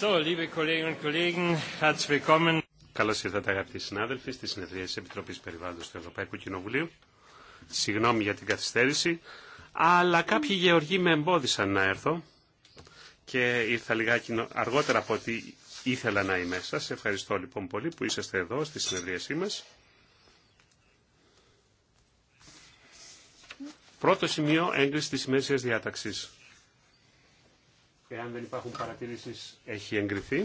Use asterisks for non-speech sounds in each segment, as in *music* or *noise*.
Καλώς Καλώ ήρθατε αγαπητοί συνάδελφοι στη συνεδρία τη Επιτροπή Περιβάλλοντο του Ευρωπαϊκού Κοινοβουλίου. Συγγνώμη για την καθυστέρηση, αλλά κάποιοι γεωργοί με εμπόδισαν να έρθω και ήρθα λιγάκι αργότερα από ό,τι ήθελα να είμαι. Σα ευχαριστώ λοιπόν πολύ που είσαστε εδώ στη συνεδρίασή μα. Πρώτο σημείο έγκριση τη ημέρησια διάταξη. Εάν δεν υπάρχουν παρατηρήσει έχει εγκριθεί.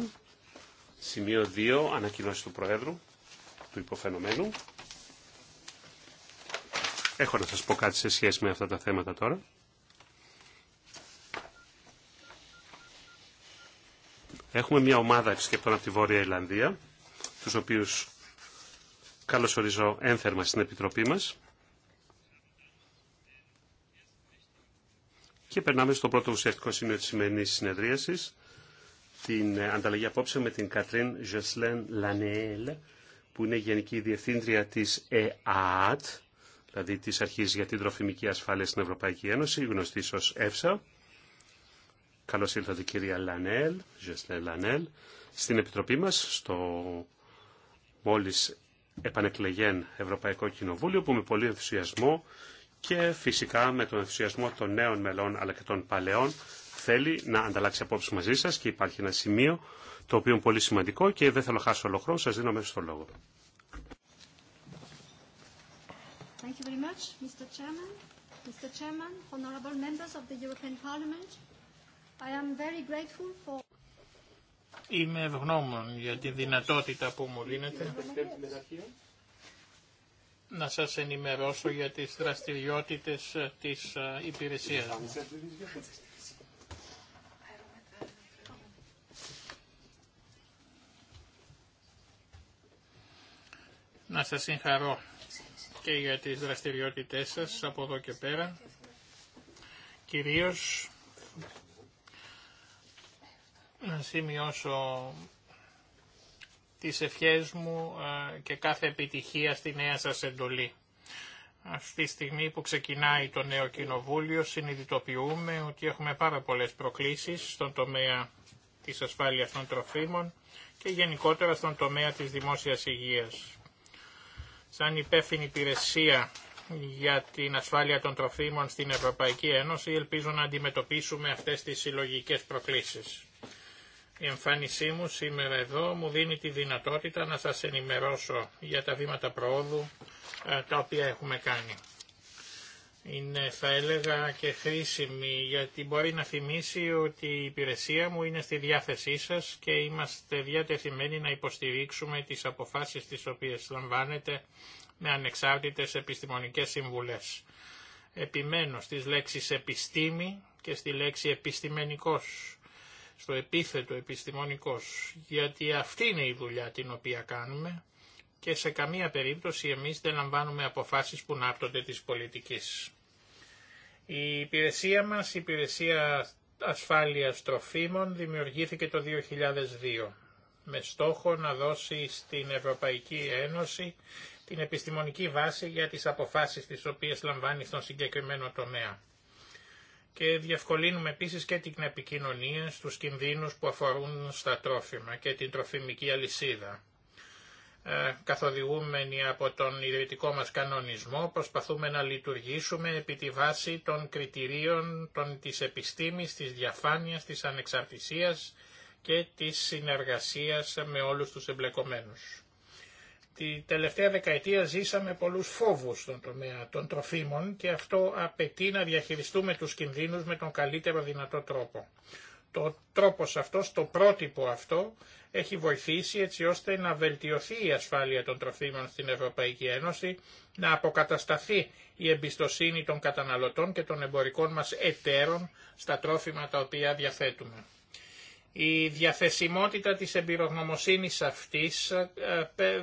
Σημείο 2, ανακοινώσει του Προέδρου, του υποφαινομένου. Έχω να σας πω κάτι σε σχέση με αυτά τα θέματα τώρα. Έχουμε μια ομάδα επισκεπτών από τη Βόρεια Ιλανδία, τους οποίους καλωσορίζω ένθερμα στην Επιτροπή μας. Και περνάμε στο πρώτο ουσιαστικό σημείο της σημερινής συνεδρίασης, την ε, ανταλλαγή απόψε με την Κατρίν Ζεσλέν Λανέλ, που είναι Γενική Διευθύντρια της ΕΑΤ, δηλαδή της Αρχής για την Τροφιμική Ασφάλεια στην Ευρωπαϊκή Ένωση, γνωστή ως ΕΦΣΑ. Καλώς ήρθατε κυρία Λανέλ, Ζεσλέν Λανέλ, στην Επιτροπή μας, στο μόλις επανεκλεγέν Ευρωπαϊκό Κοινοβούλιο, που με πολύ ενθουσιασμό και φυσικά με τον ενθουσιασμό των νέων μελών αλλά και των παλαιών θέλει να ανταλλάξει απόψη μαζί σας και υπάρχει ένα σημείο το οποίο είναι πολύ σημαντικό και δεν θέλω να χάσω όλο χρόνο, σας δίνω μέσα στο λόγο. Είμαι ευγνώμων για τη δυνατότητα που μου δίνετε να σας ενημερώσω για τις δραστηριότητες ε, της ε, υπηρεσίας Να σας συγχαρώ και για τις δραστηριότητές σας από εδώ και πέρα. Κυρίως να σημειώσω τις ευχές μου ε, και κάθε επιτυχία στη νέα σας εντολή. Αυτή στιγμή που ξεκινάει το νέο κοινοβούλιο συνειδητοποιούμε ότι έχουμε πάρα πολλές προκλήσεις στον τομέα της ασφάλειας των τροφίμων και γενικότερα στον τομέα της δημόσιας υγείας. Σαν υπεύθυνη υπηρεσία για την ασφάλεια των τροφίμων στην Ευρωπαϊκή Ένωση ελπίζω να αντιμετωπίσουμε αυτές τις συλλογικές προκλήσεις. Η εμφάνισή μου σήμερα εδώ μου δίνει τη δυνατότητα να σας ενημερώσω για τα βήματα προόδου ε, τα οποία έχουμε κάνει. Είναι θα έλεγα και χρήσιμη γιατί μπορεί να θυμίσει ότι η υπηρεσία μου είναι στη διάθεσή σας και είμαστε διατεθειμένοι να υποστηρίξουμε τις αποφάσεις τις οποίες λαμβάνετε με ανεξάρτητες επιστημονικές συμβουλές. Επιμένω στις λέξεις επιστήμη και στη λέξη επιστημενικός στο επίθετο επιστημονικός, γιατί αυτή είναι η δουλειά την οποία κάνουμε και σε καμία περίπτωση εμείς δεν λαμβάνουμε αποφάσεις που ναύτονται της πολιτικής. Η υπηρεσία μας, η υπηρεσία ασφάλειας τροφίμων, δημιουργήθηκε το 2002 με στόχο να δώσει στην Ευρωπαϊκή Ένωση την επιστημονική βάση για τις αποφάσεις τις οποίες λαμβάνει στον συγκεκριμένο τομέα και διευκολύνουμε επίσης και την επικοινωνία στους κινδύνους που αφορούν στα τρόφιμα και την τροφιμική αλυσίδα. Ε, καθοδηγούμενοι από τον ιδρυτικό μας κανονισμό προσπαθούμε να λειτουργήσουμε επί τη βάση των κριτηρίων των, της επιστήμης, της διαφάνειας, της ανεξαρτησίας και της συνεργασίας με όλους τους εμπλεκομένους. Τη τελευταία δεκαετία ζήσαμε πολλούς φόβους στον τομέα των τροφίμων και αυτό απαιτεί να διαχειριστούμε τους κινδύνους με τον καλύτερο δυνατό τρόπο. Το τρόπος αυτός, το πρότυπο αυτό, έχει βοηθήσει έτσι ώστε να βελτιωθεί η ασφάλεια των τροφίμων στην Ευρωπαϊκή Ένωση, να αποκατασταθεί η εμπιστοσύνη των καταναλωτών και των εμπορικών μας εταίρων στα τρόφιμα τα οποία διαθέτουμε. Η διαθεσιμότητα της εμπειρογνωμοσύνης αυτής ε,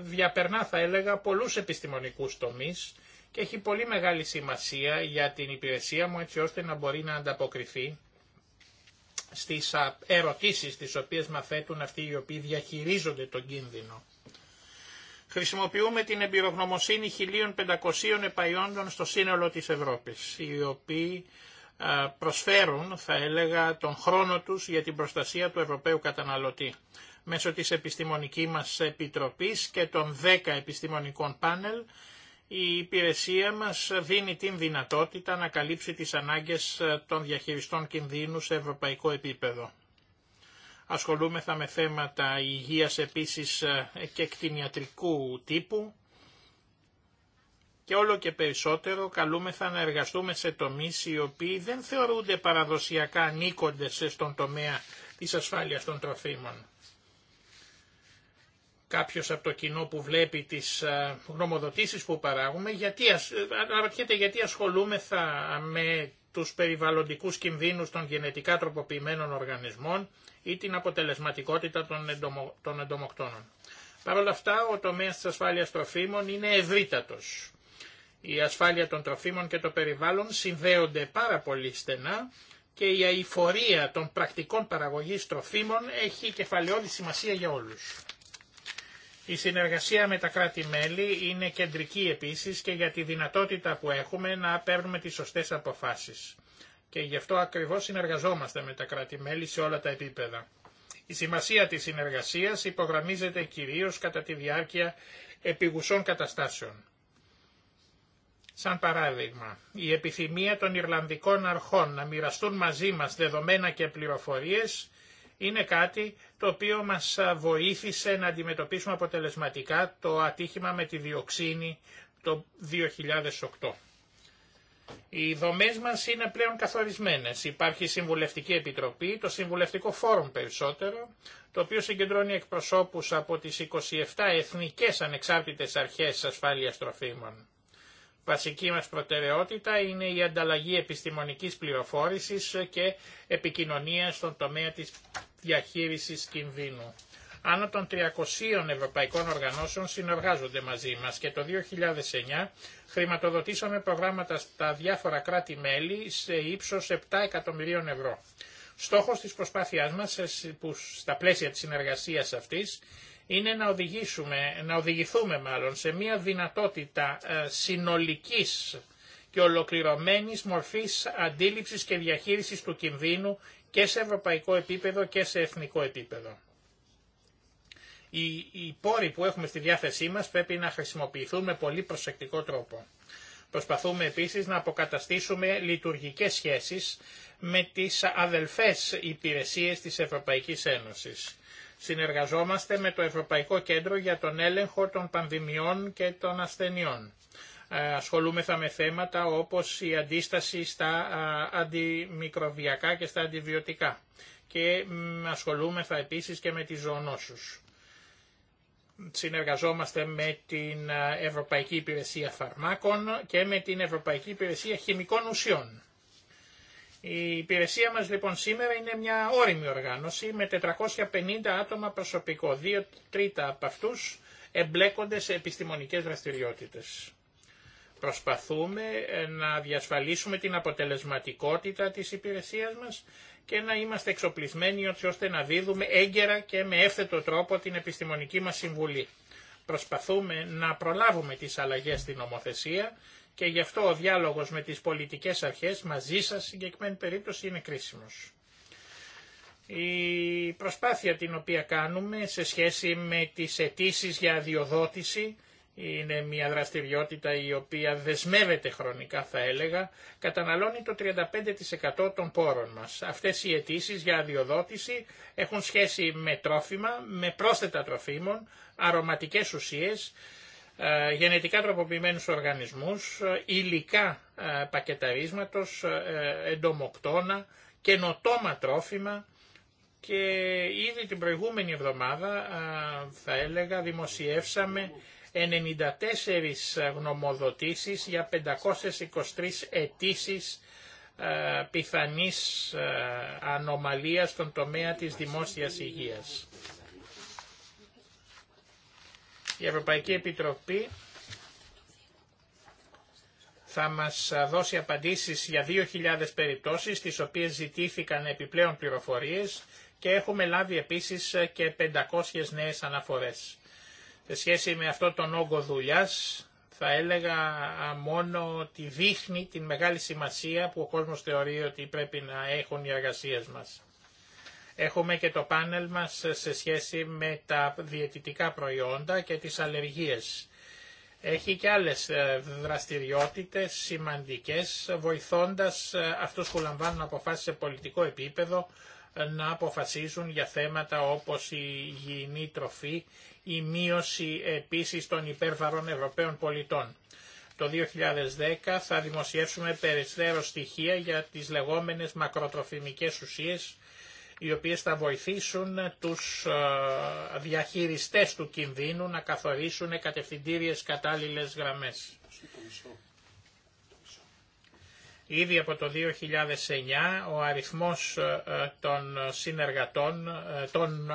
διαπερνά θα έλεγα πολλούς επιστημονικούς τομείς και έχει πολύ μεγάλη σημασία για την υπηρεσία μου έτσι ώστε να μπορεί να ανταποκριθεί στις ερωτήσεις τις οποίες μαθαίνουν αυτοί οι οποίοι διαχειρίζονται τον κίνδυνο. Χρησιμοποιούμε την εμπειρογνωμοσύνη 1.500 επαϊόντων στο σύνολο της Ευρώπης, οι οποίοι προσφέρουν, θα έλεγα, τον χρόνο τους για την προστασία του Ευρωπαίου καταναλωτή. Μέσω της επιστημονική μας επιτροπής και των 10 επιστημονικών πάνελ, η υπηρεσία μας δίνει την δυνατότητα να καλύψει τις ανάγκες των διαχειριστών κινδύνου σε ευρωπαϊκό επίπεδο. Ασχολούμεθα με θέματα υγείας επίσης και κτηνιατρικού τύπου, και όλο και περισσότερο καλούμεθα να εργαστούμε σε τομείς οι οποίοι δεν θεωρούνται παραδοσιακά ανήκοντες στον τομέα της ασφάλειας των τροφίμων. Κάποιος από το κοινό που βλέπει τις ε, γνωμοδοτήσεις που παράγουμε, γιατί, ε, αναρωτιέται γιατί ασχολούμεθα με τους περιβαλλοντικούς κινδύνους των γενετικά τροποποιημένων οργανισμών ή την αποτελεσματικότητα των, εντομο, των εντομοκτώνων. Παρ' όλα αυτά, ο τομέας της ασφάλειας τροφίμων είναι ευρύτατος η ασφάλεια των τροφίμων και το περιβάλλον συνδέονται πάρα πολύ στενά και η αηφορία των πρακτικών παραγωγής τροφίμων έχει κεφαλαιόδη σημασία για όλους. Η συνεργασία με τα κράτη-μέλη είναι κεντρική επίσης και για τη δυνατότητα που έχουμε να παίρνουμε τις σωστές αποφάσεις. Και γι' αυτό ακριβώς συνεργαζόμαστε με τα κράτη-μέλη σε όλα τα επίπεδα. Η σημασία της συνεργασίας υπογραμμίζεται κυρίως κατά τη διάρκεια επιγουσών καταστάσεων. Σαν παράδειγμα, η επιθυμία των Ιρλανδικών αρχών να μοιραστούν μαζί μας δεδομένα και πληροφορίες είναι κάτι το οποίο μας βοήθησε να αντιμετωπίσουμε αποτελεσματικά το ατύχημα με τη διοξίνη το 2008. Οι δομές μας είναι πλέον καθορισμένες. Υπάρχει Συμβουλευτική Επιτροπή, το Συμβουλευτικό Φόρουμ περισσότερο, το οποίο συγκεντρώνει εκπροσώπους από τις 27 εθνικές ανεξάρτητες αρχές ασφάλειας τροφίμων. Βασική μας προτεραιότητα είναι η ανταλλαγή επιστημονικής πληροφόρησης και επικοινωνία στον τομέα της διαχείρισης κινδύνου. Άνω των 300 ευρωπαϊκών οργανώσεων συνεργάζονται μαζί μας και το 2009 χρηματοδοτήσαμε προγράμματα στα διάφορα κράτη-μέλη σε ύψος 7 εκατομμυρίων ευρώ. Στόχος της προσπάθειάς μας που στα πλαίσια της συνεργασίας αυτής είναι να, οδηγήσουμε, να οδηγηθούμε μάλλον σε μια δυνατότητα ε, συνολικής και ολοκληρωμένης μορφής αντίληψης και διαχείρισης του κινδύνου και σε ευρωπαϊκό επίπεδο και σε εθνικό επίπεδο. Οι, πόροι που έχουμε στη διάθεσή μας πρέπει να χρησιμοποιηθούν με πολύ προσεκτικό τρόπο. Προσπαθούμε επίσης να αποκαταστήσουμε λειτουργικές σχέσεις με τις αδελφές υπηρεσίες της Ευρωπαϊκής Ένωσης. Συνεργαζόμαστε με το Ευρωπαϊκό Κέντρο για τον έλεγχο των πανδημιών και των ασθενειών. Ε, ασχολούμεθα με θέματα όπως η αντίσταση στα αντιμικροβιακά και στα αντιβιωτικά και ασχολούμεθα επίσης και με τις ζωονόσους. Συνεργαζόμαστε με την Ευρωπαϊκή Υπηρεσία Φαρμάκων και με την Ευρωπαϊκή Υπηρεσία Χημικών Ουσιών. Η υπηρεσία μας λοιπόν σήμερα είναι μια όρημη οργάνωση με 450 άτομα προσωπικό. Δύο τρίτα από αυτούς εμπλέκονται σε επιστημονικές δραστηριότητες. Προσπαθούμε ε, να διασφαλίσουμε την αποτελεσματικότητα της υπηρεσίας μας και να είμαστε εξοπλισμένοι ώστε να δίδουμε έγκαιρα και με εύθετο τρόπο την επιστημονική μας συμβουλή. Προσπαθούμε να προλάβουμε τις αλλαγές στην νομοθεσία και γι' αυτό ο διάλογος με τις πολιτικές αρχές μαζί σας συγκεκριμένη περίπτωση είναι κρίσιμος. Η προσπάθεια την οποία κάνουμε σε σχέση με τις αιτήσει για αδειοδότηση είναι μια δραστηριότητα η οποία δεσμεύεται χρονικά θα έλεγα, καταναλώνει το 35% των πόρων μας. Αυτές οι αιτήσει για αδειοδότηση έχουν σχέση με τρόφιμα, με πρόσθετα τροφίμων, αρωματικές ουσίες, ε, γενετικά τροποποιημένους οργανισμούς, ε, υλικά ε, πακεταρίσματος, εντομοκτώνα, καινοτόμα τρόφιμα και ήδη την προηγούμενη εβδομάδα θα έλεγα δημοσιεύσαμε 94 γνωμοδοτήσεις για 523 αιτήσει πιθανής ανομαλίας στον τομέα της δημόσιας υγείας. Η Ευρωπαϊκή Επιτροπή θα μας δώσει απαντήσεις για 2.000 περιπτώσεις, τις οποίες ζητήθηκαν επιπλέον πληροφορίες και έχουμε λάβει επίσης και 500 νέες αναφορές. Σε σχέση με αυτό τον όγκο δουλειά, θα έλεγα μόνο ότι δείχνει την μεγάλη σημασία που ο κόσμος θεωρεί ότι πρέπει να έχουν οι εργασίες μας. Έχουμε και το πάνελ μας σε σχέση με τα διαιτητικά προϊόντα και τις αλλεργίες. Έχει και άλλες ε, δραστηριότητες σημαντικές, βοηθώντας ε, αυτούς που λαμβάνουν αποφάσεις σε πολιτικό επίπεδο ε, να αποφασίζουν για θέματα όπως η υγιεινή τροφή, η μείωση επίσης των υπέρβαρων Ευρωπαίων πολιτών. Το 2010 θα δημοσιεύσουμε περισσότερο στοιχεία για τις λεγόμενες μακροτροφημικές ουσίες οι οποίες θα βοηθήσουν τους ε, διαχειριστές του κινδύνου να καθορίσουν κατευθυντήριες κατάλληλες γραμμές. Ήδη από το 2009 ο αριθμός ε, ε, των συνεργατών, των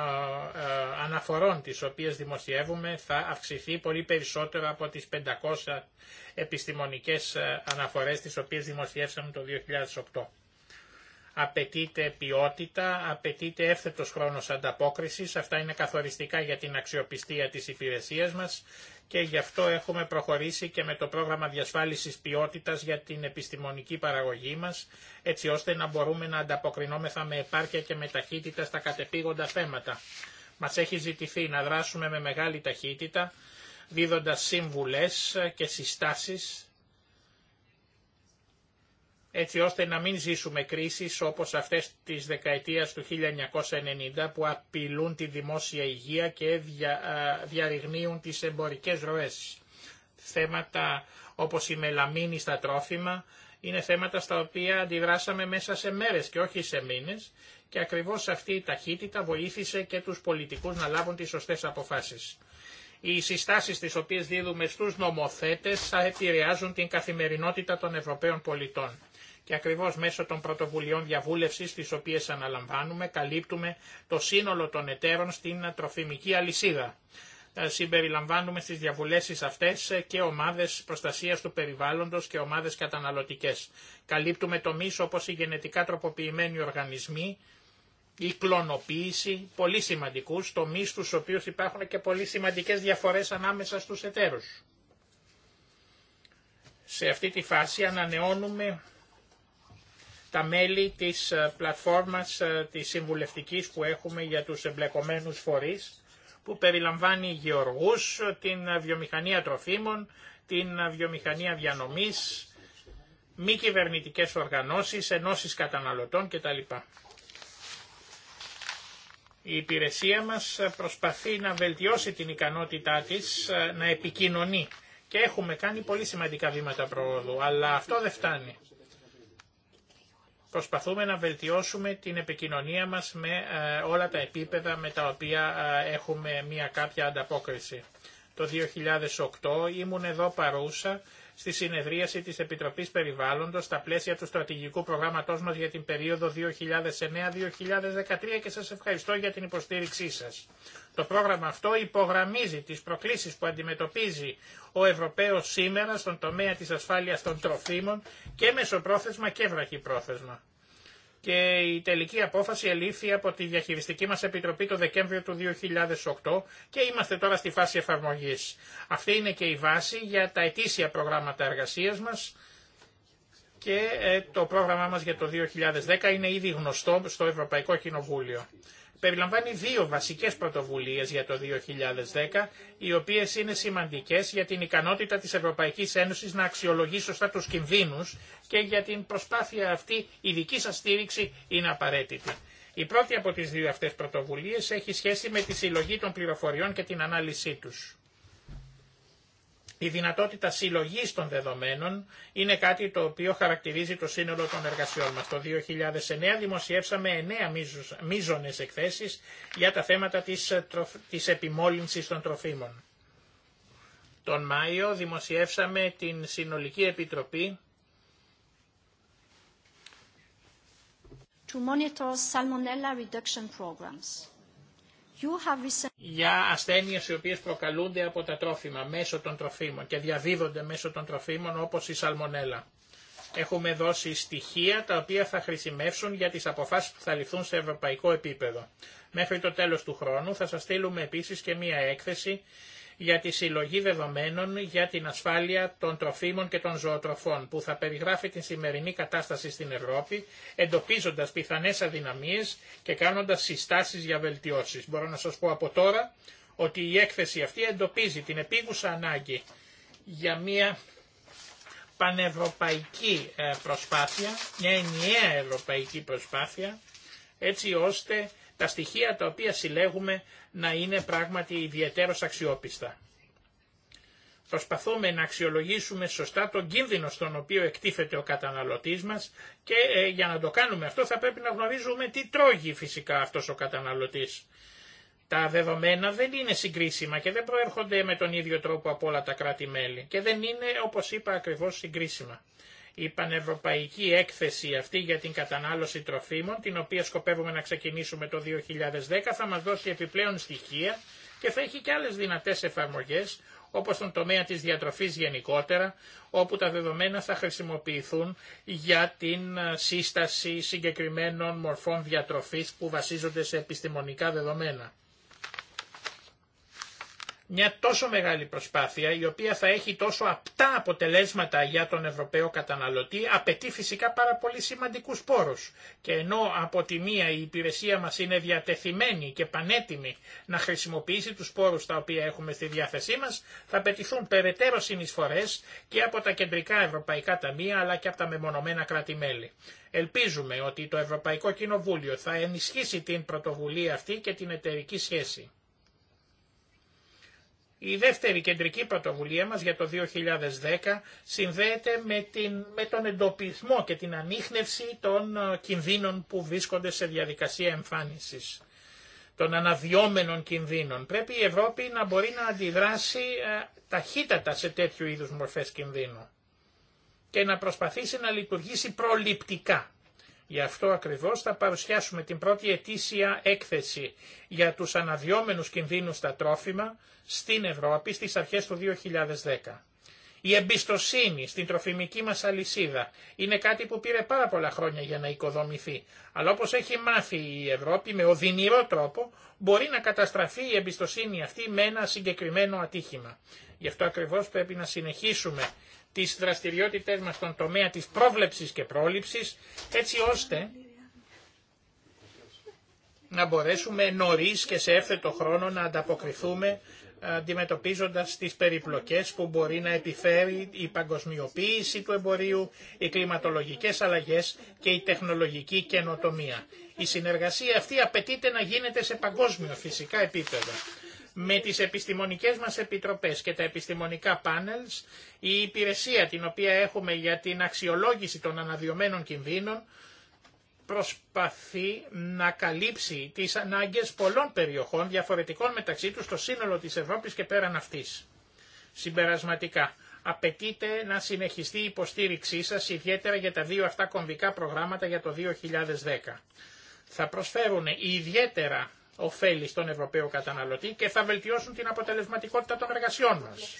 αναφορών τις οποίες δημοσιεύουμε θα αυξηθεί πολύ περισσότερο από τις 500 επιστημονικές αναφορές τις οποίες δημοσιεύσαμε το 2008 απαιτείται ποιότητα, απαιτείται εύθετος χρόνος ανταπόκρισης, αυτά είναι καθοριστικά για την αξιοπιστία της υπηρεσίας μας και γι' αυτό έχουμε προχωρήσει και με το πρόγραμμα διασφάλισης ποιότητας για την επιστημονική παραγωγή μας, έτσι ώστε να μπορούμε να ανταποκρινόμεθα με επάρκεια και με ταχύτητα στα κατεπήγοντα θέματα. Μας έχει ζητηθεί να δράσουμε με μεγάλη ταχύτητα, δίδοντας σύμβουλες και συστάσεις έτσι ώστε να μην ζήσουμε κρίσεις όπως αυτές της δεκαετίας του 1990 που απειλούν τη δημόσια υγεία και διαρριγνύουν τις εμπορικές ροές. Θέματα όπως η μελαμίνη στα τρόφιμα είναι θέματα στα οποία αντιδράσαμε μέσα σε μέρες και όχι σε μήνες και ακριβώς αυτή η ταχύτητα βοήθησε και τους πολιτικούς να λάβουν τις σωστές αποφάσεις. Οι συστάσεις τις οποίες δίδουμε στους νομοθέτες θα επηρεάζουν την καθημερινότητα των Ευρωπαίων πολιτών και ακριβώ μέσω των πρωτοβουλειών διαβούλευση, τι οποίε αναλαμβάνουμε καλύπτουμε το σύνολο των εταίρων στην τροφιμική αλυσίδα. Ε, συμπεριλαμβάνουμε στις διαβουλέσεις αυτές ε, και ομάδες προστασίας του περιβάλλοντος και ομάδες καταναλωτικές. Καλύπτουμε τομείς όπως οι γενετικά τροποποιημένοι οργανισμοί, η κλωνοποίηση, πολύ σημαντικούς τομείς στους οποίους υπάρχουν και πολύ σημαντικές διαφορές ανάμεσα στους εταίρους. Σε αυτή τη φάση ανανεώνουμε τα μέλη της ε, πλατφόρμας ε, της συμβουλευτικής που έχουμε για τους εμπλεκομένους φορείς, που περιλαμβάνει γεωργούς, ε, την βιομηχανία τροφίμων, την βιομηχανία διανομής, μη κυβερνητικές οργανώσεις, ενώσεις καταναλωτών κτλ. Η υπηρεσία μας προσπαθεί να βελτιώσει την ικανότητά της να επικοινωνεί και έχουμε κάνει πολύ σημαντικά βήματα προόδου, αλλά αυτό δεν φτάνει. Προσπαθούμε να βελτιώσουμε την επικοινωνία μας με ε, όλα τα επίπεδα με τα οποία ε, έχουμε μια κάποια ανταπόκριση. Το 2008 ήμουν εδώ παρούσα στη συνεδρίαση της Επιτροπής Περιβάλλοντος στα πλαίσια του στρατηγικού προγράμματός μας για την περίοδο 2009-2013 και σας ευχαριστώ για την υποστήριξή σας. Το πρόγραμμα αυτό υπογραμμίζει τις προκλήσεις που αντιμετωπίζει ο Ευρωπαίος σήμερα στον τομέα της ασφάλειας των τροφίμων και μεσοπρόθεσμα και βραχυπρόθεσμα και η τελική απόφαση ελήφθη από τη διαχειριστική μας επιτροπή το Δεκέμβριο του 2008 και είμαστε τώρα στη φάση εφαρμογής. Αυτή είναι και η βάση για τα ετήσια προγράμματα εργασίας μας και ε, το πρόγραμμά μας για το 2010 είναι ήδη γνωστό στο Ευρωπαϊκό Κοινοβούλιο περιλαμβάνει δύο βασικές πρωτοβουλίες για το 2010, οι οποίες είναι σημαντικές για την ικανότητα της Ευρωπαϊκής Ένωσης να αξιολογεί σωστά τους κινδύνους και για την προσπάθεια αυτή η δική σας στήριξη είναι απαραίτητη. Η πρώτη από τις δύο αυτές πρωτοβουλίες έχει σχέση με τη συλλογή των πληροφοριών και την ανάλυση τους. Η δυνατότητα συλλογή των δεδομένων είναι κάτι το οποίο χαρακτηρίζει το σύνολο των εργασιών μα. Το 2009 δημοσιεύσαμε εννέα μείζονε εκθέσει για τα θέματα τη επιμόλυνση επιμόλυνσης των τροφίμων. Τον Μάιο δημοσιεύσαμε την Συνολική Επιτροπή to monitor salmonella reduction programs για ασθένειε, οι οποίε προκαλούνται από τα τρόφιμα, μέσω των τροφίμων και διαδίδονται μέσω των τροφίμων όπω η σαλμονέλα. Έχουμε δώσει στοιχεία τα οποία θα χρησιμεύσουν για τις αποφάσεις που θα ληφθούν σε ευρωπαϊκό επίπεδο. Μέχρι το τέλος του χρόνου θα σας στείλουμε επίσης και μία έκθεση για τη συλλογή δεδομένων για την ασφάλεια των τροφίμων και των ζωοτροφών που θα περιγράφει την σημερινή κατάσταση στην Ευρώπη εντοπίζοντας πιθανές αδυναμίες και κάνοντας συστάσεις για βελτιώσεις. Μπορώ να σας πω από τώρα ότι η έκθεση αυτή εντοπίζει την επίγουσα ανάγκη για μια πανευρωπαϊκή ε, προσπάθεια, μια ενιαία ευρωπαϊκή προσπάθεια, έτσι ώστε τα στοιχεία τα οποία συλλέγουμε να είναι πράγματι ιδιαίτερος αξιόπιστα. Προσπαθούμε να αξιολογήσουμε σωστά τον κίνδυνο στον οποίο εκτίθεται ο καταναλωτής μας και ε, για να το κάνουμε αυτό θα πρέπει να γνωρίζουμε τι τρώγει φυσικά αυτός ο καταναλωτής. Τα δεδομένα δεν είναι συγκρίσιμα και δεν προέρχονται με τον ίδιο τρόπο από όλα τα κράτη-μέλη και δεν είναι όπως είπα ακριβώς συγκρίσιμα η πανευρωπαϊκή έκθεση αυτή για την κατανάλωση τροφίμων, την οποία σκοπεύουμε να ξεκινήσουμε το 2010, θα μας δώσει επιπλέον στοιχεία και θα έχει και άλλες δυνατές εφαρμογές, όπως τον τομέα της διατροφής γενικότερα, όπου τα δεδομένα θα χρησιμοποιηθούν για την ε, σύσταση συγκεκριμένων μορφών διατροφής που βασίζονται σε επιστημονικά δεδομένα μια τόσο μεγάλη προσπάθεια η οποία θα έχει τόσο απτά αποτελέσματα για τον Ευρωπαίο καταναλωτή απαιτεί φυσικά πάρα πολύ σημαντικούς πόρους. Και ενώ από τη μία η υπηρεσία μας είναι διατεθειμένη και πανέτοιμη να χρησιμοποιήσει τους πόρους τα οποία έχουμε στη διάθεσή μας, θα απαιτηθούν περαιτέρω συνεισφορές και από τα κεντρικά ευρωπαϊκά ταμεία αλλά και από τα μεμονωμένα κράτη-μέλη. Ελπίζουμε ότι το Ευρωπαϊκό Κοινοβούλιο θα ενισχύσει την πρωτοβουλία αυτή και την εταιρική σχέση. Η δεύτερη κεντρική πρωτοβουλία μας για το 2010 συνδέεται με, την, με τον εντοπισμό και την ανείχνευση των ε, κινδύνων που βρίσκονται σε διαδικασία εμφάνισης των αναδυόμενων κινδύνων. Πρέπει η Ευρώπη να μπορεί να αντιδράσει ε, ταχύτατα σε τέτοιου είδους μορφές κινδύνου και να προσπαθήσει να λειτουργήσει προληπτικά. Γι' αυτό ακριβώς θα παρουσιάσουμε την πρώτη ετήσια έκθεση για τους αναδιόμενους κινδύνους στα τρόφιμα στην Ευρώπη στις αρχές του 2010. Η εμπιστοσύνη στην τροφιμική μας αλυσίδα είναι κάτι που πήρε πάρα πολλά χρόνια για να οικοδομηθεί, αλλά όπως έχει μάθει η Ευρώπη με οδυνηρό τρόπο μπορεί να καταστραφεί η εμπιστοσύνη αυτή με ένα συγκεκριμένο ατύχημα. Γι' αυτό ακριβώς πρέπει να συνεχίσουμε τις δραστηριότητες μας στον τομέα της πρόβλεψης και πρόληψης, έτσι ώστε να μπορέσουμε νωρίς και σε έφετο χρόνο να ανταποκριθούμε ε, αντιμετωπίζοντας τις περιπλοκές που μπορεί να επιφέρει η παγκοσμιοποίηση του εμπορίου, οι κλιματολογικές αλλαγές και η τεχνολογική καινοτομία. Η συνεργασία αυτή απαιτείται να γίνεται σε παγκόσμιο φυσικά επίπεδο με τις επιστημονικές μας επιτροπές και τα επιστημονικά πάνελς, η υπηρεσία την οποία έχουμε για την αξιολόγηση των αναδειωμένων κινδύνων προσπαθεί να καλύψει τις ανάγκες πολλών περιοχών διαφορετικών μεταξύ τους στο σύνολο της Ευρώπης και πέραν αυτής. Συμπερασματικά, απαιτείται να συνεχιστεί η υποστήριξή σας ιδιαίτερα για τα δύο αυτά κομβικά προγράμματα για το 2010. Θα προσφέρουν ιδιαίτερα ωφέλη στον Ευρωπαίο καταναλωτή και θα βελτιώσουν την αποτελεσματικότητα των εργασιών μας.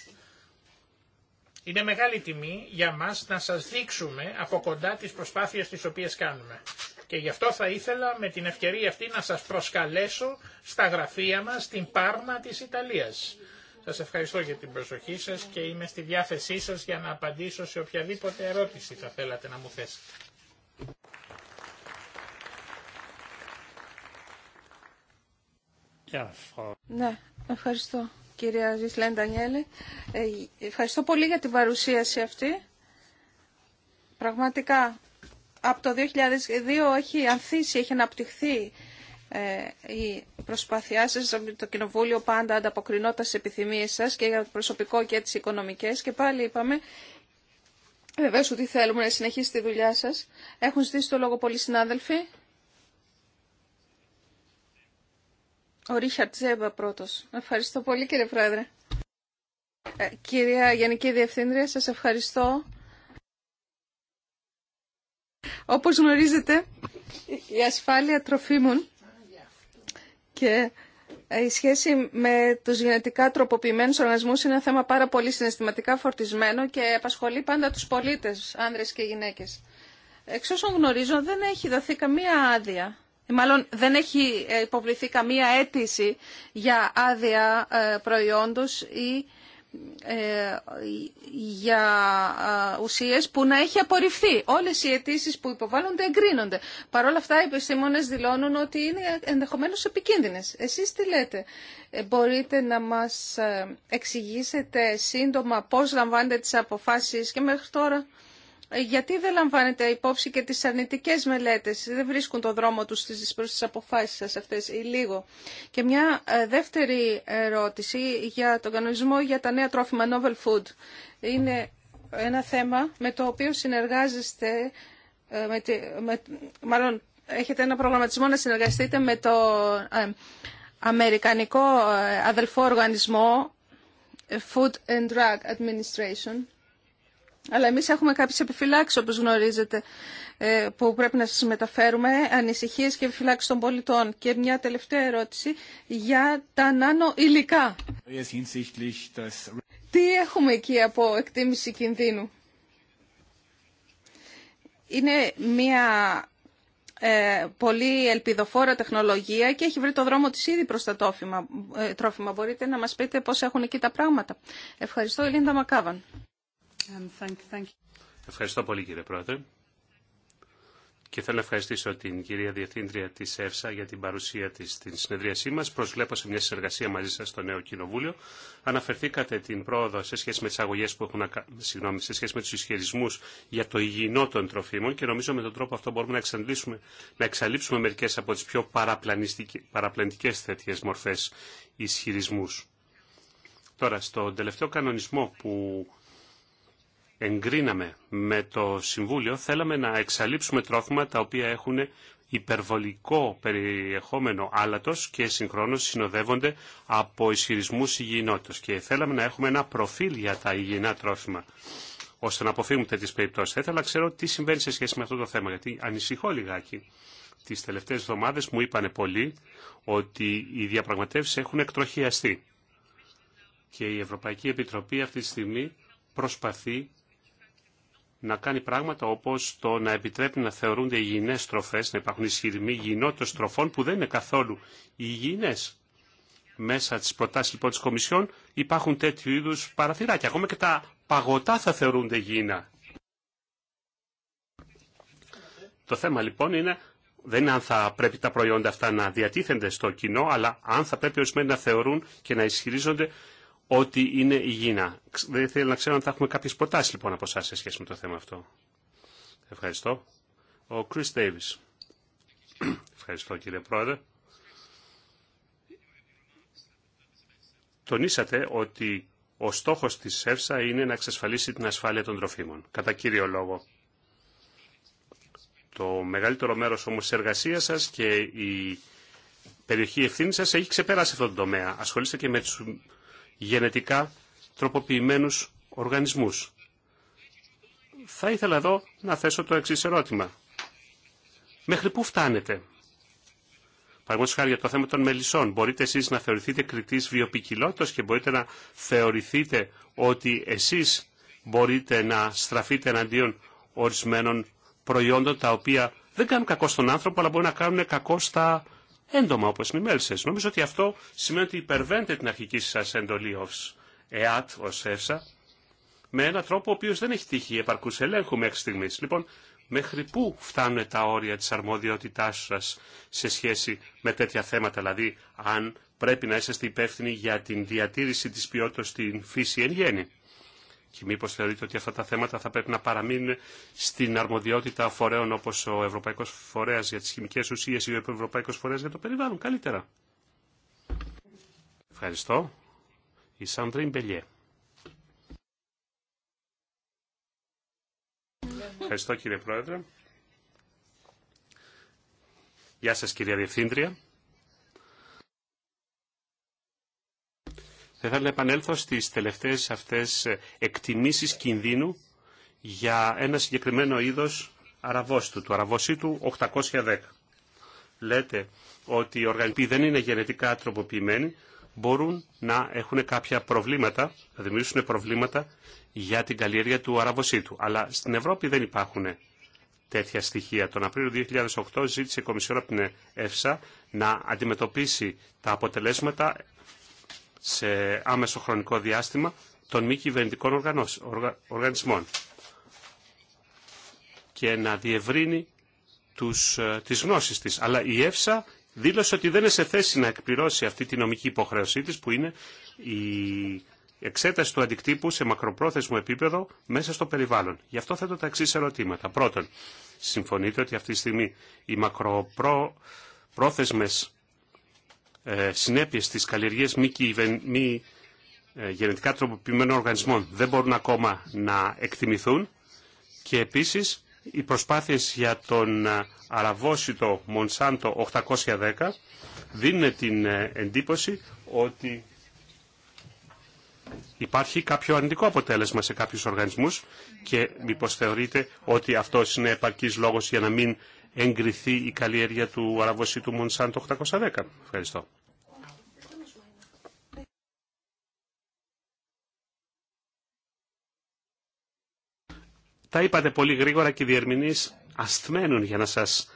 Είναι μεγάλη τιμή για μας να σας δείξουμε από κοντά τις προσπάθειες τις οποίες κάνουμε. Και γι' αυτό θα ήθελα με την ευκαιρία αυτή να σας προσκαλέσω στα γραφεία μας στην Πάρμα της Ιταλίας. Σας ευχαριστώ για την προσοχή σας και είμαι στη διάθεσή σας για να απαντήσω σε οποιαδήποτε ερώτηση θα θέλατε να μου θέσετε. Ναι, ευχαριστώ κυρία Ζησλέν Ντανιέλη. Ε, ευχαριστώ πολύ για την παρουσίαση αυτή. Πραγματικά, από το 2002 έχει ανθίσει, έχει αναπτυχθεί ε, η προσπάθειά σας, το Κοινοβούλιο πάντα ανταποκρινόταν στις επιθυμίες σας και για το προσωπικό και τις οικονομικές και πάλι είπαμε βεβαίως ότι θέλουμε να συνεχίσει τη δουλειά σας. Έχουν ζητήσει το λόγο πολλοί συνάδελφοι. Ο Ρίχαρτ Ζέμπα πρώτος. Ευχαριστώ πολύ κύριε Πρόεδρε. Ε, κυρία Γενική Διευθύντρια, σας ευχαριστώ. Όπως γνωρίζετε, η ασφάλεια τροφίμων και η σχέση με τους γενετικά τροποποιημένους οργανισμούς είναι ένα θέμα πάρα πολύ συναισθηματικά φορτισμένο και απασχολεί πάντα τους πολίτες, άνδρες και γυναίκες. Εξ όσων γνωρίζω δεν έχει δοθεί καμία άδεια ε, μάλλον δεν έχει ε, υποβληθεί καμία αίτηση για άδεια ε, προϊόντος ή για ουσίες που να έχει απορριφθεί. Όλες οι αιτήσει που υποβάλλονται εγκρίνονται. Παρ' όλα αυτά οι επιστήμονες δηλώνουν ότι είναι ενδεχομένως επικίνδυνες. Εσείς τι λέτε. Μπορείτε να μας εξηγήσετε σύντομα πώς λαμβάνετε τις αποφάσεις και μέχρι τώρα γιατί δεν λαμβάνετε υπόψη και τις αρνητικές μελέτες, δεν βρίσκουν το δρόμο τους στις, προς τις αποφάσεις σας αυτές ή λίγο. Και μια ε, δεύτερη ερώτηση για τον κανονισμό για τα νέα τρόφιμα Novel Food. Είναι ένα θέμα με το οποίο συνεργάζεστε, ε, με, με, μάλλον έχετε ένα προγραμματισμό να συνεργαστείτε με το ε, Αμερικανικό αδελφό οργανισμό Food and Drug Administration αλλά εμείς έχουμε κάποιες επιφυλάξεις, όπως γνωρίζετε, ε, που πρέπει να σας μεταφέρουμε, ανησυχίες και επιφυλάξεις των πολιτών. Και μια τελευταία ερώτηση για τα νάνο υλικά. Τι έχουμε εκεί από εκτίμηση κινδύνου. Είναι μια ε, πολύ ελπιδοφόρα τεχνολογία και έχει βρει το δρόμο της ήδη προς τα ε, τρόφιμα. Μπορείτε να μας πείτε πώς έχουν εκεί τα πράγματα. Ευχαριστώ, Ελίντα Μακάβαν. Um, Ευχαριστώ πολύ κύριε Πρόεδρε. Και θέλω να ευχαριστήσω την κυρία Διευθύντρια της ΕΦΣΑ για την παρουσία της στην συνεδρίασή μα. Προσβλέπω σε μια συνεργασία μαζί σας στο νέο Κοινοβούλιο. Αναφερθήκατε την πρόοδο σε σχέση με τις αγωγέ που έχουν συγγνώμη, σε σχέση με τους ισχυρισμού για το υγιεινό των τροφίμων και νομίζω με τον τρόπο αυτό μπορούμε να, εξαντλήσουμε να εξαλείψουμε μερικέ από τις πιο παραπλανητικές τέτοιε μορφέ ισχυρισμού. Τώρα, στον τελευταίο κανονισμό που εγκρίναμε με το Συμβούλιο, θέλαμε να εξαλείψουμε τρόφιμα τα οποία έχουν υπερβολικό περιεχόμενο άλατος και συγχρόνως συνοδεύονται από ισχυρισμούς υγιεινότητας. Και θέλαμε να έχουμε ένα προφίλ για τα υγιεινά τρόφιμα, ώστε να αποφύγουμε τέτοιες περιπτώσεις. Θα ήθελα να ξέρω τι συμβαίνει σε σχέση με αυτό το θέμα, γιατί ανησυχώ λιγάκι. Τις τελευταίες εβδομάδες μου είπανε πολλοί ότι οι διαπραγματεύσεις έχουν εκτροχιαστεί. Και η Ευρωπαϊκή Επιτροπή αυτή τη στιγμή προσπαθεί να κάνει πράγματα όπως το να επιτρέπει να θεωρούνται υγιεινές τροφές, να υπάρχουν ισχυρισμοί υγιεινότητες στροφών που δεν είναι καθόλου υγιεινές. Μέσα στις προτάσεις λοιπόν της Κομισιόν υπάρχουν τέτοιου είδους παραθυράκια. Ακόμα και τα παγωτά θα θεωρούνται υγιεινά. Το θέμα λοιπόν είναι δεν είναι αν θα πρέπει τα προϊόντα αυτά να διατίθενται στο κοινό, αλλά αν θα πρέπει ορισμένοι να θεωρούν και να ισχυρίζονται ότι είναι υγιεινά. Δεν θέλω να ξέρω αν θα έχουμε κάποιε προτάσει λοιπόν από εσά σε σχέση με το θέμα αυτό. Ευχαριστώ. Ο Chris Davis. *clears throat* Ευχαριστώ κύριε Πρόεδρε. Τονίσατε ότι ο στόχος της ΕΦΣΑ είναι να εξασφαλίσει την ασφάλεια των τροφίμων, κατά κύριο λόγο. Το μεγαλύτερο μέρος όμως της εργασίας σας και η περιοχή ευθύνη σας έχει ξεπεράσει αυτόν τον τομέα. Ασχολείστε και με τους γενετικά τροποποιημένους οργανισμούς. Θα ήθελα εδώ να θέσω το εξής ερώτημα. Μέχρι πού φτάνετε. Παραδείγματο χάρη για το θέμα των μελισσών. Μπορείτε εσεί να θεωρηθείτε κριτής βιοπικιλότητα και μπορείτε να θεωρηθείτε ότι εσεί μπορείτε να στραφείτε εναντίον ορισμένων προϊόντων τα οποία δεν κάνουν κακό στον άνθρωπο αλλά μπορεί να κάνουν κακό στα έντομα όπως είναι Νομίζω ότι αυτό σημαίνει ότι υπερβαίνετε την αρχική σας εντολή ως ΕΑΤ, ως ΕΦΣΑ, με έναν τρόπο ο οποίος δεν έχει τύχει επαρκούς ελέγχου μέχρι στιγμής. Λοιπόν, μέχρι πού φτάνουν τα όρια της αρμοδιότητάς σας σε σχέση με τέτοια θέματα, δηλαδή αν πρέπει να είσαστε υπεύθυνοι για την διατήρηση της ποιότητας στην φύση εν γέννη και μήπως θεωρείτε ότι αυτά τα θέματα θα πρέπει να παραμείνουν στην αρμοδιότητα φορέων όπως ο Ευρωπαϊκός Φορέας για τις Χημικές Ουσίες ή ο Ευρωπαϊκός Φορέας για το Περιβάλλον. Καλύτερα. Ευχαριστώ. Η Σάντριν Μπελιέ. Ευχαριστώ κύριε Πρόεδρε. Γεια σας κυρία Διευθύντρια. Θα ήθελα να επανέλθω στις τελευταίες αυτές εκτιμήσεις κινδύνου για ένα συγκεκριμένο είδος αραβόστου, του αραβοσίτου 810. Λέτε ότι οι οργανισμοί δεν είναι γενετικά τροποποιημένοι, μπορούν να έχουν κάποια προβλήματα, να δημιουργήσουν προβλήματα για την καλλιέργεια του αραβοσίτου. Αλλά στην Ευρώπη δεν υπάρχουν τέτοια στοιχεία. Τον Απρίλιο 2008 ζήτησε η Κομισιόν από την ΕΦΣΑ να αντιμετωπίσει τα αποτελέσματα σε άμεσο χρονικό διάστημα των μη κυβερνητικών οργανισμών και να διευρύνει τους, ε, τις γνώσεις της. Αλλά η ΕΦΣΑ δήλωσε ότι δεν είναι σε θέση να εκπληρώσει αυτή τη νομική υποχρέωσή της που είναι η εξέταση του αντικτύπου σε μακροπρόθεσμο επίπεδο μέσα στο περιβάλλον. Γι' αυτό θέτω τα εξή ερωτήματα. Πρώτον, συμφωνείτε ότι αυτή τη στιγμή οι μακροπρόθεσμες ε, συνέπειες της καλλιεργίας μη, κυβεν, μη ε, γενετικά τροποποιημένων οργανισμών δεν μπορούν ακόμα να εκτιμηθούν και επίσης οι προσπάθειες για τον ε, αραβόσιτο Μονσάντο 810 δίνουν την εντύπωση ότι υπάρχει κάποιο αρνητικό αποτέλεσμα σε κάποιους οργανισμούς και μήπως θεωρείτε ότι αυτό είναι επαρκής λόγος για να μην εγκριθεί η καλλιέργεια του αραβοσίτου το 810. Ευχαριστώ. Τα είπατε πολύ γρήγορα και οι διερμηνείς ασθμένουν για να σας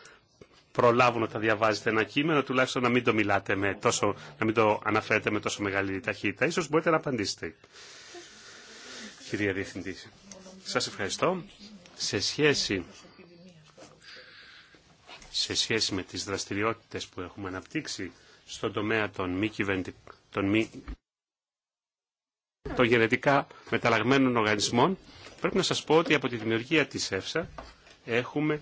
προλάβουν όταν διαβάζετε ένα κείμενο, τουλάχιστον να μην το μιλάτε με τόσο, να μην το αναφέρετε με τόσο μεγάλη ταχύτητα. Ίσως μπορείτε να απαντήσετε, κυρία Διευθυντή. Σας ευχαριστώ. Σε σχέση σε σχέση με τις δραστηριότητες που έχουμε αναπτύξει στον τομέα των μη, μη των γενετικά μεταλλαγμένων οργανισμών, πρέπει να σας πω ότι από τη δημιουργία της ΕΦΣΑ έχουμε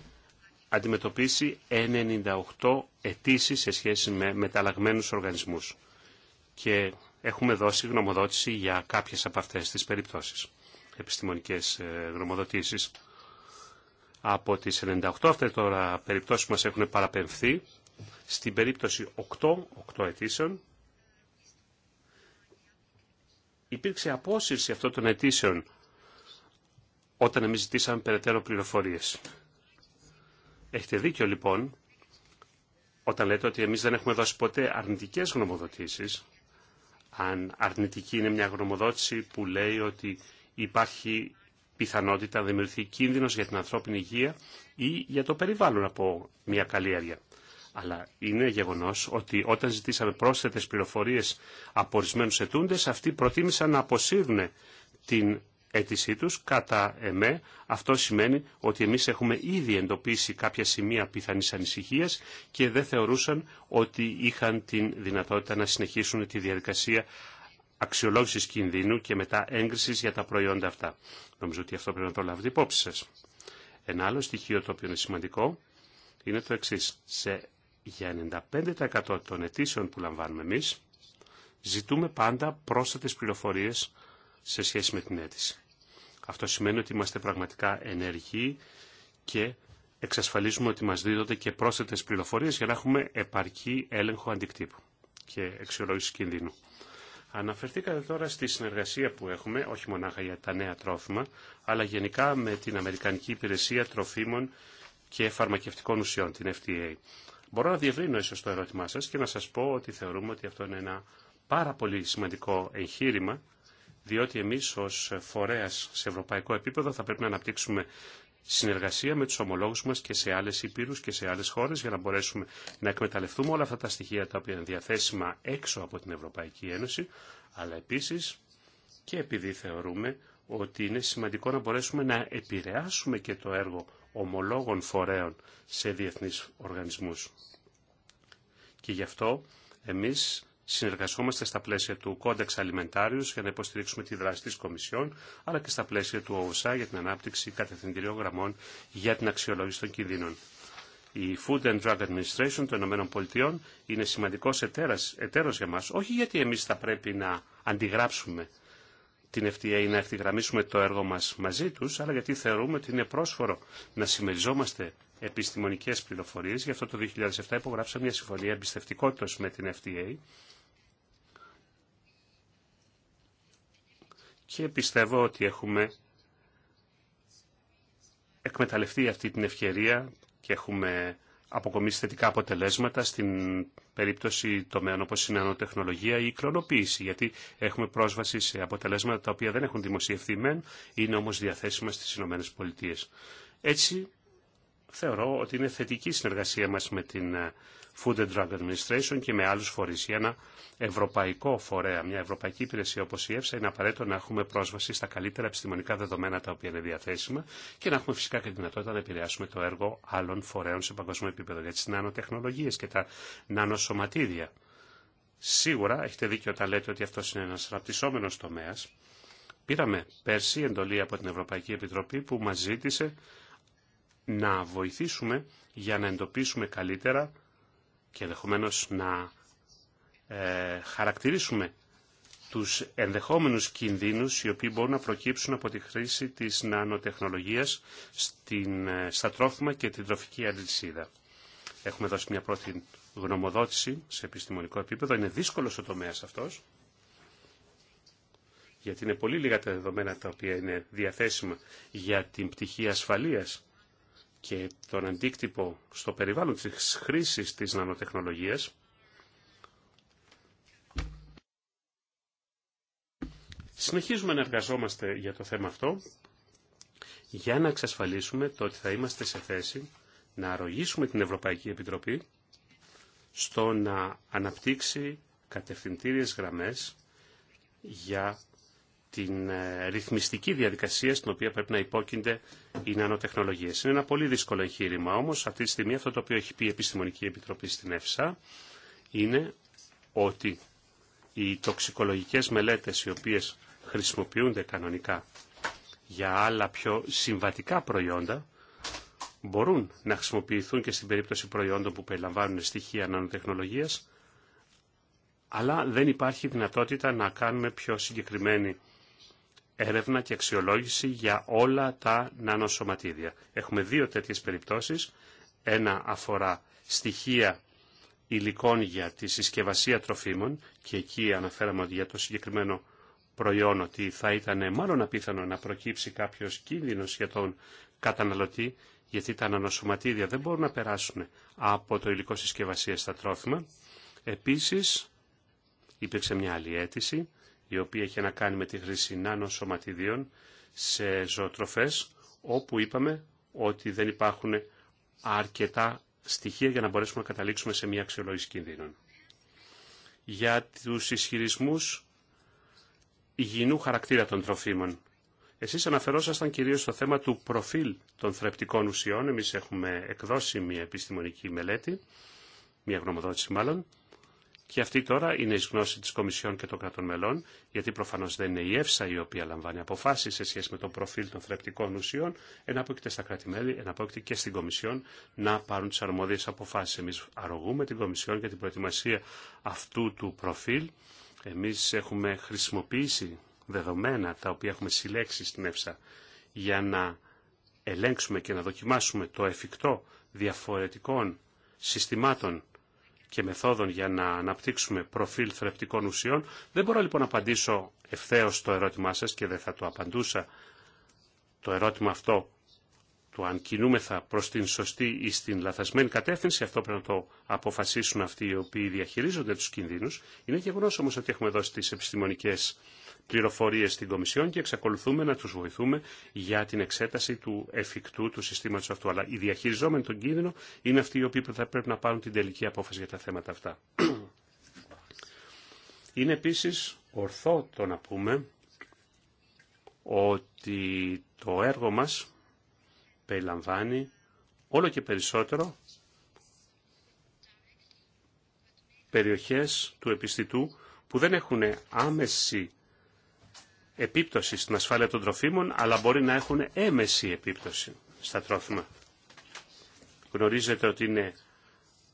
αντιμετωπίσει 98 αιτήσει σε σχέση με μεταλλαγμένους οργανισμούς και έχουμε δώσει γνωμοδότηση για κάποιες από αυτές τις περιπτώσεις, επιστημονικές ε, γνωμοδοτήσεις. Από τις 98 αυτές τώρα περιπτώσεις που μας έχουν παραπεμφθεί, στην περίπτωση 8, 8 αιτήσεων, υπήρξε απόσυρση αυτών των αιτήσεων όταν εμείς ζητήσαμε περαιτέρω πληροφορίες. Έχετε δίκιο λοιπόν, όταν λέτε ότι εμείς δεν έχουμε δώσει ποτέ αρνητικές γνωμοδοτήσεις, αν αρνητική είναι μια γνωμοδότηση που λέει ότι υπάρχει πιθανότητα να δημιουργηθεί κίνδυνος για την ανθρώπινη υγεία ή για το περιβάλλον από μια καλλιέργεια. Αλλά είναι γεγονό ότι όταν ζητήσαμε πρόσθετε πληροφορίε από ορισμένου ετούντε, αυτοί προτίμησαν να αποσύρουν την αίτησή του. Κατά εμέ, αυτό σημαίνει ότι εμεί έχουμε ήδη εντοπίσει κάποια σημεία πιθανή ανησυχία και δεν θεωρούσαν ότι είχαν την δυνατότητα να συνεχίσουν τη διαδικασία Αξιολόγηση κινδύνου και μετά έγκριση για τα προϊόντα αυτά. Νομίζω ότι αυτό πρέπει να το λάβετε υπόψη σα. Ένα άλλο στοιχείο το οποίο είναι σημαντικό είναι το εξή. Σε, για 95% των αιτήσεων που λαμβάνουμε εμεί ζητούμε πάντα πρόσθετε πληροφορίε σε σχέση με την αίτηση. Αυτό σημαίνει ότι είμαστε πραγματικά ενεργοί και εξασφαλίζουμε ότι μας δίδονται και πρόσθετες πληροφορίες για να έχουμε επαρκή έλεγχο αντικτύπου και αξιολόγηση κινδύνου. Αναφερθήκατε τώρα στη συνεργασία που έχουμε, όχι μονάχα για τα νέα τρόφιμα, αλλά γενικά με την Αμερικανική Υπηρεσία Τροφίμων και Φαρμακευτικών Ουσιών, την FDA. Μπορώ να διευρύνω ίσω το ερώτημά σας και να σας πω ότι θεωρούμε ότι αυτό είναι ένα πάρα πολύ σημαντικό εγχείρημα, διότι εμείς ω φορέα σε ευρωπαϊκό επίπεδο θα πρέπει να αναπτύξουμε συνεργασία με τους ομολόγους μας και σε άλλες υπήρους και σε άλλες χώρες για να μπορέσουμε να εκμεταλλευτούμε όλα αυτά τα στοιχεία τα οποία είναι διαθέσιμα έξω από την Ευρωπαϊκή Ένωση, αλλά επίσης και επειδή θεωρούμε ότι είναι σημαντικό να μπορέσουμε να επηρεάσουμε και το έργο ομολόγων φορέων σε διεθνείς οργανισμούς. Και γι' αυτό εμείς συνεργαζόμαστε στα πλαίσια του Codex Alimentarius για να υποστηρίξουμε τη δράση της Κομισιόν, αλλά και στα πλαίσια του ΟΟΣΑ για την ανάπτυξη κατευθυντηριών γραμμών για την αξιολόγηση των κινδύνων. Η Food and Drug Administration των Ηνωμένων Πολιτειών είναι σημαντικό εταίρος για μας, όχι γιατί εμείς θα πρέπει να αντιγράψουμε την FDA να ευθυγραμμίσουμε το έργο μας μαζί τους, αλλά γιατί θεωρούμε ότι είναι πρόσφορο να συμμεριζόμαστε επιστημονικές πληροφορίες. Γι' αυτό το 2007 υπογράψαμε μια συμφωνία εμπιστευτικότητας με την FDA, και πιστεύω ότι έχουμε εκμεταλλευτεί αυτή την ευκαιρία και έχουμε αποκομίσει θετικά αποτελέσματα στην περίπτωση τομέων όπως η νανοτεχνολογία ή η κλωνοποίηση, γιατί έχουμε πρόσβαση σε αποτελέσματα τα οποία δεν έχουν δημοσιευθεί μεν, είναι όμως διαθέσιμα στις Ηνωμένες Πολιτείες. Έτσι, θεωρώ ότι είναι θετική συνεργασία μας με την ε, Food and Drug Administration και με άλλους φορείς για ένα ευρωπαϊκό φορέα, μια ευρωπαϊκή υπηρεσία όπως η ΕΦΣΑ είναι απαραίτητο να έχουμε πρόσβαση στα καλύτερα επιστημονικά δεδομένα τα οποία είναι διαθέσιμα και να έχουμε φυσικά και δυνατότητα να επηρεάσουμε το έργο άλλων φορέων σε παγκόσμιο επίπεδο για τις νανοτεχνολογίες και τα νανοσωματίδια. Σίγουρα έχετε δίκιο όταν λέτε ότι αυτό είναι ένας αναπτυσσόμενος τομέας. Πήραμε πέρσι εντολή από την Ευρωπαϊκή Επιτροπή που μας να βοηθήσουμε για να εντοπίσουμε καλύτερα και ενδεχομένω να ε, χαρακτηρίσουμε τους ενδεχόμενους κινδύνους οι οποίοι μπορούν να προκύψουν από τη χρήση της νανοτεχνολογίας στην, ε, στα τρόφιμα και την τροφική αλυσίδα. Έχουμε δώσει μια πρώτη γνωμοδότηση σε επιστημονικό επίπεδο. Είναι δύσκολος ο τομέας αυτός, γιατί είναι πολύ λίγα τα δεδομένα τα οποία είναι διαθέσιμα για την πτυχή ασφαλείας και τον αντίκτυπο στο περιβάλλον της χρήσης της νανοτεχνολογίας, Συνεχίζουμε να εργαζόμαστε για το θέμα αυτό για να εξασφαλίσουμε το ότι θα είμαστε σε θέση να αρρωγήσουμε την Ευρωπαϊκή Επιτροπή στο να αναπτύξει κατευθυντήριες γραμμές για την ε, ρυθμιστική διαδικασία στην οποία πρέπει να υπόκεινται οι νανοτεχνολογίε. Είναι ένα πολύ δύσκολο εγχείρημα όμω, Αυτή τη στιγμή αυτό το οποίο έχει πει η Επιστημονική Επιτροπή στην ΕΦΣΑ είναι ότι οι τοξικολογικέ μελέτε οι οποίε χρησιμοποιούνται κανονικά για άλλα πιο συμβατικά προϊόντα μπορούν να χρησιμοποιηθούν και στην περίπτωση προϊόντων που περιλαμβάνουν στοιχεία νανοτεχνολογίας αλλά δεν υπάρχει δυνατότητα να κάνουμε πιο συγκεκριμένη έρευνα και αξιολόγηση για όλα τα νανοσωματίδια. Έχουμε δύο τέτοιες περιπτώσεις. Ένα αφορά στοιχεία υλικών για τη συσκευασία τροφίμων και εκεί αναφέραμε ότι για το συγκεκριμένο προϊόν ότι θα ήταν μάλλον απίθανο να προκύψει κάποιος κίνδυνος για τον καταναλωτή γιατί τα νανοσωματίδια δεν μπορούν να περάσουν από το υλικό συσκευασία στα τρόφιμα. Επίσης, υπήρξε μια άλλη αίτηση η οποία έχει να κάνει με τη χρήση νάνο σωματιδίων σε ζωοτροφές, όπου είπαμε ότι δεν υπάρχουν αρκετά στοιχεία για να μπορέσουμε να καταλήξουμε σε μια αξιολόγηση κινδύνων. Για τους ισχυρισμούς υγιεινού χαρακτήρα των τροφίμων. Εσείς αναφερόσασταν κυρίως στο θέμα του προφίλ των θρεπτικών ουσιών. Εμείς έχουμε εκδώσει μια επιστημονική μελέτη, μια γνωμοδότηση μάλλον, και αυτή τώρα είναι η γνώση της Κομισιόν και των κρατών μελών, γιατί προφανώς δεν είναι η ΕΦΣΑ η οποία λαμβάνει αποφάσεις σε σχέση με το προφίλ των θρεπτικών ουσιών, εναπόκειται στα κράτη-μέλη, εναπόκειται και στην Κομισιόν να πάρουν τις αρμόδιες αποφάσεις. Εμείς αρρωγούμε την Κομισιόν για την προετοιμασία αυτού του προφίλ. Εμείς έχουμε χρησιμοποιήσει δεδομένα τα οποία έχουμε συλλέξει στην ΕΦΣΑ για να ελέγξουμε και να δοκιμάσουμε το εφικτό διαφορετικών συστημάτων και μεθόδων για να αναπτύξουμε προφίλ θρεπτικών ουσιών. Δεν μπορώ λοιπόν να απαντήσω ευθέως το ερώτημά σας και δεν θα το απαντούσα το ερώτημα αυτό το αν κινούμεθα προς την σωστή ή στην λαθασμένη κατεύθυνση, αυτό πρέπει να το αποφασίσουν αυτοί οι οποίοι διαχειρίζονται τους κινδύνους. Είναι γεγονός όμως ότι έχουμε δώσει τις επιστημονικές πληροφορίες στην Κομισιόν και εξακολουθούμε να τους βοηθούμε για την εξέταση του εφικτού του συστήματος αυτού. Αλλά οι διαχειριζόμενοι τον κίνδυνο είναι αυτοί οι οποίοι θα πρέπει να πάρουν την τελική απόφαση για τα θέματα αυτά. *clears throat* Είναι επίσης ορθό το να πούμε ότι το έργο μας περιλαμβάνει όλο και περισσότερο περιοχές του επιστητού που δεν έχουν άμεση επίπτωση στην ασφάλεια των τροφίμων, αλλά μπορεί να έχουν έμεση επίπτωση στα τρόφιμα. Γνωρίζετε ότι είναι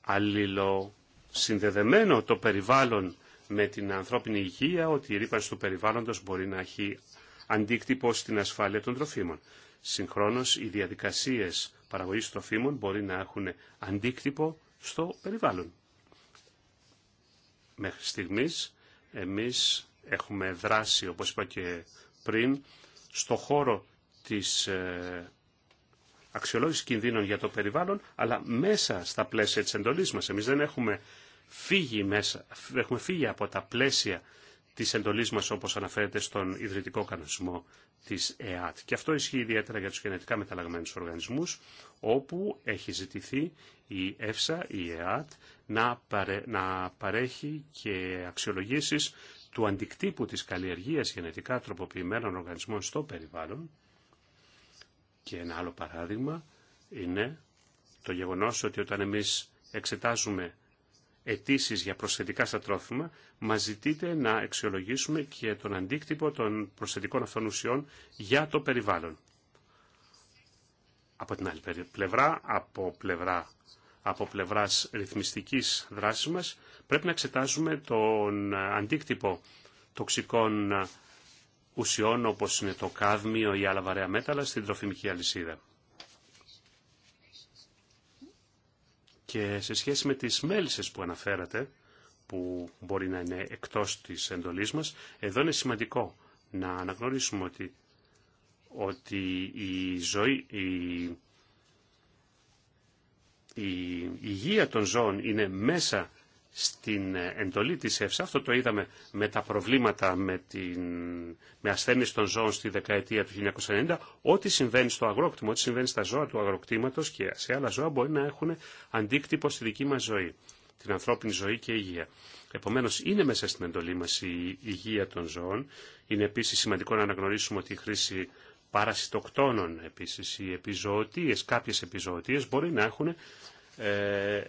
αλληλοσυνδεδεμένο το περιβάλλον με την ανθρώπινη υγεία, ότι η ρήπανση του περιβάλλοντος μπορεί να έχει αντίκτυπο στην ασφάλεια των τροφίμων. Συγχρόνως, οι διαδικασίες παραγωγής τροφίμων μπορεί να έχουν αντίκτυπο στο περιβάλλον. Μέχρι στιγμής, εμείς έχουμε δράσει, όπως είπα και πριν, στο χώρο της ε, αξιολόγησης κινδύνων για το περιβάλλον, αλλά μέσα στα πλαίσια της εντολής μας. Εμείς δεν έχουμε φύγει, μέσα, έχουμε φύγει από τα πλαίσια της εντολής μας όπως αναφέρεται στον ιδρυτικό κανονισμό της ΕΑΤ. Και αυτό ισχύει ιδιαίτερα για τους γενετικά μεταλλαγμένους οργανισμούς, όπου έχει ζητηθεί η ΕΦΣΑ, η ΕΑΤ, να, να παρέχει και αξιολογήσεις του αντικτύπου της καλλιεργίας γενετικά τροποποιημένων οργανισμών στο περιβάλλον. Και ένα άλλο παράδειγμα είναι το γεγονός ότι όταν εμείς εξετάζουμε αιτήσει για προσθετικά στα τρόφιμα, μας ζητείτε να αξιολογήσουμε και τον αντίκτυπο των προσθετικών αυτών για το περιβάλλον. Από την άλλη πλευρά, από πλευρά από πλευράς ρυθμιστικής δράσης μας, πρέπει να εξετάζουμε τον αντίκτυπο τοξικών ουσιών όπως είναι το κάδμιο ή άλλα βαρέα μέταλλα στην τροφιμική αλυσίδα. Και σε σχέση με τις μέλισσες που αναφέρατε, που μπορεί να είναι εκτός της εντολής μας, εδώ είναι σημαντικό να αναγνωρίσουμε ότι, ότι η ζωή, η η υγεία των ζώων είναι μέσα στην εντολή της ΕΦΣΑ. Αυτό το είδαμε με τα προβλήματα με, την, με ασθένειες των ζώων στη δεκαετία του 1990. Ό,τι συμβαίνει στο αγρόκτημα, ό,τι συμβαίνει στα ζώα του αγροκτήματος και σε άλλα ζώα μπορεί να έχουν αντίκτυπο στη δική μας ζωή, την ανθρώπινη ζωή και υγεία. Επομένως, είναι μέσα στην εντολή μας η υγεία των ζώων. Είναι επίσης σημαντικό να αναγνωρίσουμε ότι η χρήση παρασιτοκτόνων επίσης. Οι επιζωοτίες, κάποιες επιζωοτίες μπορεί να έχουν ε,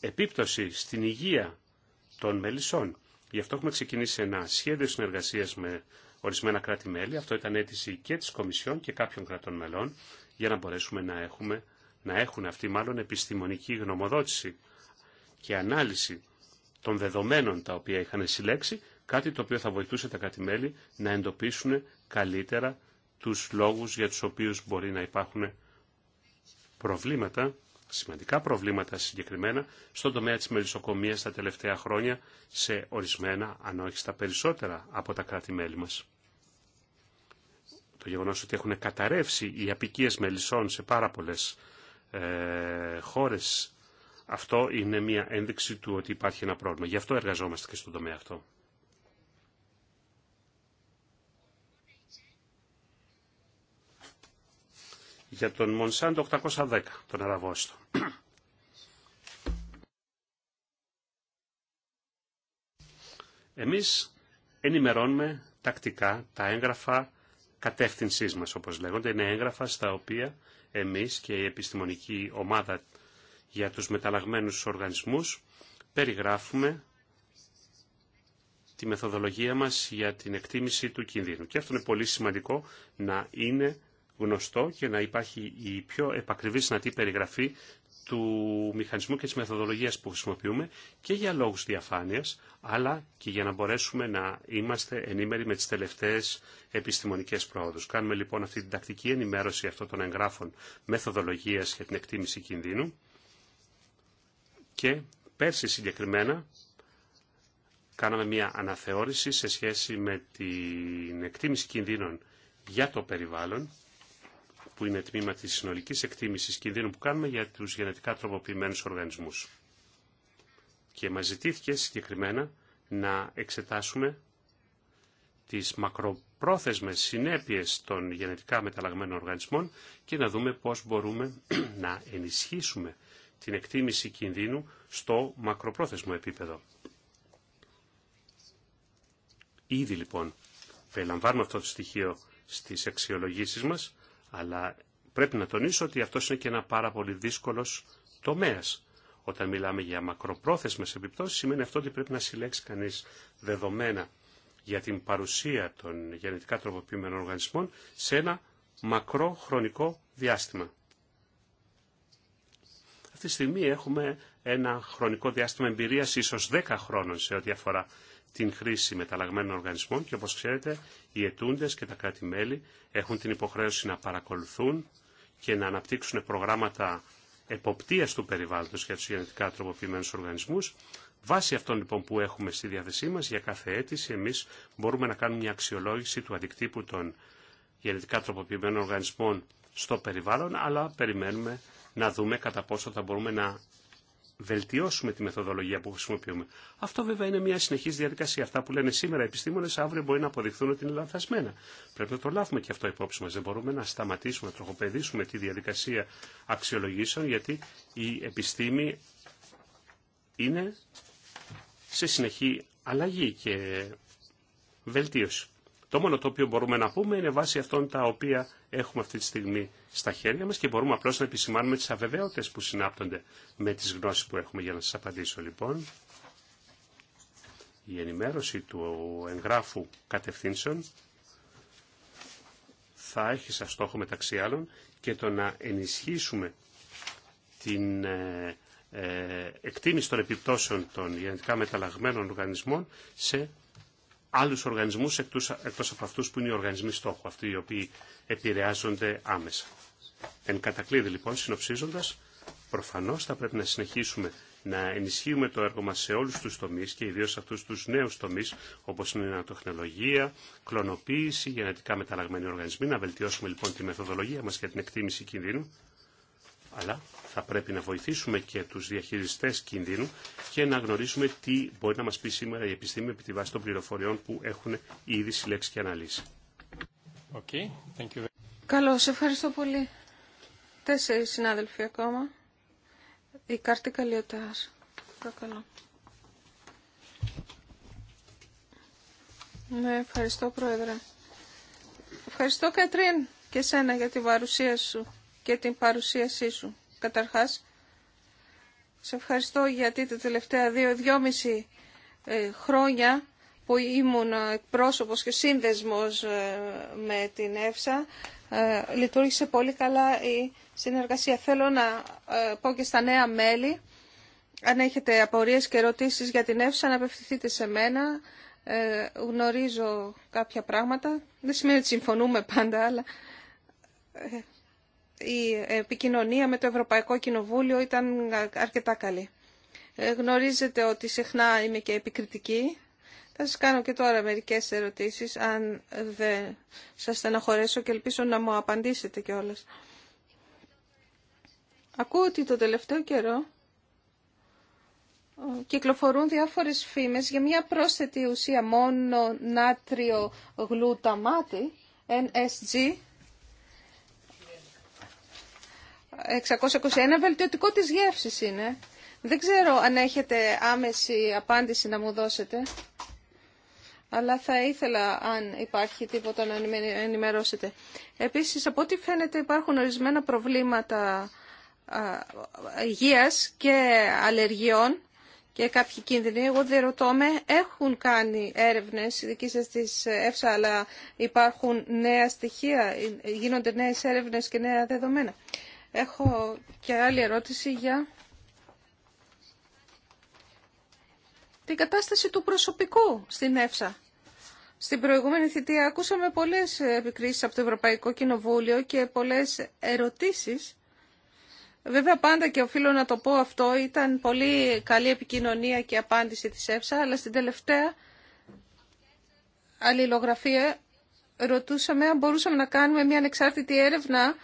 επίπτωση στην υγεία των μελισσών. Γι' αυτό έχουμε ξεκινήσει ένα σχέδιο συνεργασίας με ορισμένα κράτη-μέλη. Αυτό ήταν αίτηση και της Κομισιόν και κάποιων κρατών μελών για να μπορέσουμε να, έχουμε, να έχουν αυτή μάλλον επιστημονική γνωμοδότηση και ανάλυση των δεδομένων τα οποία είχαν συλλέξει, κάτι το οποίο θα βοηθούσε τα κράτη-μέλη να εντοπίσουν καλύτερα τους λόγους για τους οποίους μπορεί να υπάρχουν προβλήματα, σημαντικά προβλήματα συγκεκριμένα, στον τομέα της μελισσοκομείας τα τελευταία χρόνια σε ορισμένα, αν όχι στα περισσότερα από τα κράτη-μέλη μας. Το γεγονός ότι έχουν καταρρεύσει οι απικίες μελισσών σε πάρα πολλές ε, χώρες, αυτό είναι μια ένδειξη του ότι υπάρχει ένα πρόβλημα. Γι' αυτό εργαζόμαστε και στον τομέα αυτό. για τον Μονσάντο 810, τον Αραβόστο. Εμείς ενημερώνουμε τακτικά τα έγγραφα κατεύθυνσή μας, όπως λέγονται. Είναι έγγραφα στα οποία εμείς και η επιστημονική ομάδα για τους μεταλλαγμένους οργανισμούς περιγράφουμε τη μεθοδολογία μας για την εκτίμηση του κινδύνου. Και αυτό είναι πολύ σημαντικό να είναι γνωστό και να υπάρχει η πιο επακριβή συνατή περιγραφή του μηχανισμού και της μεθοδολογίας που χρησιμοποιούμε και για λόγους διαφάνειας, αλλά και για να μπορέσουμε να είμαστε ενήμεροι με τις τελευταίες επιστημονικές πρόοδους. Κάνουμε λοιπόν αυτή την τακτική ενημέρωση αυτών των εγγράφων μεθοδολογίας για την εκτίμηση κινδύνου και πέρσι συγκεκριμένα κάναμε μια αναθεώρηση σε σχέση με την εκτίμηση κινδύνων για το περιβάλλον που είναι τμήμα της συνολικής εκτίμησης κινδύνου που κάνουμε για τους γενετικά τροποποιημένους οργανισμούς. Και μας ζητήθηκε συγκεκριμένα να εξετάσουμε τις μακροπρόθεσμες συνέπειες των γενετικά μεταλλαγμένων οργανισμών και να δούμε πώς μπορούμε *clears throat* να ενισχύσουμε την εκτίμηση κινδύνου στο μακροπρόθεσμο επίπεδο. Ήδη λοιπόν περιλαμβάνουμε αυτό το στοιχείο στις αξιολογήσεις μας αλλά πρέπει να τονίσω ότι αυτό είναι και ένα πάρα πολύ δύσκολο τομέα. Όταν μιλάμε για μακροπρόθεσμες επιπτώσεις, σημαίνει αυτό ότι πρέπει να συλλέξει κανείς δεδομένα για την παρουσία των γενετικά τροποποιημένων οργανισμών σε ένα μακρό χρονικό διάστημα. Αυτή τη στιγμή έχουμε ένα χρονικό διάστημα εμπειρίας ίσως 10 χρόνων σε ό,τι αφορά την χρήση μεταλλαγμένων οργανισμών και όπως ξέρετε οι ετούντες και τα κράτη-μέλη έχουν την υποχρέωση να παρακολουθούν και να αναπτύξουν προγράμματα εποπτείας του περιβάλλοντος για τους γενετικά τροποποιημένους οργανισμούς. Βάσει αυτών λοιπόν που έχουμε στη διάθεσή μας για κάθε αίτηση εμείς μπορούμε να κάνουμε μια αξιολόγηση του αντικτύπου των γενετικά τροποποιημένων οργανισμών στο περιβάλλον αλλά περιμένουμε να δούμε κατά πόσο θα μπορούμε να βελτιώσουμε τη μεθοδολογία που χρησιμοποιούμε. Αυτό βέβαια είναι μια συνεχή διαδικασία. Αυτά που λένε σήμερα οι επιστήμονε, αύριο μπορεί να αποδειχθούν ότι είναι λανθασμένα. Πρέπει να το λάβουμε και αυτό υπόψη μα. Δεν μπορούμε να σταματήσουμε, να τροχοπεδίσουμε τη διαδικασία αξιολογήσεων, γιατί η επιστήμη είναι σε συνεχή αλλαγή και βελτίωση. Το μόνο το οποίο μπορούμε να πούμε είναι βάσει αυτών τα οποία έχουμε αυτή τη στιγμή στα χέρια μας και μπορούμε απλώς να επισημάνουμε τις αβεβαιότητες που συνάπτονται με τις γνώσεις που έχουμε για να σας απαντήσω λοιπόν. Η ενημέρωση του εγγράφου κατευθύνσεων θα έχει σαν στόχο μεταξύ άλλων και το να ενισχύσουμε την ε, ε, εκτίμηση των επιπτώσεων των γενικά μεταλλαγμένων οργανισμών σε άλλους οργανισμούς εκτός, εκτός από αυτούς που είναι οι οργανισμοί στόχου, αυτοί οι οποίοι επηρεάζονται άμεσα. Εν κατακλείδη λοιπόν, συνοψίζοντας, προφανώς θα πρέπει να συνεχίσουμε να ενισχύουμε το έργο μας σε όλους τους τομείς και ιδίως σε αυτούς τους νέους τομείς όπως είναι η ανατοχνολογία, κλωνοποίηση, γενετικά μεταλλαγμένοι οργανισμοί, να βελτιώσουμε λοιπόν τη μεθοδολογία μας για την εκτίμηση κινδύνου αλλά θα πρέπει να βοηθήσουμε και τους διαχειριστές κινδύνου και να γνωρίσουμε τι μπορεί να μας πει σήμερα η επιστήμη επί τη βάση των πληροφοριών που έχουν ήδη συλλέξει και αναλύσει. Okay. Καλώς, ευχαριστώ πολύ. Τέσσερις συνάδελφοι ακόμα. Η κάρτη Καλλιωτάς. Παρακαλώ. Ναι, ευχαριστώ Πρόεδρε. Ευχαριστώ Κατρίν και σένα για τη παρουσία σου και την παρουσίασή σου. Καταρχάς, σε ευχαριστώ γιατί τα τελευταία δύο-δυόμιση ε, χρόνια που ήμουν εκπρόσωπος και σύνδεσμος ε, με την ΕΦΣΑ ε, λειτουργήσε πολύ καλά η συνεργασία. Θέλω να πω και στα νέα μέλη, αν έχετε απορίες και ερωτήσεις για την ΕΦΣΑ να απευθυνθείτε σε μένα. Γνωρίζω κάποια πράγματα, δεν σημαίνει ότι συμφωνούμε πάντα, αλλά η επικοινωνία με το Ευρωπαϊκό Κοινοβούλιο ήταν αρκετά καλή. Ε, γνωρίζετε ότι συχνά είμαι και επικριτική. Θα σας κάνω και τώρα μερικές ερωτήσεις, αν δεν σας στεναχωρέσω και ελπίζω να μου απαντήσετε κιόλας. Ακούω ότι το τελευταίο καιρό ε, κυκλοφορούν διάφορες φήμες για μια πρόσθετη ουσία μόνο νάτριο γλουταμάτι, NSG, 621 βελτιωτικό της γεύσης είναι. Δεν ξέρω αν έχετε άμεση απάντηση να μου δώσετε. Αλλά θα ήθελα αν υπάρχει τίποτα να ενημερώσετε. Επίσης, από ό,τι φαίνεται υπάρχουν ορισμένα προβλήματα υγείας και αλλεργιών και κάποιοι κίνδυνοι. Εγώ δεν με, έχουν κάνει έρευνες δικοί σας της ΕΦΣΑ, αλλά υπάρχουν νέα στοιχεία, γίνονται νέες έρευνες και νέα δεδομένα. Έχω και άλλη ερώτηση για την κατάσταση του προσωπικού στην ΕΦΣΑ. Στην προηγούμενη θητεία ακούσαμε πολλές επικρίσεις από το Ευρωπαϊκό Κοινοβούλιο και πολλές ερωτήσεις. Βέβαια πάντα και οφείλω να το πω αυτό, ήταν πολύ καλή επικοινωνία και απάντηση της ΕΦΣΑ, αλλά στην τελευταία αλληλογραφία ρωτούσαμε αν μπορούσαμε να κάνουμε μια ανεξάρτητη έρευνα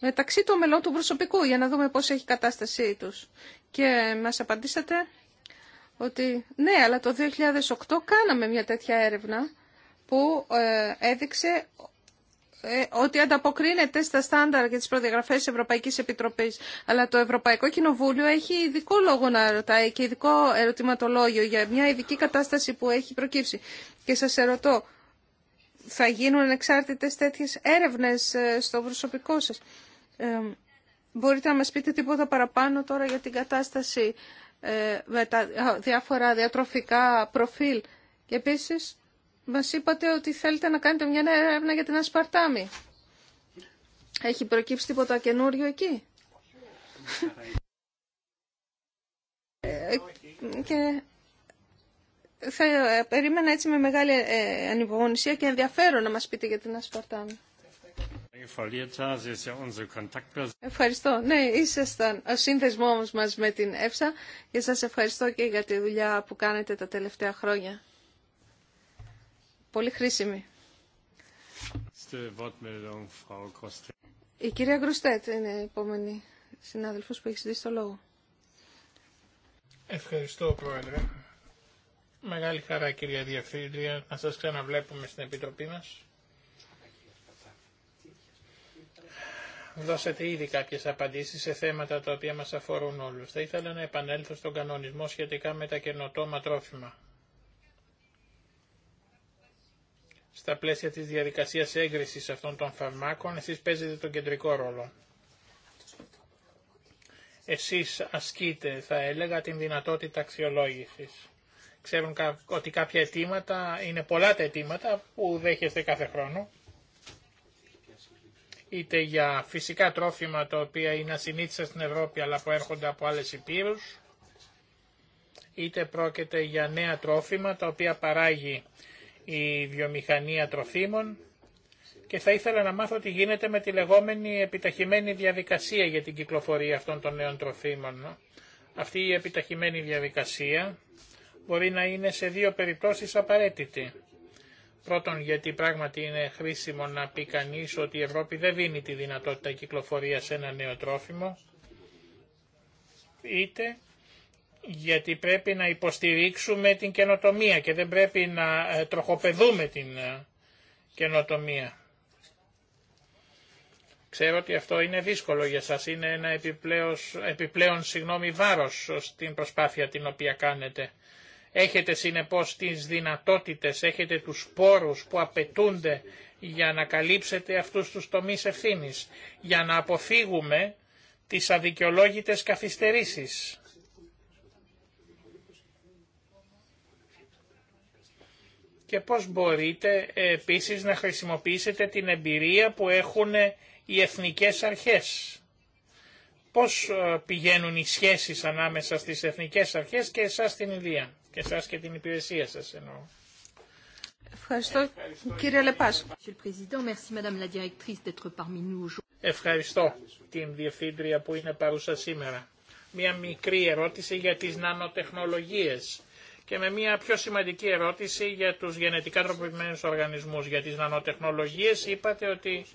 μεταξύ των μελών του προσωπικού για να δούμε πώς έχει η κατάστασή τους. Και μας απαντήσατε ότι ναι, αλλά το 2008 κάναμε μια τέτοια έρευνα που ε, έδειξε ε, ότι ανταποκρίνεται στα στάνταρ και τις προδιαγραφές της Ευρωπαϊκής Επιτροπής. Αλλά το Ευρωπαϊκό Κοινοβούλιο έχει ειδικό λόγο να ρωτάει και ειδικό ερωτηματολόγιο για μια ειδική κατάσταση που έχει προκύψει. Και σας ερωτώ, θα γίνουν εξάρτητες τέτοιες έρευνες ε, στο προσωπικό σας μπορείτε να μας πείτε τίποτα παραπάνω τώρα για την κατάσταση ε, με τα διάφορα διατροφικά προφίλ. Και επίσης μας είπατε ότι θέλετε να κάνετε μια έρευνα για την ασπαρτάμι. Έχει προκύψει τίποτα καινούριο εκεί. Ε, και θα ε, περίμενα έτσι με μεγάλη ανυπομονησία και ενδιαφέρον να μας πείτε για την ασπαρτάμι. Ευχαριστώ. Ναι, ήσασταν ο σύνδεσμό μας με την ΕΦΣΑ και σα ευχαριστώ και για τη δουλειά που κάνετε τα τελευταία χρόνια. Πολύ χρήσιμη. Η κυρία Γκρουστέτ είναι η επόμενη συνάδελφος που έχει ζητήσει το λόγο. Ευχαριστώ, Πρόεδρε. Μεγάλη χαρά, κυρία Διευθύντρια, να σας ξαναβλέπουμε στην Επιτροπή μας. δώσατε ήδη κάποιες απαντήσεις σε θέματα τα οποία μας αφορούν όλους. Θα ήθελα να επανέλθω στον κανονισμό σχετικά με τα καινοτόμα τρόφιμα. Στα πλαίσια της διαδικασίας έγκρισης αυτών των φαρμάκων, εσείς παίζετε τον κεντρικό ρόλο. Εσείς ασκείτε, θα έλεγα, την δυνατότητα αξιολόγησης. Ξέρουν ότι κάποια αιτήματα, είναι πολλά τα αιτήματα που δέχεστε κάθε χρόνο, είτε για φυσικά τρόφιμα τα οποία είναι ασυνήθιστα στην Ευρώπη αλλά που έρχονται από άλλες υπήρους, είτε πρόκειται για νέα τρόφιμα τα οποία παράγει η βιομηχανία τροφίμων και θα ήθελα να μάθω τι γίνεται με τη λεγόμενη επιταχυμένη διαδικασία για την κυκλοφορία αυτών των νέων τροφίμων. Αυτή η επιταχυμένη διαδικασία μπορεί να είναι σε δύο περιπτώσεις απαραίτητη. Πρώτον γιατί πράγματι είναι χρήσιμο να πει κανεί ότι η Ευρώπη δεν δίνει τη δυνατότητα κυκλοφορία σε ένα νέο τρόφιμο, είτε γιατί πρέπει να υποστηρίξουμε την καινοτομία και δεν πρέπει να ε, τροχοπεδούμε την ε, καινοτομία. Ξέρω ότι αυτό είναι δύσκολο για σας, είναι ένα επιπλέον, επιπλέον συγγνώμη βάρος στην προσπάθεια την οποία κάνετε. Έχετε συνεπώς τις δυνατότητες, έχετε τους πόρους που απαιτούνται για να καλύψετε αυτούς τους τομείς ευθύνης, για να αποφύγουμε τις αδικαιολόγητες καθυστερήσεις. Και πώς μπορείτε ε, επίσης να χρησιμοποιήσετε την εμπειρία που έχουν οι εθνικές αρχές. Πώς ε, πηγαίνουν οι σχέσεις ανάμεσα στις εθνικές αρχές και εσάς στην Ιδία. Εσάς και την υπηρεσία σας εννοώ. Ευχαριστώ, κύριε Λεπάς. Ευχαριστώ την Διευθύντρια που είναι παρούσα σήμερα. Μία μικρή ερώτηση για τις νανοτεχνολογίες και με μια πιο σημαντική ερώτηση για τους γενετικά τροποποιημένους οργανισμούς. Για τις νανοτεχνολογίες είπατε ότι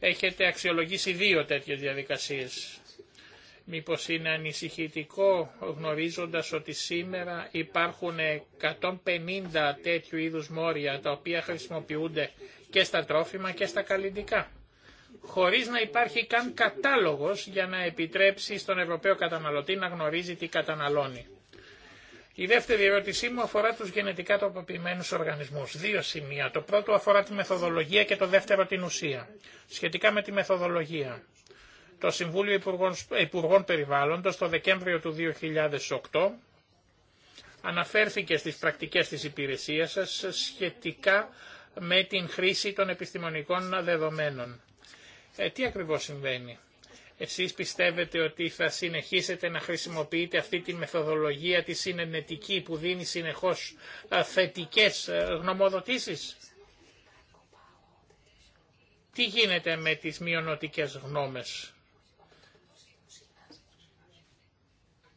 έχετε αξιολογήσει δύο τέτοιες διαδικασίες. Μήπως είναι ανησυχητικό γνωρίζοντας ότι σήμερα υπάρχουν 150 τέτοιου είδους μόρια τα οποία χρησιμοποιούνται και στα τρόφιμα και στα καλλιντικά χωρίς να υπάρχει καν κατάλογος για να επιτρέψει στον Ευρωπαίο καταναλωτή να γνωρίζει τι καταναλώνει. Η δεύτερη ερώτησή μου αφορά τους γενετικά τροποποιημένους οργανισμούς. Δύο σημεία. Το πρώτο αφορά τη μεθοδολογία και το δεύτερο την ουσία. Σχετικά με τη μεθοδολογία. Το Συμβούλιο Υπουργών, Υπουργών Περιβάλλοντος το Δεκέμβριο του 2008 αναφέρθηκε στις πρακτικές της υπηρεσίας σας σχετικά με την χρήση των επιστημονικών δεδομένων. Ε, τι ακριβώς συμβαίνει. Εσείς πιστεύετε ότι θα συνεχίσετε να χρησιμοποιείτε αυτή τη μεθοδολογία τη συνενετική που δίνει συνεχώς ε, θετικές ε, γνωμοδοτήσεις. Τι γίνεται με τις μειονοτικές γνώμες.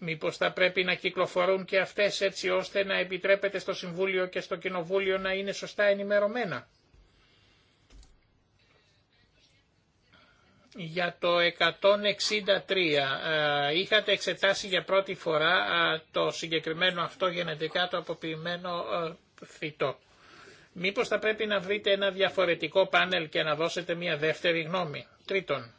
Μήπως θα πρέπει να κυκλοφορούν και αυτές έτσι ώστε να επιτρέπεται στο Συμβούλιο και στο Κοινοβούλιο να είναι σωστά ενημερωμένα. Για το 163 ε, είχατε εξετάσει για πρώτη φορά ε, το συγκεκριμένο αυτό γενετικά το αποποιημένο ε, φυτό. Μήπως θα πρέπει να βρείτε ένα διαφορετικό πάνελ και να δώσετε μια δεύτερη γνώμη. Τρίτον,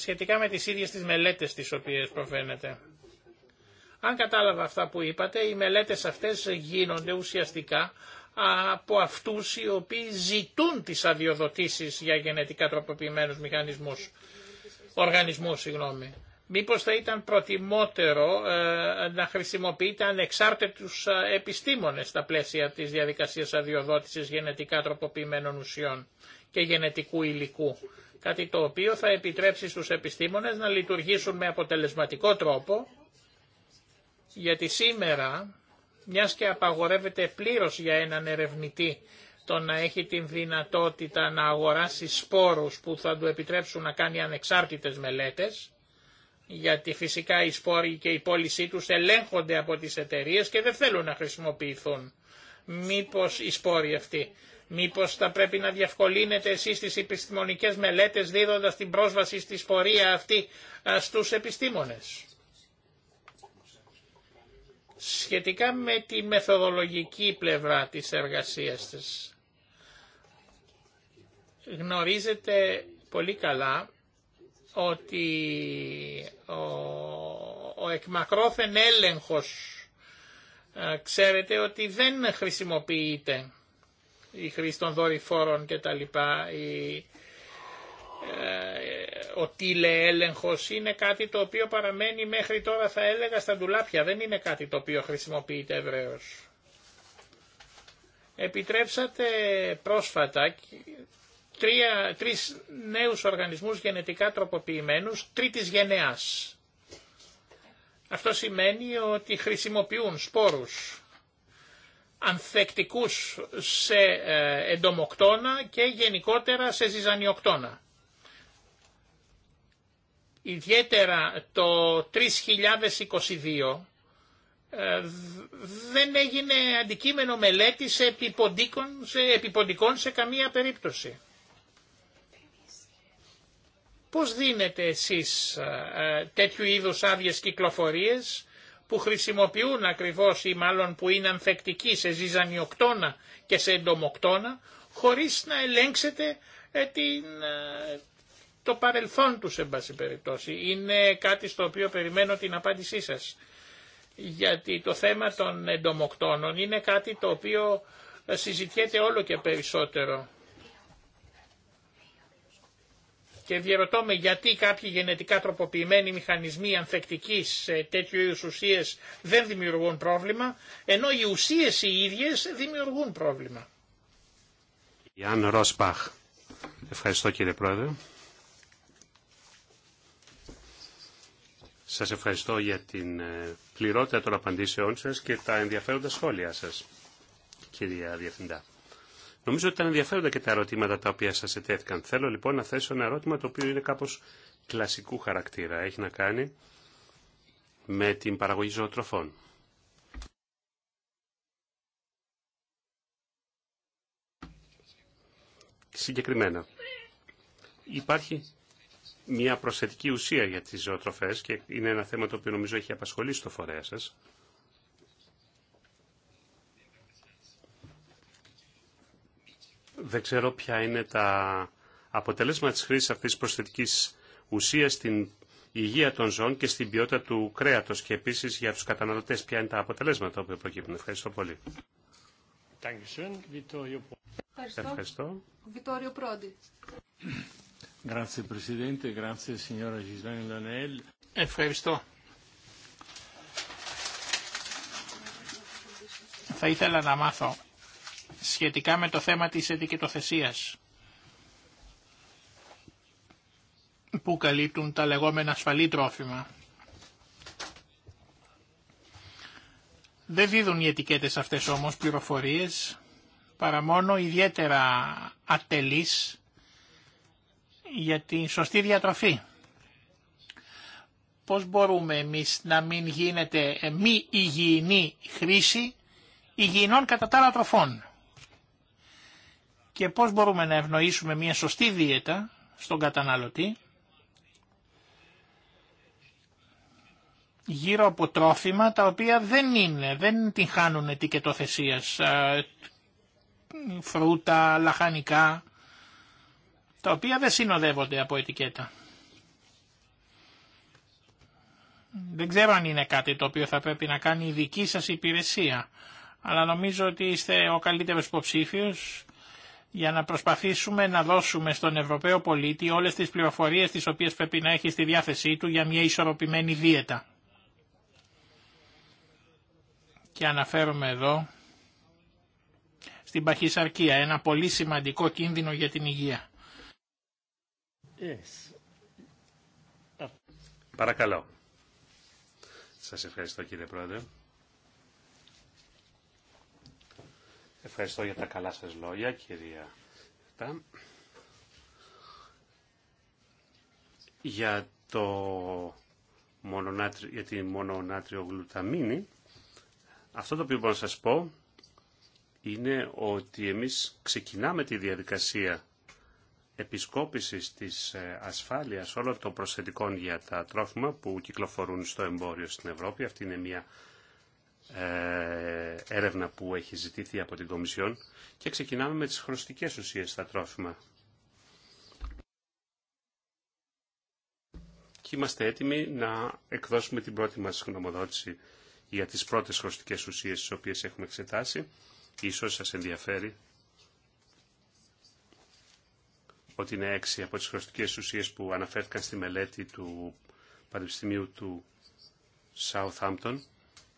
σχετικά με τις ίδιες τις μελέτες τις οποίες προφαίνεται. Αν κατάλαβα αυτά που είπατε, οι μελέτες αυτές γίνονται ουσιαστικά από αυτούς οι οποίοι ζητούν τις αδειοδοτήσεις για γενετικά τροποποιημένους μηχανισμούς, οργανισμούς. Συγγνώμη. Μήπως θα ήταν προτιμότερο ε, να χρησιμοποιείτε ανεξάρτητους ε, επιστήμονες στα πλαίσια της διαδικασίας αδειοδότησης γενετικά τροποποιημένων ουσιών και γενετικού υλικού κάτι το οποίο θα επιτρέψει στους επιστήμονες να λειτουργήσουν με αποτελεσματικό τρόπο, γιατί σήμερα, μιας και απαγορεύεται πλήρως για έναν ερευνητή το να έχει την δυνατότητα να αγοράσει σπόρους που θα του επιτρέψουν να κάνει ανεξάρτητες μελέτες, γιατί φυσικά οι σπόροι και η πώλησή τους ελέγχονται από τις εταιρείες και δεν θέλουν να χρησιμοποιηθούν. Μήπως οι σπόροι αυτοί Μήπως θα πρέπει να διευκολύνετε εσείς τις επιστημονικές μελέτες δίδοντας την πρόσβαση στη σπορία αυτή στους επιστήμονες. Σχετικά με τη μεθοδολογική πλευρά της εργασίας της. Γνωρίζετε πολύ καλά ότι ο, ο εκμακρόθεν έλεγχος ξέρετε ότι δεν χρησιμοποιείται η χρήση των δορυφόρων κτλ. Η, ε, ο τηλεέλεγχος είναι κάτι το οποίο παραμένει μέχρι τώρα θα έλεγα στα ντουλάπια. Δεν είναι κάτι το οποίο χρησιμοποιείται ευρέως. Επιτρέψατε πρόσφατα τρία, τρεις νέους οργανισμούς γενετικά τροποποιημένους τρίτης γενεάς. Αυτό σημαίνει ότι χρησιμοποιούν σπόρους ανθεκτικούς σε ε, εντομοκτώνα και γενικότερα σε ζυζανιοκτώνα. Ιδιαίτερα το 3022 ε, δεν έγινε αντικείμενο μελέτης επιποντικών σε, επιποντικών σε καμία περίπτωση. Πώς δίνετε εσείς ε, τέτοιου είδους άδειες κυκλοφορίες που χρησιμοποιούν ακριβώς ή μάλλον που είναι ανθεκτικοί σε ζυζανιοκτώνα και σε εντομοκτώνα χωρίς να ελέγξετε ε, την, ε, το παρελθόν τους σε πάση περιπτώσει. Είναι κάτι στο οποίο περιμένω την απάντησή σας. Γιατί το θέμα των εντομοκτώνων είναι κάτι το οποίο ε, συζητιέται όλο και περισσότερο. Και διαρωτώ με γιατί κάποιοι γενετικά τροποποιημένοι μηχανισμοί ανθεκτικής σε τέτοιου είδους ουσίες δεν δημιουργούν πρόβλημα, ενώ οι ουσίες οι ίδιες δημιουργούν πρόβλημα. Ιαν Ροσπαχ. Ευχαριστώ κύριε Πρόεδρε. Σας ευχαριστώ για την ε, πληρότητα των απαντήσεών σας και τα ενδιαφέροντα σχόλια σας, κυρία Διευθυντά. Νομίζω ότι ήταν ενδιαφέροντα και τα ερωτήματα τα οποία σας ετέθηκαν. Θέλω λοιπόν να θέσω ένα ερώτημα το οποίο είναι κάπως κλασικού χαρακτήρα. Έχει να κάνει με την παραγωγή ζωοτροφών. Συγκεκριμένα, υπάρχει μια προσθετική ουσία για τις ζωοτροφές και είναι ένα θέμα το οποίο νομίζω έχει απασχολήσει το φορέα σας. Δεν ξέρω ποια είναι τα αποτελέσματα της χρήσης αυτής της προσθετικής ουσίας στην υγεία των ζώων και στην ποιότητα του κρέατος και επίσης για τους καταναλωτές ποια είναι τα αποτελέσματα που προκύπτουν. Ευχαριστώ πολύ. Ευχαριστώ. Ευχαριστώ. Βιτόριο Πρόντι. Ευχαριστώ. Θα ήθελα να μάθω σχετικά με το θέμα της ετικετοθεσίας που καλύπτουν τα λεγόμενα ασφαλή τρόφιμα. Δεν δίδουν οι ετικέτες αυτές όμως πληροφορίες παρά μόνο ιδιαίτερα ατελείς για τη σωστή διατροφή. Πώς μπορούμε εμείς να μην γίνεται μη υγιεινή χρήση υγιεινών κατά τα άλλα τροφών και πώς μπορούμε να ευνοήσουμε μια σωστή δίαιτα στον καταναλωτή γύρω από τρόφιμα τα οποία δεν είναι, δεν την χάνουν ετικετοθεσίας, φρούτα, λαχανικά, τα οποία δεν συνοδεύονται από ετικέτα. Δεν ξέρω αν είναι κάτι το οποίο θα πρέπει να κάνει η δική σας υπηρεσία, αλλά νομίζω ότι είστε ο καλύτερος υποψήφιος για να προσπαθήσουμε να δώσουμε στον Ευρωπαίο πολίτη όλες τις πληροφορίες τις οποίες πρέπει να έχει στη διάθεσή του για μια ισορροπημένη δίαιτα. Και αναφέρομαι εδώ στην παχυσαρκία, ένα πολύ σημαντικό κίνδυνο για την υγεία. Παρακαλώ. Σας ευχαριστώ κύριε Πρόεδρε. Ευχαριστώ για τα καλά σας λόγια, κυρία Για, το μονονάτριο, για τη μονονάτριο γλουταμίνη, αυτό το οποίο μπορώ να σας πω είναι ότι εμείς ξεκινάμε τη διαδικασία επισκόπησης της ε, ασφάλειας όλων των προσθετικών για τα τρόφιμα που κυκλοφορούν στο εμπόριο στην Ευρώπη. Αυτή είναι μια ε, έρευνα που έχει ζητήθει από την Κομισιόν και ξεκινάμε με τις χρωστικές ουσίες στα τρόφιμα. Και είμαστε έτοιμοι να εκδώσουμε την πρώτη μας γνωμοδότηση για τις πρώτες χρωστικές ουσίες τις οποίες έχουμε εξετάσει. Ίσως σας ενδιαφέρει ότι είναι έξι από τις χρωστικές ουσίες που αναφέρθηκαν στη μελέτη του Πανεπιστημίου του Southampton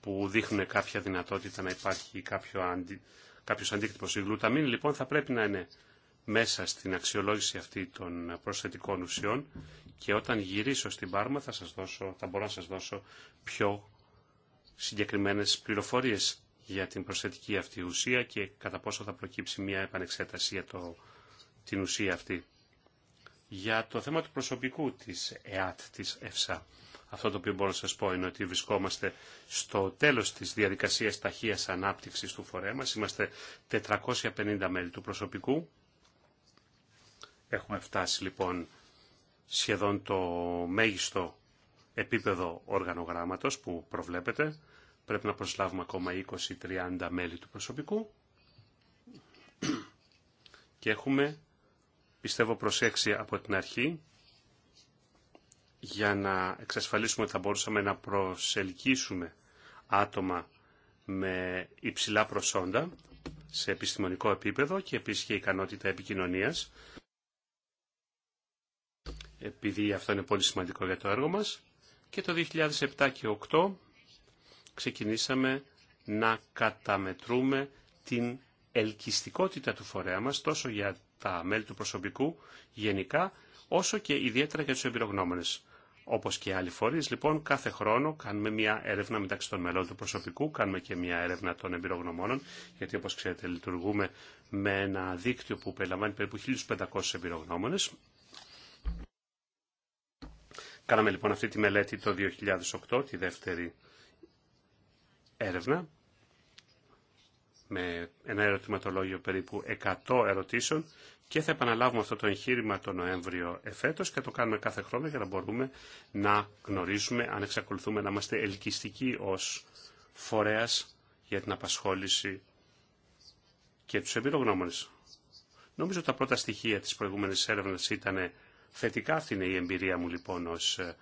που δείχνουν κάποια δυνατότητα να υπάρχει κάποιο αντι... κάποιος αντίκτυπος. Η γλουταμίνη λοιπόν θα πρέπει να είναι μέσα στην αξιολόγηση αυτή των προσθετικών ουσιών και όταν γυρίσω στην Πάρμα θα, σας δώσω, θα μπορώ να σας δώσω πιο συγκεκριμένες πληροφορίες για την προσθετική αυτή ουσία και κατά πόσο θα προκύψει μια επανεξέταση για το, την ουσία αυτή. Για το θέμα του προσωπικού της ΕΑΤ, της ΕΦΣΑ, αυτό το οποίο μπορώ να σας πω είναι ότι βρισκόμαστε στο τέλος της διαδικασίας ταχείας ανάπτυξης του φορέα μας. Είμαστε 450 μέλη του προσωπικού. Έχουμε φτάσει λοιπόν σχεδόν το μέγιστο επίπεδο οργανογράμματος που προβλέπετε. Πρέπει να προσλάβουμε ακόμα 20-30 μέλη του προσωπικού. Και έχουμε, πιστεύω προσέξει από την αρχή, για να εξασφαλίσουμε ότι θα μπορούσαμε να προσελκύσουμε άτομα με υψηλά προσόντα σε επιστημονικό επίπεδο και επίσης και ικανότητα επικοινωνίας επειδή αυτό είναι πολύ σημαντικό για το έργο μας και το 2007 και 2008 ξεκινήσαμε να καταμετρούμε την ελκυστικότητα του φορέα μας τόσο για τα μέλη του προσωπικού γενικά όσο και ιδιαίτερα για τους εμπειρογνώμονες. Όπως και άλλοι φορείς, λοιπόν, κάθε χρόνο κάνουμε μια έρευνα μεταξύ των μελών του προσωπικού, κάνουμε και μια έρευνα των εμπειρογνωμόνων, γιατί όπως ξέρετε λειτουργούμε με ένα δίκτυο που περιλαμβάνει περίπου 1.500 εμπειρογνώμονες. Κάναμε λοιπόν αυτή τη μελέτη το 2008, τη δεύτερη έρευνα με ένα ερωτηματολόγιο περίπου 100 ερωτήσεων και θα επαναλάβουμε αυτό το εγχείρημα το Νοέμβριο εφέτος και το κάνουμε κάθε χρόνο για να μπορούμε να γνωρίζουμε αν εξακολουθούμε να είμαστε ελκυστικοί ως φορέας για την απασχόληση και τους εμπειρογνώμονες. Νομίζω τα πρώτα στοιχεία της προηγούμενης έρευνας ήταν θετικά. Αυτή είναι η εμπειρία μου λοιπόν ως ε,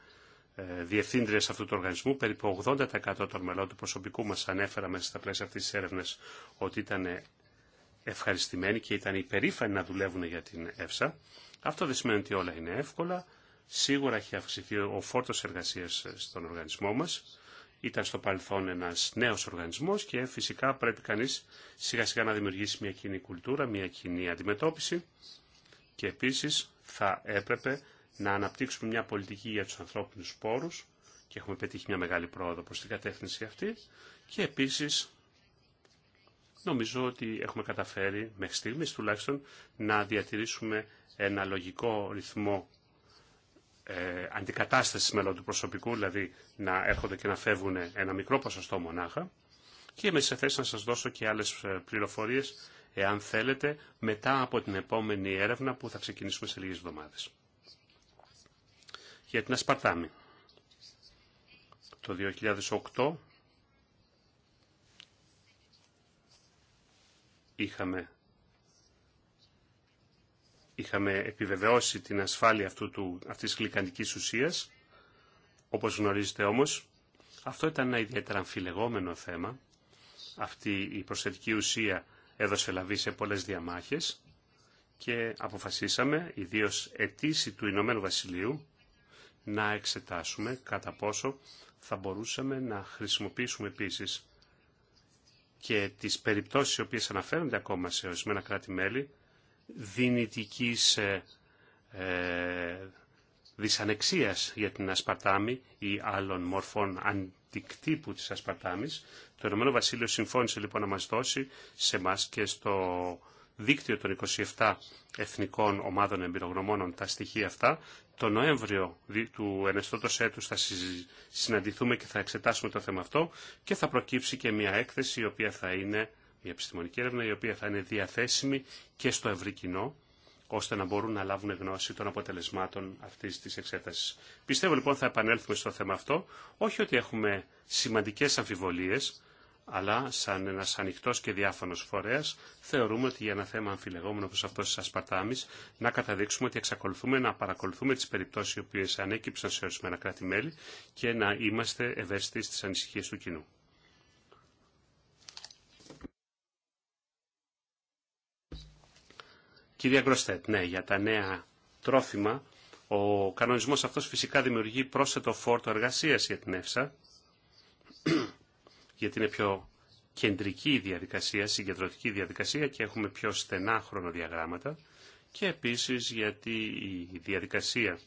ε, διευθύντριες αυτού του οργανισμού. Περίπου 80% των μελών του προσωπικού μας ανέφερα μέσα στα πλαίσια αυτής της έρευνας ότι ήταν ευχαριστημένοι και ήταν υπερήφανοι να δουλεύουν για την ΕΦΣΑ. Αυτό δεν σημαίνει ότι όλα είναι εύκολα. Σίγουρα έχει αυξηθεί ο φόρτος εργασίας στον οργανισμό μας. Ήταν στο παρελθόν ένας νέος οργανισμός και φυσικά πρέπει κανείς σιγά σιγά να δημιουργήσει μια κοινή κουλτούρα, μια κοινή αντιμετώπιση και επίσης θα έπρεπε να αναπτύξουμε μια πολιτική για τους ανθρώπινους πόρους και έχουμε πετύχει μια μεγάλη πρόοδο προς την κατεύθυνση αυτή και επίσης νομίζω ότι έχουμε καταφέρει μέχρι στιγμής τουλάχιστον να διατηρήσουμε ένα λογικό ρυθμό ε, αντικατάσταση μέλλον του προσωπικού, δηλαδή να έρχονται και να φεύγουν ένα μικρό ποσοστό μονάχα. Και είμαι σε θέση να σας δώσω και άλλες ε, πληροφορίες, εάν θέλετε, μετά από την επόμενη έρευνα που θα ξεκινήσουμε σε λίγες εβδομάδες για την Ασπαρτάμι. Το 2008 είχαμε, είχαμε επιβεβαιώσει την ασφάλεια αυτού του, αυτής της γλυκαντικής ουσίας. Όπως γνωρίζετε όμως, αυτό ήταν ένα ιδιαίτερα αμφιλεγόμενο θέμα. Αυτή η προσθετική ουσία έδωσε λαβή σε πολλές διαμάχες και αποφασίσαμε, ιδίως ετήσι του Ηνωμένου Βασιλείου, να εξετάσουμε κατά πόσο θα μπορούσαμε να χρησιμοποιήσουμε επίσης και τις περιπτώσεις οι οποίες αναφέρονται ακόμα σε ορισμένα κράτη-μέλη δυνητικής ε, δυσανεξίας για την ασπαρτάμι ή άλλων μορφών αντικτύπου της ασπαρτάμις. Το Ηνωμένο Βασίλειο συμφώνησε λοιπόν να μας δώσει σε μας και στο δίκτυο των 27 εθνικών ομάδων εμπειρογνωμόνων τα στοιχεία αυτά. Το Νοέμβριο του ενεστώτος έτους θα συναντηθούμε και θα εξετάσουμε το θέμα αυτό και θα προκύψει και μια έκθεση η οποία θα είναι μια επιστημονική έρευνα η οποία θα είναι διαθέσιμη και στο ευρύ κοινό ώστε να μπορούν να λάβουν γνώση των αποτελεσμάτων αυτής της εξέτασης. Πιστεύω λοιπόν θα επανέλθουμε στο θέμα αυτό, όχι ότι έχουμε σημαντικές αμφιβολίες, αλλά σαν ένα ανοιχτό και διάφανο φορέας θεωρούμε ότι για ένα θέμα αμφιλεγόμενο όπω αυτό τη Ασπαρτάμη, να καταδείξουμε ότι εξακολουθούμε να παρακολουθούμε τις περιπτώσεις οι οποίες ανέκυψαν σε ορισμένα κράτη-μέλη και να είμαστε ευαίσθητοι στις ανησυχίες του κοινού. Κυρία Γκροστέτ, ναι, για τα νέα τρόφιμα, ο κανονισμός αυτός φυσικά δημιουργεί πρόσθετο φόρτο εργασίας για την ΕΦΣΑ γιατί είναι πιο κεντρική η διαδικασία, συγκεντρωτική διαδικασία και έχουμε πιο στενά χρονοδιαγράμματα και επίσης γιατί η διαδικασία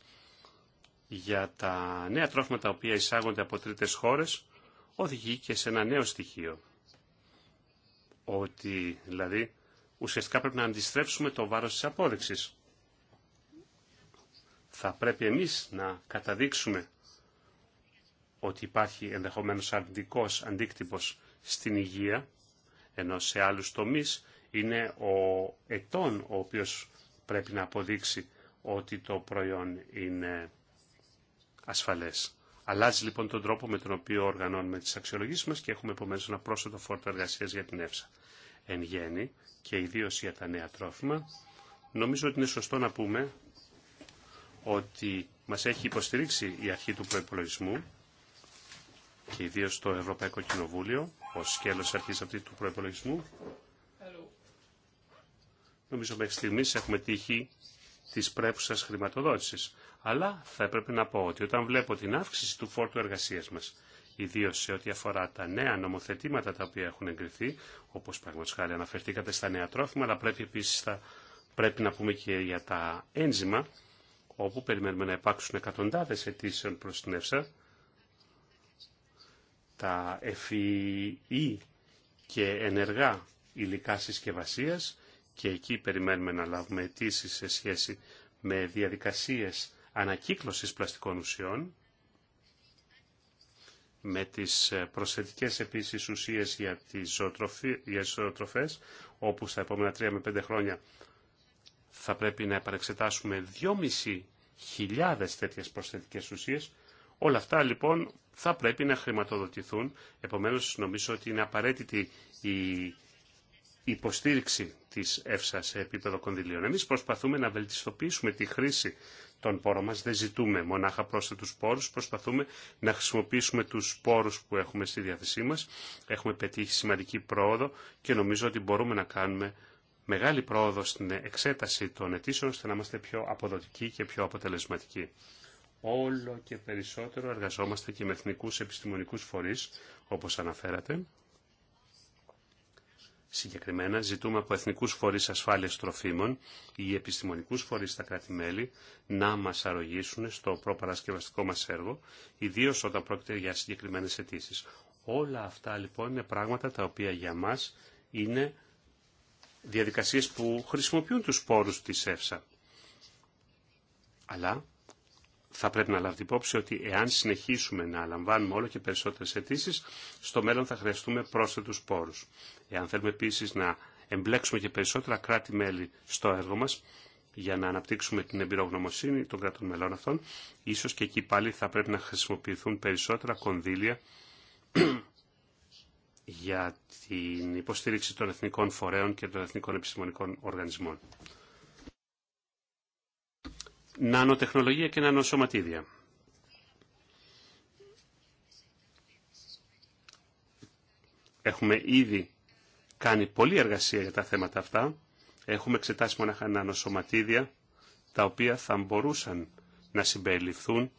για τα νέα τρόφιμα τα οποία εισάγονται από τρίτες χώρες οδηγεί και σε ένα νέο στοιχείο. Ότι δηλαδή ουσιαστικά πρέπει να αντιστρέψουμε το βάρος της απόδειξης. Θα πρέπει εμείς να καταδείξουμε ότι υπάρχει ενδεχομένως αρνητικός αντίκτυπος στην υγεία, ενώ σε άλλους τομείς είναι ο ετών ο οποίος πρέπει να αποδείξει ότι το προϊόν είναι ασφαλές. Αλλάζει λοιπόν τον τρόπο με τον οποίο οργανώνουμε τις αξιολογήσεις μας και έχουμε επομένως ένα πρόσθετο φόρτο εργασία για την ΕΦΣΑ. Εν γέννη και ιδίω για τα νέα τρόφιμα, νομίζω ότι είναι σωστό να πούμε ότι μας έχει υποστηρίξει η αρχή του προϋπολογισμού και ιδίω στο Ευρωπαϊκό Κοινοβούλιο, ω σκέλος αρχή αυτή του προπολογισμού. Νομίζω μέχρι στιγμή έχουμε τύχει τη πρέπουσα χρηματοδότηση. Αλλά θα έπρεπε να πω ότι όταν βλέπω την αύξηση του φόρτου εργασία μα, ιδίω σε ό,τι αφορά τα νέα νομοθετήματα τα οποία έχουν εγκριθεί, όπω πραγματικά χάρη αναφερθήκατε στα νέα τρόφιμα, αλλά πρέπει επίση θα, πρέπει να πούμε και για τα ένζημα, όπου περιμένουμε να υπάρξουν εκατοντάδε αιτήσεων προ την ΕΦΣΑ, τα FEE e και ενεργά υλικά συσκευασίας και εκεί περιμένουμε να λάβουμε αιτήσει σε σχέση με διαδικασίες ανακύκλωσης πλαστικών ουσιών, με τις προσθετικές επίσης ουσίες για τις, για όπου στα επόμενα τρία με 5 χρόνια θα πρέπει να επανεξετάσουμε 2.500 τέτοιες προσθετικές ουσίες. Όλα αυτά λοιπόν θα πρέπει να χρηματοδοτηθούν. Επομένως, νομίζω ότι είναι απαραίτητη η υποστήριξη της ΕΦΣΑ σε επίπεδο κονδυλίων. Εμείς προσπαθούμε να βελτιστοποιήσουμε τη χρήση των πόρων μας. Δεν ζητούμε μονάχα πρόσθετους πόρους, προσπαθούμε να χρησιμοποιήσουμε τους πόρους που έχουμε στη διάθεσή μας. Έχουμε πετύχει σημαντική πρόοδο και νομίζω ότι μπορούμε να κάνουμε μεγάλη πρόοδο στην εξέταση των αιτήσεων ώστε να είμαστε πιο αποδοτικοί και πιο αποτελεσματικοί όλο και περισσότερο εργαζόμαστε και με εθνικούς επιστημονικούς φορείς, όπως αναφέρατε. Συγκεκριμένα ζητούμε από εθνικούς φορείς ασφάλειας τροφίμων ή επιστημονικούς φορείς στα κρατη να μας αρρωγήσουν στο προπαρασκευαστικό μας έργο, ιδίως όταν πρόκειται για συγκεκριμένες αιτήσει. Όλα αυτά λοιπόν είναι πράγματα τα οποία για μας είναι διαδικασίες που χρησιμοποιούν τους πόρους της ΕΦΣΑ. Αλλά θα πρέπει να λάβετε υπόψη ότι εάν συνεχίσουμε να λαμβάνουμε όλο και περισσότερες αιτήσει, στο μέλλον θα χρειαστούμε πρόσθετους πόρους. Εάν θέλουμε επίσης να εμπλέξουμε και περισσότερα κράτη-μέλη στο έργο μας, για να αναπτύξουμε την εμπειρογνωμοσύνη των κρατών μελών αυτών, ίσως και εκεί πάλι θα πρέπει να χρησιμοποιηθούν περισσότερα κονδύλια *clears throat* για την υποστήριξη των εθνικών φορέων και των εθνικών επιστημονικών οργανισμών νανοτεχνολογία και νανοσωματίδια. Έχουμε ήδη κάνει πολλή εργασία για τα θέματα αυτά. Έχουμε εξετάσει μονάχα νανοσωματίδια, τα οποία θα μπορούσαν να συμπεριληφθούν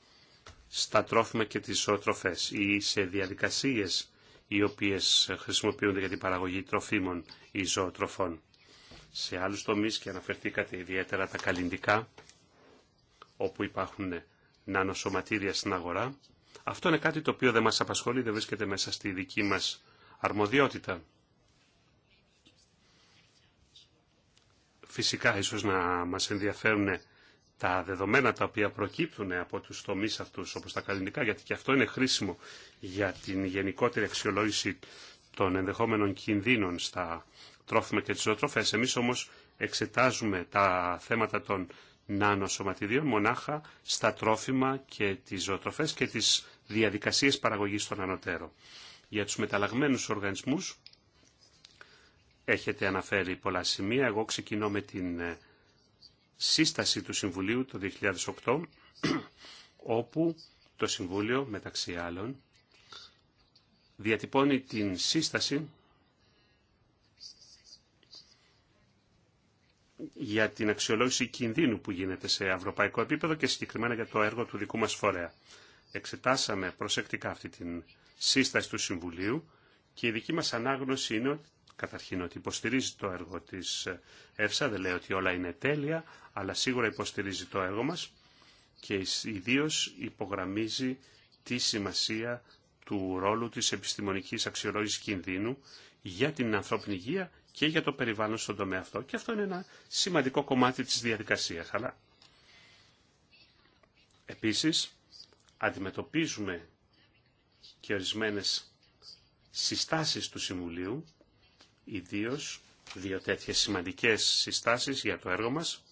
στα τρόφιμα και τις ζωοτροφές ή σε διαδικασίες οι οποίες χρησιμοποιούνται για την παραγωγή τροφίμων ή ζωοτροφών. Σε άλλους τομείς, και αναφερθήκατε ιδιαίτερα τα καλλιντικά, όπου υπάρχουν νανοσωματήρια στην αγορά. Αυτό είναι κάτι το οποίο δεν μας απασχολεί, δεν βρίσκεται μέσα στη δική μας αρμοδιότητα. Φυσικά, ίσως να μας ενδιαφέρουν τα δεδομένα τα οποία προκύπτουν από τους τομείς αυτούς, όπως τα καλλινικά, γιατί και αυτό είναι χρήσιμο για την γενικότερη αξιολόγηση των ενδεχόμενων κινδύνων στα τρόφιμα και τις ζωοτροφές. Εμείς όμως εξετάζουμε τα θέματα των σωματιδίων μονάχα στα τρόφιμα και τις ζωοτροφές και τις διαδικασίες παραγωγής των ανωτέρων. Για τους μεταλλαγμένους οργανισμούς έχετε αναφέρει πολλά σημεία. Εγώ ξεκινώ με την ε, σύσταση του Συμβουλίου το 2008, *clears throat* όπου το Συμβούλιο, μεταξύ άλλων, διατυπώνει την σύσταση για την αξιολόγηση κινδύνου που γίνεται σε ευρωπαϊκό επίπεδο και συγκεκριμένα για το έργο του δικού μας φορέα. Εξετάσαμε προσεκτικά αυτή την σύσταση του Συμβουλίου και η δική μας ανάγνωση είναι καταρχήν ότι υποστηρίζει το έργο της ΕΦΣΑ, δεν λέει ότι όλα είναι τέλεια, αλλά σίγουρα υποστηρίζει το έργο μας και ιδίω υπογραμμίζει τη σημασία του ρόλου της επιστημονικής αξιολόγησης κινδύνου για την ανθρώπινη υγεία και για το περιβάλλον στον τομέα αυτό. Και αυτό είναι ένα σημαντικό κομμάτι της διαδικασίας. Αλλά επίσης αντιμετωπίζουμε και ορισμένες συστάσεις του Συμβουλίου, ιδίως δύο τέτοιες σημαντικές συστάσεις για το έργο μας.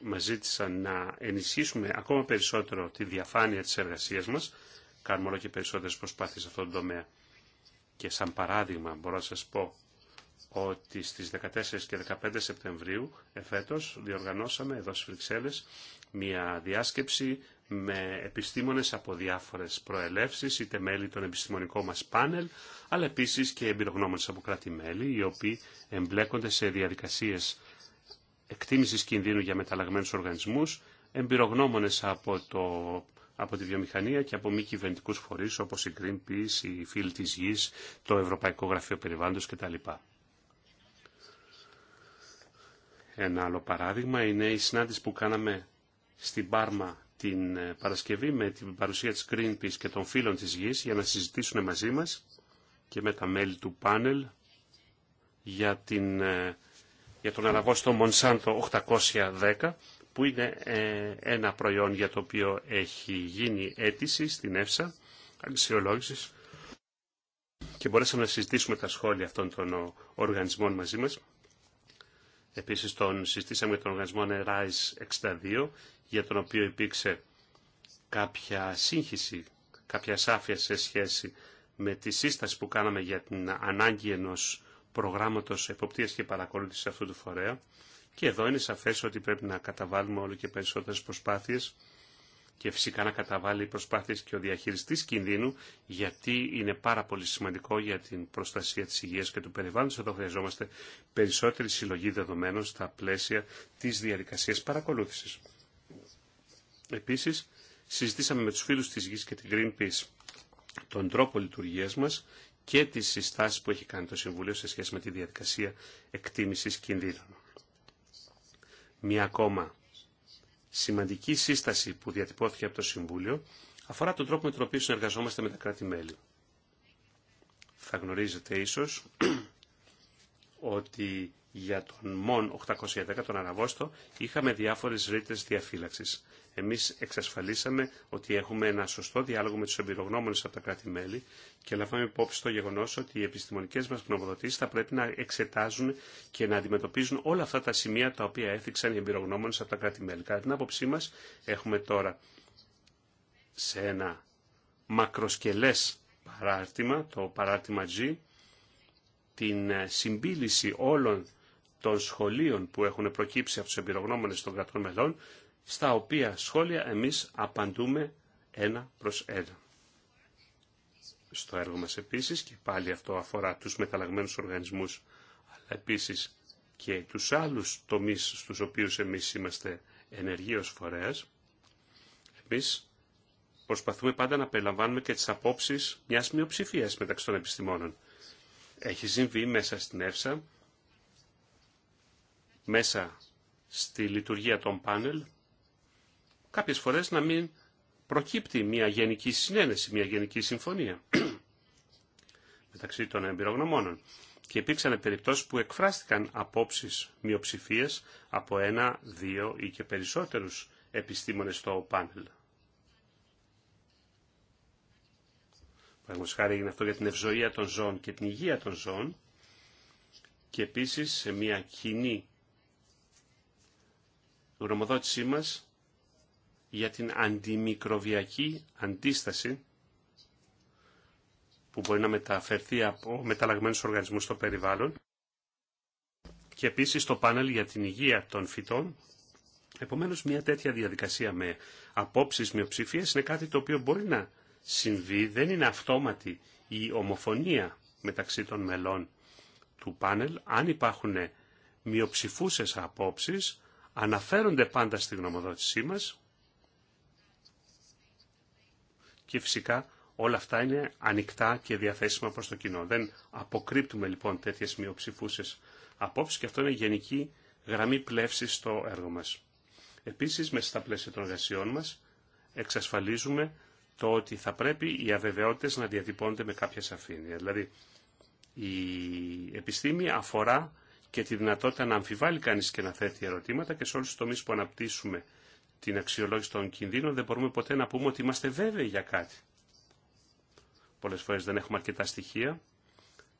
Μας ζήτησαν να ενισχύσουμε ακόμα περισσότερο τη διαφάνεια της εργασίας μας. Κάνουμε όλο και περισσότερες προσπάθειες σε αυτόν τον τομέα. Και σαν παράδειγμα μπορώ να σας πω ότι στις 14 και 15 Σεπτεμβρίου εφέτος διοργανώσαμε εδώ στις Βρυξέλλες μια διάσκεψη με επιστήμονες από διάφορες προελεύσεις, είτε μέλη των επιστημονικών μας πάνελ, αλλά επίσης και εμπειρογνώμονες από κράτη-μέλη, οι οποίοι εμπλέκονται σε διαδικασίες εκτίμησης κινδύνου για μεταλλαγμένους οργανισμούς, εμπειρογνώμονες από, το, από τη βιομηχανία και από μη κυβερνητικού φορείς όπως η Greenpeace, η φίλη της γης, το Ευρωπαϊκό Γραφείο Περιβάλλοντος κτλ. Ένα άλλο παράδειγμα είναι η συνάντηση που κάναμε στην Πάρμα την ε, Παρασκευή με την παρουσία της Greenpeace και των φίλων της γης για να συζητήσουν μαζί μας και με τα μέλη του πάνελ για, την, ε, για τον Μονσάντο 810 που είναι ε, ένα προϊόν για το οποίο έχει γίνει αίτηση στην ΕΦΣΑ αξιολόγησης και μπορέσαμε να συζητήσουμε τα σχόλια αυτών των οργανισμών μαζί μας Επίσης τον συστήσαμε για τον οργανισμό NERAIS 62, για τον οποίο υπήρξε κάποια σύγχυση, κάποια σάφια σε σχέση με τη σύσταση που κάναμε για την ανάγκη ενός προγράμματος εποπτείας και παρακολούθησης αυτού του φορέα. Και εδώ είναι σαφές ότι πρέπει να καταβάλουμε όλο και περισσότερες προσπάθειες και φυσικά να καταβάλει προσπάθειες και ο διαχειριστής κινδύνου γιατί είναι πάρα πολύ σημαντικό για την προστασία της υγείας και του περιβάλλοντος. Εδώ χρειαζόμαστε περισσότερη συλλογή δεδομένων στα πλαίσια της διαδικασίας παρακολούθησης. Επίσης, συζητήσαμε με τους φίλους της γης και την Greenpeace τον τρόπο λειτουργίας μας και τις συστάσεις που έχει κάνει το Συμβουλίο σε σχέση με τη διαδικασία εκτίμησης κινδύνων. Μία ακόμα σημαντική σύσταση που διατυπώθηκε από το Συμβούλιο αφορά τον τρόπο με τον οποίο συνεργαζόμαστε με τα κράτη-μέλη. Θα γνωρίζετε ίσως *clears throat* ότι για τον ΜΟΝ 810, τον Αναβόστο, είχαμε διάφορες ρήτες διαφύλαξης. Εμείς εξασφαλίσαμε ότι έχουμε ένα σωστό διάλογο με τους εμπειρογνώμονες από τα κράτη-μέλη και λαμβάνουμε υπόψη το γεγονός ότι οι επιστημονικές μας γνωμοδοτήσεις θα πρέπει να εξετάζουν και να αντιμετωπίζουν όλα αυτά τα σημεία τα οποία έφτιαξαν οι εμπειρογνώμονες από τα κράτη-μέλη. Κατά την άποψή μας έχουμε τώρα σε ένα μακροσκελές παράρτημα, το παράρτημα G, την συμπίληση όλων των σχολείων που έχουν προκύψει από του εμπειρογνώμονες των κρατών μελών, στα οποία σχόλια εμείς απαντούμε ένα προς ένα. Στο έργο μας επίσης, και πάλι αυτό αφορά τους μεταλλαγμένους οργανισμούς, αλλά επίσης και τους άλλους τομείς στους οποίους εμείς είμαστε ενεργείως φορέας, εμείς προσπαθούμε πάντα να περιλαμβάνουμε και τις απόψεις μιας μειοψηφίας μεταξύ των επιστημόνων. Έχει συμβεί μέσα στην ΕΦΣΑ μέσα στη λειτουργία των πάνελ, κάποιες φορές να μην προκύπτει μια γενική συνένεση, μια γενική συμφωνία *clears throat* μεταξύ των εμπειρογνωμόνων. Και υπήρξαν περιπτώσεις που εκφράστηκαν απόψεις μειοψηφίες από ένα, δύο ή και περισσότερους επιστήμονες στο πάνελ. Παραδείγματος έγινε αυτό για την ευζοία των ζώων και την υγεία των ζώων και επίσης σε μια κοινή γνωμοδότησή μας για την αντιμικροβιακή αντίσταση που μπορεί να μεταφερθεί από μεταλλαγμένους οργανισμούς στο περιβάλλον και επίσης το πάνελ για την υγεία των φυτών. Επομένως, μια τέτοια διαδικασία με απόψεις μειοψηφία είναι κάτι το οποίο μπορεί να συμβεί, δεν είναι αυτόματη η ομοφωνία μεταξύ των μελών του πάνελ. Αν υπάρχουν μειοψηφούσες απόψεις, αναφέρονται πάντα στη γνωμοδότησή μας και φυσικά όλα αυτά είναι ανοιχτά και διαθέσιμα προς το κοινό. Δεν αποκρύπτουμε λοιπόν τέτοιες μειοψηφούσες απόψεις και αυτό είναι γενική γραμμή πλεύσης στο έργο μας. Επίσης, μέσα στα πλαίσια των εργασιών μας, εξασφαλίζουμε το ότι θα πρέπει οι αβεβαιότητες να διατυπώνονται με κάποια σαφήνεια. Δηλαδή, η επιστήμη αφορά και τη δυνατότητα να αμφιβάλλει κανείς και να θέτει ερωτήματα και σε όλους τους τομείς που αναπτύσσουμε την αξιολόγηση των κινδύνων δεν μπορούμε ποτέ να πούμε ότι είμαστε βέβαιοι για κάτι. Πολλές φορές δεν έχουμε αρκετά στοιχεία,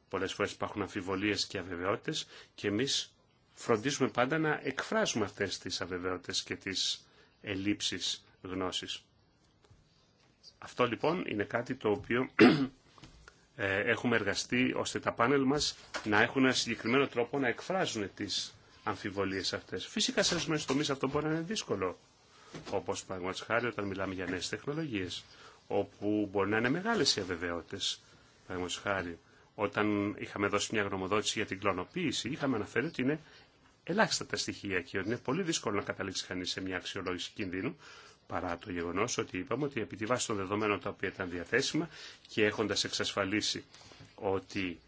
πολλές φορές υπάρχουν αμφιβολίες και αβεβαιότητες και εμείς φροντίζουμε πάντα να εκφράζουμε αυτές τις αβεβαιότητες και τις ελλείψεις γνώσης. Αυτό λοιπόν είναι κάτι το οποίο ε, έχουμε εργαστεί ώστε τα πάνελ μας να έχουν ένα συγκεκριμένο τρόπο να εκφράζουν τις αμφιβολίες αυτές. Φυσικά σε ορισμένου τομεί αυτό μπορεί να είναι δύσκολο. Όπως παραγωγή χάρη όταν μιλάμε για νέες τεχνολογίες, όπου μπορεί να είναι μεγάλες οι αβεβαιότητες. Παραγωγή χάρη, όταν είχαμε δώσει μια γνωμοδότηση για την κλωνοποίηση, είχαμε αναφέρει ότι είναι ελάχιστα τα στοιχεία και ότι είναι πολύ δύσκολο να καταλήξει κανεί σε μια αξιολόγηση κινδύνου παρά το γεγονός ότι είπαμε ότι επί τη βάση των δεδομένων τα οποία ήταν διαθέσιμα και έχοντα εξασφαλίσει ότι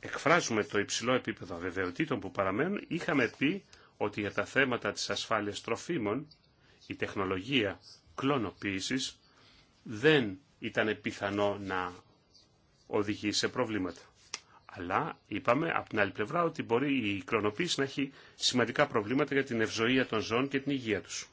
εκφράζουμε το υψηλό επίπεδο αβεβαιοτήτων που παραμένουν, είχαμε πει ότι για τα θέματα της ασφάλειας τροφίμων η τεχνολογία κλωνοποίηση δεν ήταν πιθανό να οδηγεί σε προβλήματα. Αλλά είπαμε από την άλλη πλευρά ότι μπορεί η κλωνοποίηση να έχει σημαντικά προβλήματα για την ευζοία των ζώων και την υγεία τους.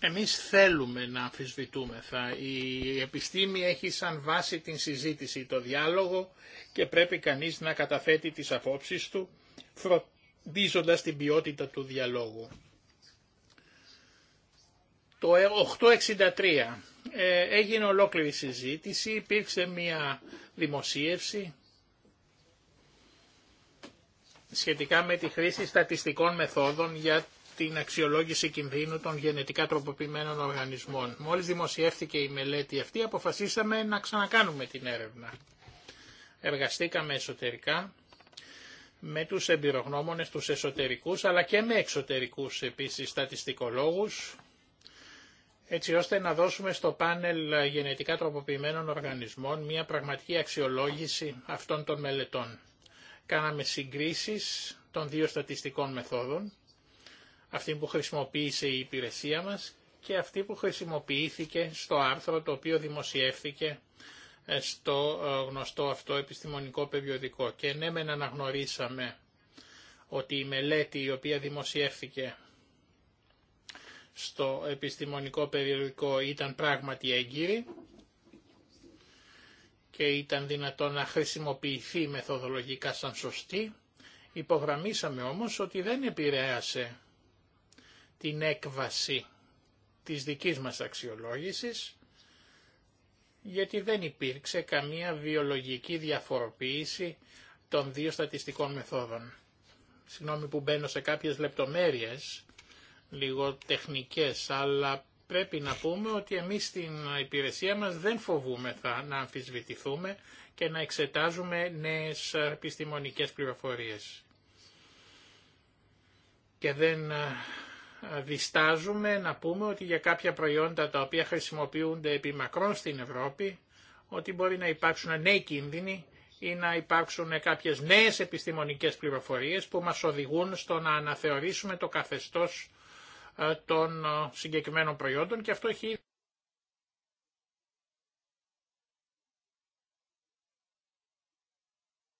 Εμείς θέλουμε να αμφισβητούμεθα. Η επιστήμη έχει σαν βάση την συζήτηση, το διάλογο και πρέπει κανείς να καταθέτει τις απόψεις του φροντίζοντας την ποιότητα του διαλόγου. Το 863 ε, ε, έγινε ολόκληρη συζήτηση, υπήρξε μια δημοσίευση σχετικά με τη χρήση στατιστικών μεθόδων για την αξιολόγηση κινδύνου των γενετικά τροποποιημένων οργανισμών. Μόλις δημοσιεύθηκε η μελέτη αυτή αποφασίσαμε να ξανακάνουμε την έρευνα. Εργαστήκαμε εσωτερικά με τους εμπειρογνώμονες, τους εσωτερικούς αλλά και με εξωτερικούς επίσης στατιστικολόγους έτσι ώστε να δώσουμε στο πάνελ γενετικά τροποποιημένων οργανισμών μια πραγματική αξιολόγηση αυτών των μελετών. Κάναμε συγκρίσεις των δύο στατιστικών μεθόδων αυτή που χρησιμοποίησε η υπηρεσία μας και αυτή που χρησιμοποιήθηκε στο άρθρο το οποίο δημοσιεύθηκε ε, στο ε, γνωστό αυτό επιστημονικό περιοδικό. Και ναι μεν αναγνωρίσαμε ότι η μελέτη η οποία δημοσιεύθηκε στο επιστημονικό περιοδικό ήταν πράγματι έγκυρη και ήταν δυνατό να χρησιμοποιηθεί μεθοδολογικά σαν σωστή. Υπογραμμίσαμε όμως ότι δεν επηρέασε την έκβαση της δικής μας αξιολόγησης, γιατί δεν υπήρξε καμία βιολογική διαφοροποίηση των δύο στατιστικών μεθόδων. Συγγνώμη που μπαίνω σε κάποιες λεπτομέρειες, λίγο τεχνικές, αλλά πρέπει να πούμε ότι εμείς στην υπηρεσία μας δεν φοβούμεθα να αμφισβητηθούμε και να εξετάζουμε νέες επιστημονικές πληροφορίες. Και δεν διστάζουμε να πούμε ότι για κάποια προϊόντα τα οποία χρησιμοποιούνται επί μακρόν στην Ευρώπη, ότι μπορεί να υπάρξουν νέοι κίνδυνοι ή να υπάρξουν κάποιες νέες επιστημονικές πληροφορίες που μας οδηγούν στο να αναθεωρήσουμε το καθεστώς ε, των ε, συγκεκριμένων προϊόντων και αυτό έχει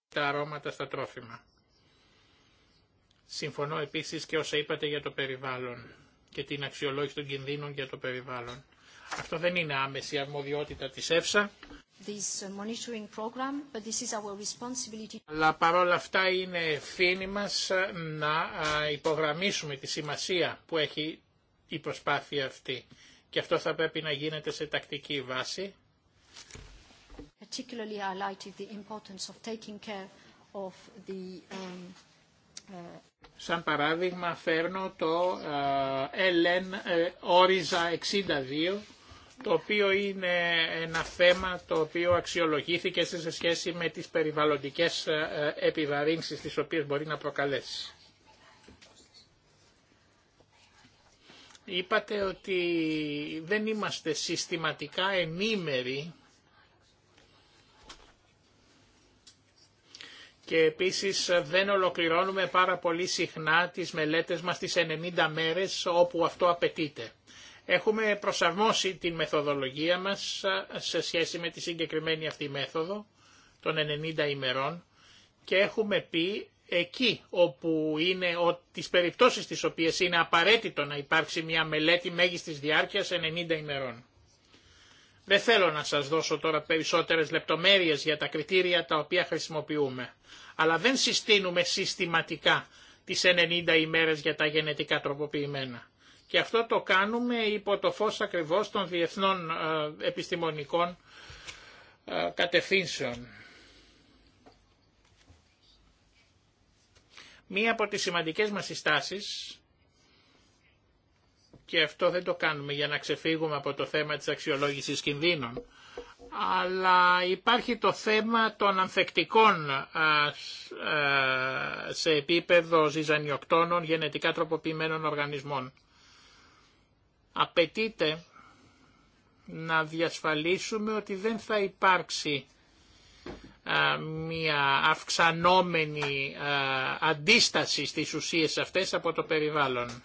τα αρώματα στα τρόφιμα. Συμφωνώ επίσης και όσα είπατε για το περιβάλλον και την αξιολόγηση των κινδύνων για το περιβάλλον. Αυτό δεν είναι άμεση αρμοδιότητα της ΕΦΣΑ. Αλλά παρόλα αυτά είναι ευθύνη μας ε, να ε, υπογραμμίσουμε τη σημασία που έχει η προσπάθεια αυτή. Και αυτό θα πρέπει να γίνεται σε τακτική βάση. Particularly highlighted the importance of taking care um, Σαν παράδειγμα φέρνω το LN όριζα 62 το οποίο είναι ένα θέμα το οποίο αξιολογήθηκε σε σχέση με τις περιβαλλοντικές ε, ε, επιβαρύνσεις τις οποίες μπορεί να προκαλέσει. Είπατε ότι δεν είμαστε συστηματικά ενήμεροι και επίσης ε, δεν ολοκληρώνουμε πάρα πολύ συχνά τις μελέτες μας τις 90 μέρες όπου αυτό απαιτείται. Έχουμε προσαρμόσει την μεθοδολογία μας ε, σε σχέση με τη συγκεκριμένη αυτή μέθοδο των 90 ημερών και έχουμε πει εκεί όπου είναι ο, τις περιπτώσεις τις οποίες είναι απαραίτητο να υπάρξει μια μελέτη μέγιστης διάρκειας 90 ημερών. Δεν θέλω να σας δώσω τώρα περισσότερες λεπτομέρειες για τα κριτήρια τα οποία χρησιμοποιούμε, αλλά δεν συστήνουμε συστηματικά τις 90 ημέρες για τα γενετικά τροποποιημένα. Και αυτό το κάνουμε υπό το φως ακριβώς των διεθνών ε, επιστημονικών ε, κατευθύνσεων. Μία από τις σημαντικές μας συστάσεις και αυτό δεν το κάνουμε για να ξεφύγουμε από το θέμα της αξιολόγησης κινδύνων. Αλλά υπάρχει το θέμα των ανθεκτικών σε επίπεδο ζυζανιοκτώνων γενετικά τροποποιημένων οργανισμών. Απαιτείται να διασφαλίσουμε ότι δεν θα υπάρξει μια αυξανόμενη αντίσταση στις ουσίες αυτές από το περιβάλλον.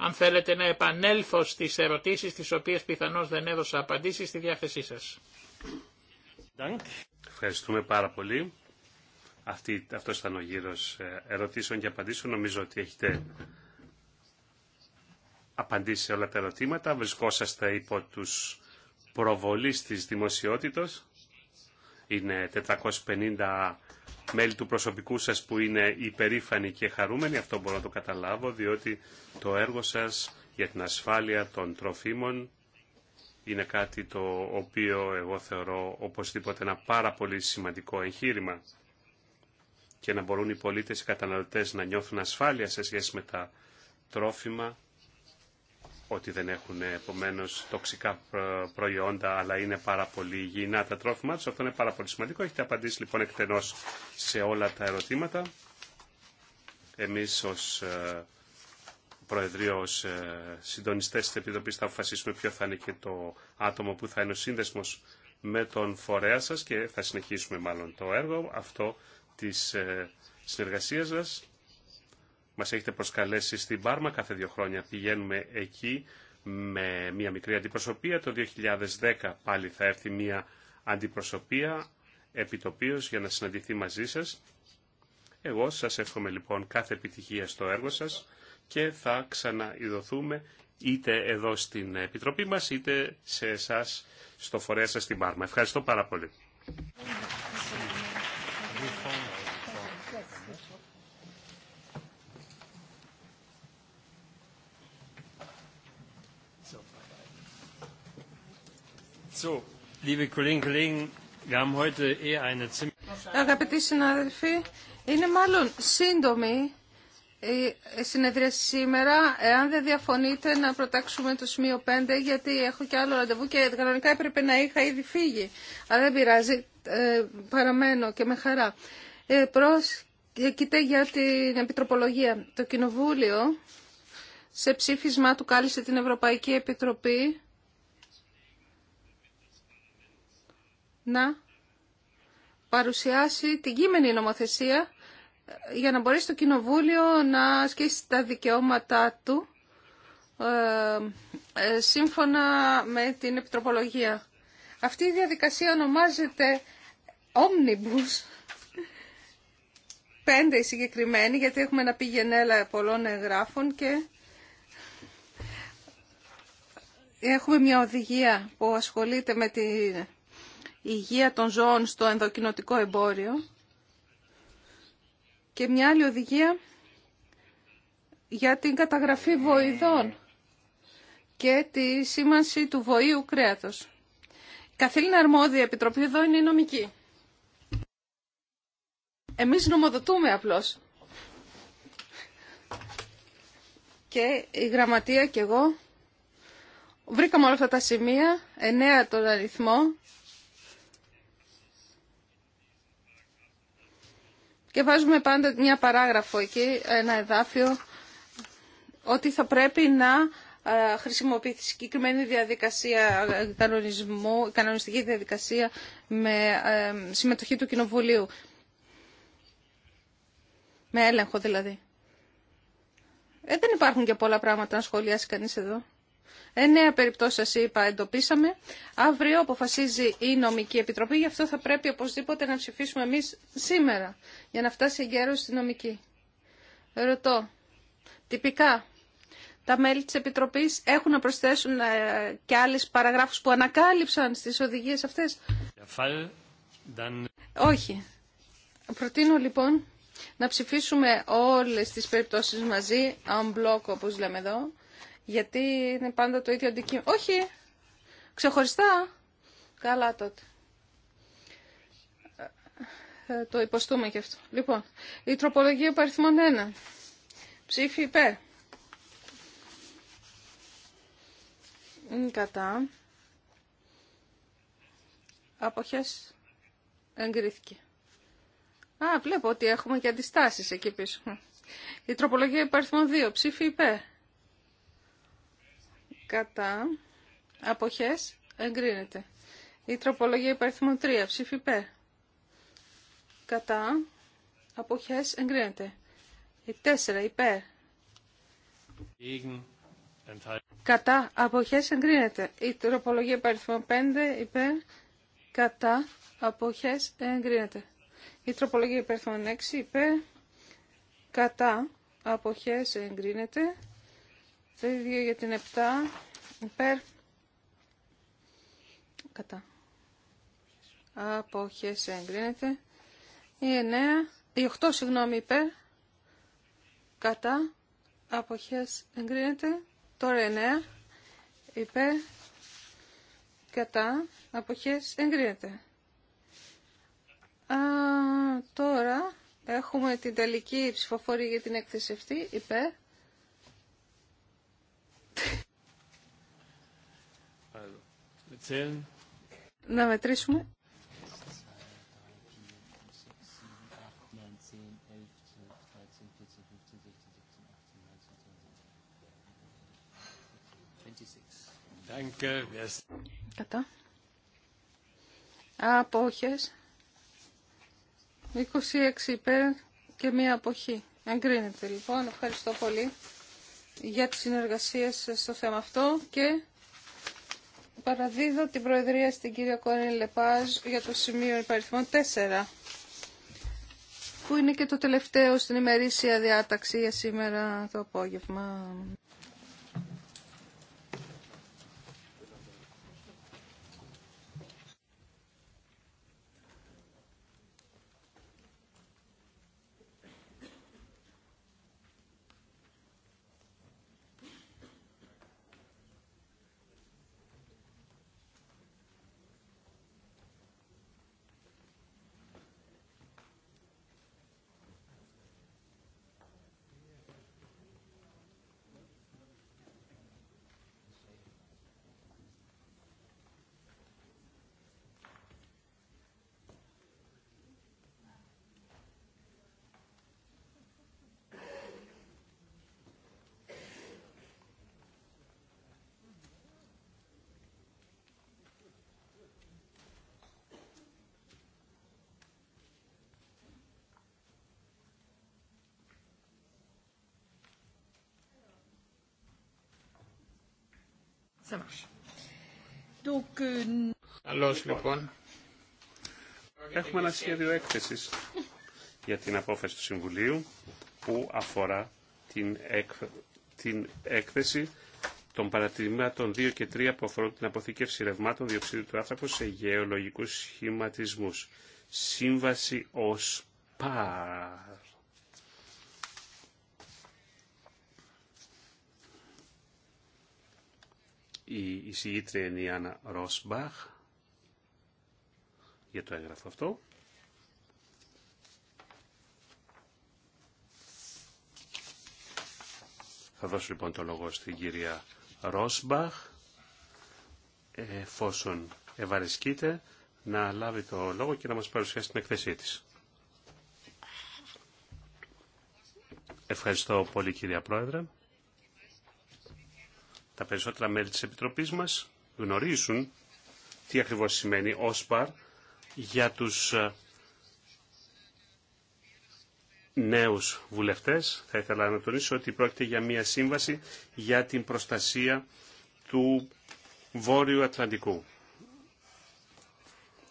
Αν θέλετε να επανέλθω στις ερωτήσεις τις οποίες πιθανώς δεν έδωσα απαντήσεις στη διάθεσή σας. Ευχαριστούμε πάρα πολύ. Αυτή, αυτός ήταν ο γύρος ε, ερωτήσεων και απαντήσεων. Νομίζω ότι έχετε απαντήσει σε όλα τα ερωτήματα. Βρισκόσαστε υπό τους προβολείς της δημοσιότητας. Είναι 450 μέλη του προσωπικού σας που είναι υπερήφανοι και χαρούμενοι, αυτό μπορώ να το καταλάβω, διότι το έργο σας για την ασφάλεια των τροφίμων είναι κάτι το οποίο εγώ θεωρώ οπωσδήποτε ένα πάρα πολύ σημαντικό εγχείρημα και να μπορούν οι πολίτες, οι καταναλωτές να νιώθουν ασφάλεια σε σχέση με τα τρόφιμα ότι δεν έχουν επομένω τοξικά προϊόντα, αλλά είναι πάρα πολύ υγιεινά τα τρόφιμα του. Αυτό είναι πάρα πολύ σημαντικό. Έχετε απαντήσει λοιπόν εκτενώ σε όλα τα ερωτήματα. Εμεί ω ε, Προεδρείο, ω ε, συντονιστέ τη Επιτροπή, θα αποφασίσουμε ποιο θα είναι και το άτομο που θα είναι ο σύνδεσμο με τον φορέα σα και θα συνεχίσουμε μάλλον το έργο αυτό τη ε, συνεργασία σα. Μας έχετε προσκαλέσει στην Πάρμα κάθε δύο χρόνια. Πηγαίνουμε εκεί με μια μικρή αντιπροσωπεία. Το 2010 πάλι θα έρθει μια αντιπροσωπεία επιτοπίως για να συναντηθεί μαζί σας. Εγώ σας εύχομαι λοιπόν κάθε επιτυχία στο έργο σας και θα ξαναειδωθούμε είτε εδώ στην Επιτροπή μας είτε σε εσάς στο φορέα σας στην Πάρμα. Ευχαριστώ πάρα πολύ. Αγαπητοί συνάδελφοι, είναι μάλλον σύντομη η συνεδρία σήμερα. Εάν δεν διαφωνείτε να προτάξουμε το σημείο 5, γιατί έχω και άλλο ραντεβού και κανονικά έπρεπε να είχα ήδη φύγει. Αλλά δεν πειράζει, ε, παραμένω και με χαρά. Ε, προς, ε, κοίτα για την επιτροπολογία. Το Κοινοβούλιο σε ψήφισμα του κάλεσε την Ευρωπαϊκή Επιτροπή να παρουσιάσει την κείμενη νομοθεσία ε, για να μπορέσει το Κοινοβούλιο να ασκήσει τα δικαιώματά του ε, ε, σύμφωνα με την επιτροπολογία. Αυτή η διαδικασία ονομάζεται Omnibus. Πέντε συγκεκριμένοι, γιατί έχουμε ένα πηγενέλα πολλών εγγράφων και έχουμε μια οδηγία που ασχολείται με την η υγεία των ζώων στο ενδοκινοτικό εμπόριο και μια άλλη οδηγία για την καταγραφή βοηδών και τη σήμανση του βοήου κρέατος. Η καθήλυνα αρμόδια επιτροπή εδώ είναι η νομική. Εμείς νομοδοτούμε απλώς. Και η γραμματεία και εγώ βρήκαμε όλα αυτά τα σημεία, εννέα τον αριθμό, Και βάζουμε πάντα μια παράγραφο εκεί, ένα εδάφιο, ότι θα πρέπει να ε, χρησιμοποιηθεί συγκεκριμένη διαδικασία κανονισμού, κανονιστική διαδικασία με ε, συμμετοχή του Κοινοβουλίου. Με έλεγχο δηλαδή. Ε, δεν υπάρχουν και πολλά πράγματα να σχολιάσει κανείς εδώ. Εννέα περιπτώσεις σας είπα εντοπίσαμε. Αύριο αποφασίζει η νομική επιτροπή, γι' αυτό θα πρέπει οπωσδήποτε να ψηφίσουμε εμείς σήμερα, για να φτάσει εγκαίρω στη νομική. Ρωτώ, τυπικά, τα μέλη της Επιτροπής έχουν να προσθέσουν ε, και άλλες παραγράφους που ανακάλυψαν στις οδηγίες αυτές. Όχι. Προτείνω λοιπόν να ψηφίσουμε όλες τις περιπτώσεις μαζί, αν μπλοκ όπως λέμε εδώ, γιατί είναι πάντα το ίδιο αντικείμενο. Όχι! Ξεχωριστά! Καλά τότε. Ε, το υποστούμε και αυτό. Λοιπόν, η τροπολογία αριθμών 1. Ψήφι υπέρ. Κατά. Αποχές εγκρίθηκε. Α, βλέπω ότι έχουμε και αντιστάσεις εκεί πίσω. Η τροπολογία υπαριθμών 2. Ψήφι υπέρ κατά, αποχές, εγκρίνεται. Η τροπολογία υπαριθμών 3, ψήφι υπέρ, κατά, αποχές, εγκρίνεται. Η 4, υπέρ, κατά, αποχές, εγκρίνεται. Η τροπολογία υπαριθμών 5, υπέρ, κατά, αποχές, εγκρίνεται. Η τροπολογία υπαριθμών 6, υπέρ, κατά, αποχές, εγκρίνεται. Το ίδιο για την 7. Υπέρ. Κατά. Αποχές εγκρίνεται. Η 9. Η 8 συγγνώμη υπέρ. Κατά. Αποχές εγκρίνεται. Τώρα 9. Υπέρ. Κατά. Αποχές εγκρίνεται. Α, τώρα έχουμε την τελική ψηφοφορία για την έκθεση αυτή. Υπέρ. Να μετρήσουμε. Κατά. Απόχες. 26 υπέρ και μία αποχή. Εγκρίνεται λοιπόν. Ευχαριστώ πολύ για τη συνεργασία στο θέμα αυτό και Παραδίδω την Προεδρία στην κυρία Κόρνη Λεπάζ για το σημείο υπαριθμών 4 που είναι και το τελευταίο στην ημερήσια διάταξη για σήμερα το απόγευμα. Euh, Καλώς λοιπόν. Έχουμε ένα σχέδιο έκθεσης για την απόφαση του Συμβουλίου που αφορά την, εκ, την έκθεση των παρατηρημάτων 2 και 3 που αφορούν την αποθήκευση ρευμάτων διοξειδίου του άνθρακου σε γεωλογικούς σχηματισμούς. Σύμβαση ως ΠΑΡ. Η εισηγήτρια είναι η Άννα Ροσμπαχ για το έγγραφο αυτό. Θα δώσω λοιπόν το λόγο στην κυρία Ρόσμπαχ, εφόσον ευαρισκείται να λάβει το λόγο και να μας παρουσιάσει την εκθεσή της. Ευχαριστώ πολύ κυρία Πρόεδρε. Τα περισσότερα μέλη της Επιτροπής μας γνωρίζουν τι ακριβώς σημαίνει ΟΣΠΑΡ για τους ε, νέους βουλευτές. Θα ήθελα να τονίσω ότι πρόκειται για μια σύμβαση για την προστασία του Βόρειου Ατλαντικού,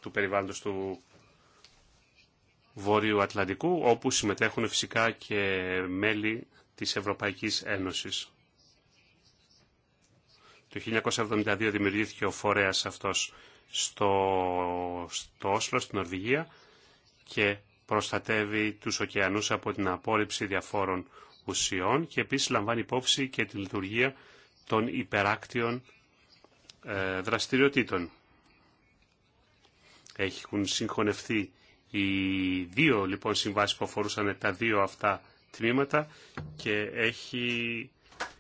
του περιβάλλοντος του Βόρειου Ατλαντικού, όπου συμμετέχουν φυσικά και μέλη της Ευρωπαϊκής Ένωσης. Το 1972 δημιουργήθηκε ο φορέας αυτός στο, στο Όσλο, στην Νορβηγία και προστατεύει τους ωκεανούς από την απόρριψη διαφόρων ουσιών και επίσης λαμβάνει υπόψη και τη λειτουργία των υπεράκτιων ε, δραστηριοτήτων. Έχουν συγχωνευτεί οι δύο λοιπόν συμβάσεις που αφορούσαν τα δύο αυτά τμήματα και έχει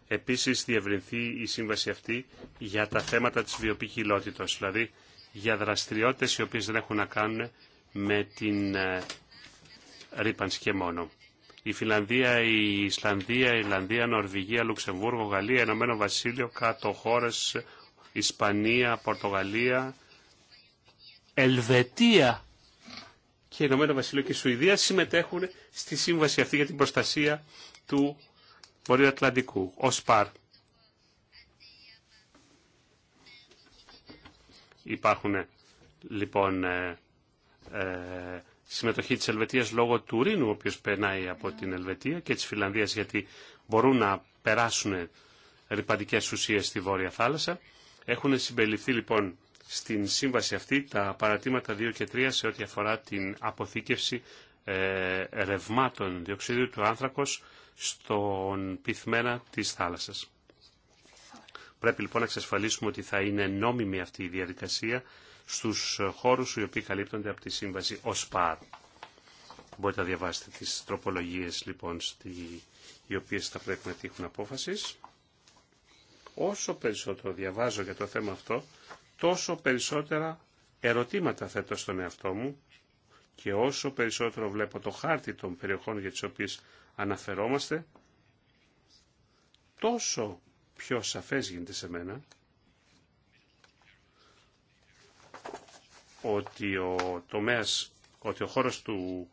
επίσης διευρυνθεί η σύμβαση αυτή για τα θέματα της βιοποικιλότητας, δηλαδή για δραστηριότητες οι οποίες δεν έχουν να κάνουν με την ε, ρήπανση και μόνο. Η Φιλανδία, η Ισλανδία, η Ιρλανδία, Νορβηγία, Λουξεμβούργο, Γαλλία, Ενωμένο Βασίλειο, κάτω χώρες, Ισπανία, Πορτογαλία, Ελβετία και Ηνωμένο Βασίλειο και Σουηδία συμμετέχουν στη σύμβαση αυτή για την προστασία του Βορειοατλαντικού, ΟΣΠΑΡ. Υπάρχουν ε, λοιπόν ε, ε, συμμετοχή της Ελβετίας λόγω του Ρήνου, ο οποίος περνάει από την Ελβετία και της Φιλανδίας γιατί μπορούν να περάσουν ρηπαντικές ουσίες στη Βόρεια Θάλασσα. Έχουν συμπεριληφθεί λοιπόν στην σύμβαση αυτή τα παρατήματα 2 και 3 σε ό,τι αφορά την αποθήκευση ε, ρευμάτων διοξιδίου του άνθρακος στον πυθμένα της θάλασσας. Πρέπει λοιπόν να εξασφαλίσουμε ότι θα είναι νόμιμη αυτή η διαδικασία στους χώρους οι οποίοι καλύπτονται από τη σύμβαση ΟΣΠΑΡ. Μπορείτε να διαβάσετε τις τροπολογίες λοιπόν στη... οι οποίες θα πρέπει να τύχουν απόφασης. Όσο περισσότερο διαβάζω για το θέμα αυτό, τόσο περισσότερα ερωτήματα θέτω στον εαυτό μου και όσο περισσότερο βλέπω το χάρτη των περιοχών για τις οποίες αναφερόμαστε, τόσο πιο σαφές γίνεται σε μένα ότι ο τομέας, ότι ο χώρος του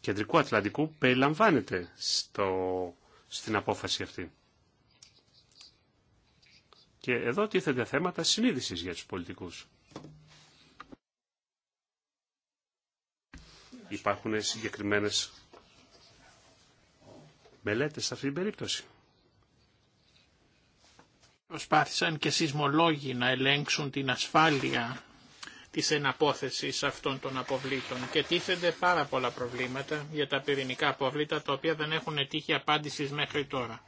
κεντρικού Ατλαντικού περιλαμβάνεται στο, στην απόφαση αυτή. Και εδώ τίθενται θέματα συνείδησης για τους πολιτικούς. Υπάρχουν συγκεκριμένε μελέτες σε αυτή την περίπτωση. Προσπάθησαν και σεισμολόγοι να ελέγξουν την ασφάλεια της εναπόθεσης αυτών των αποβλήτων και τίθενται πάρα πολλά προβλήματα για τα πυρηνικά αποβλήτα τα οποία δεν έχουν τύχει απάντησης μέχρι τώρα.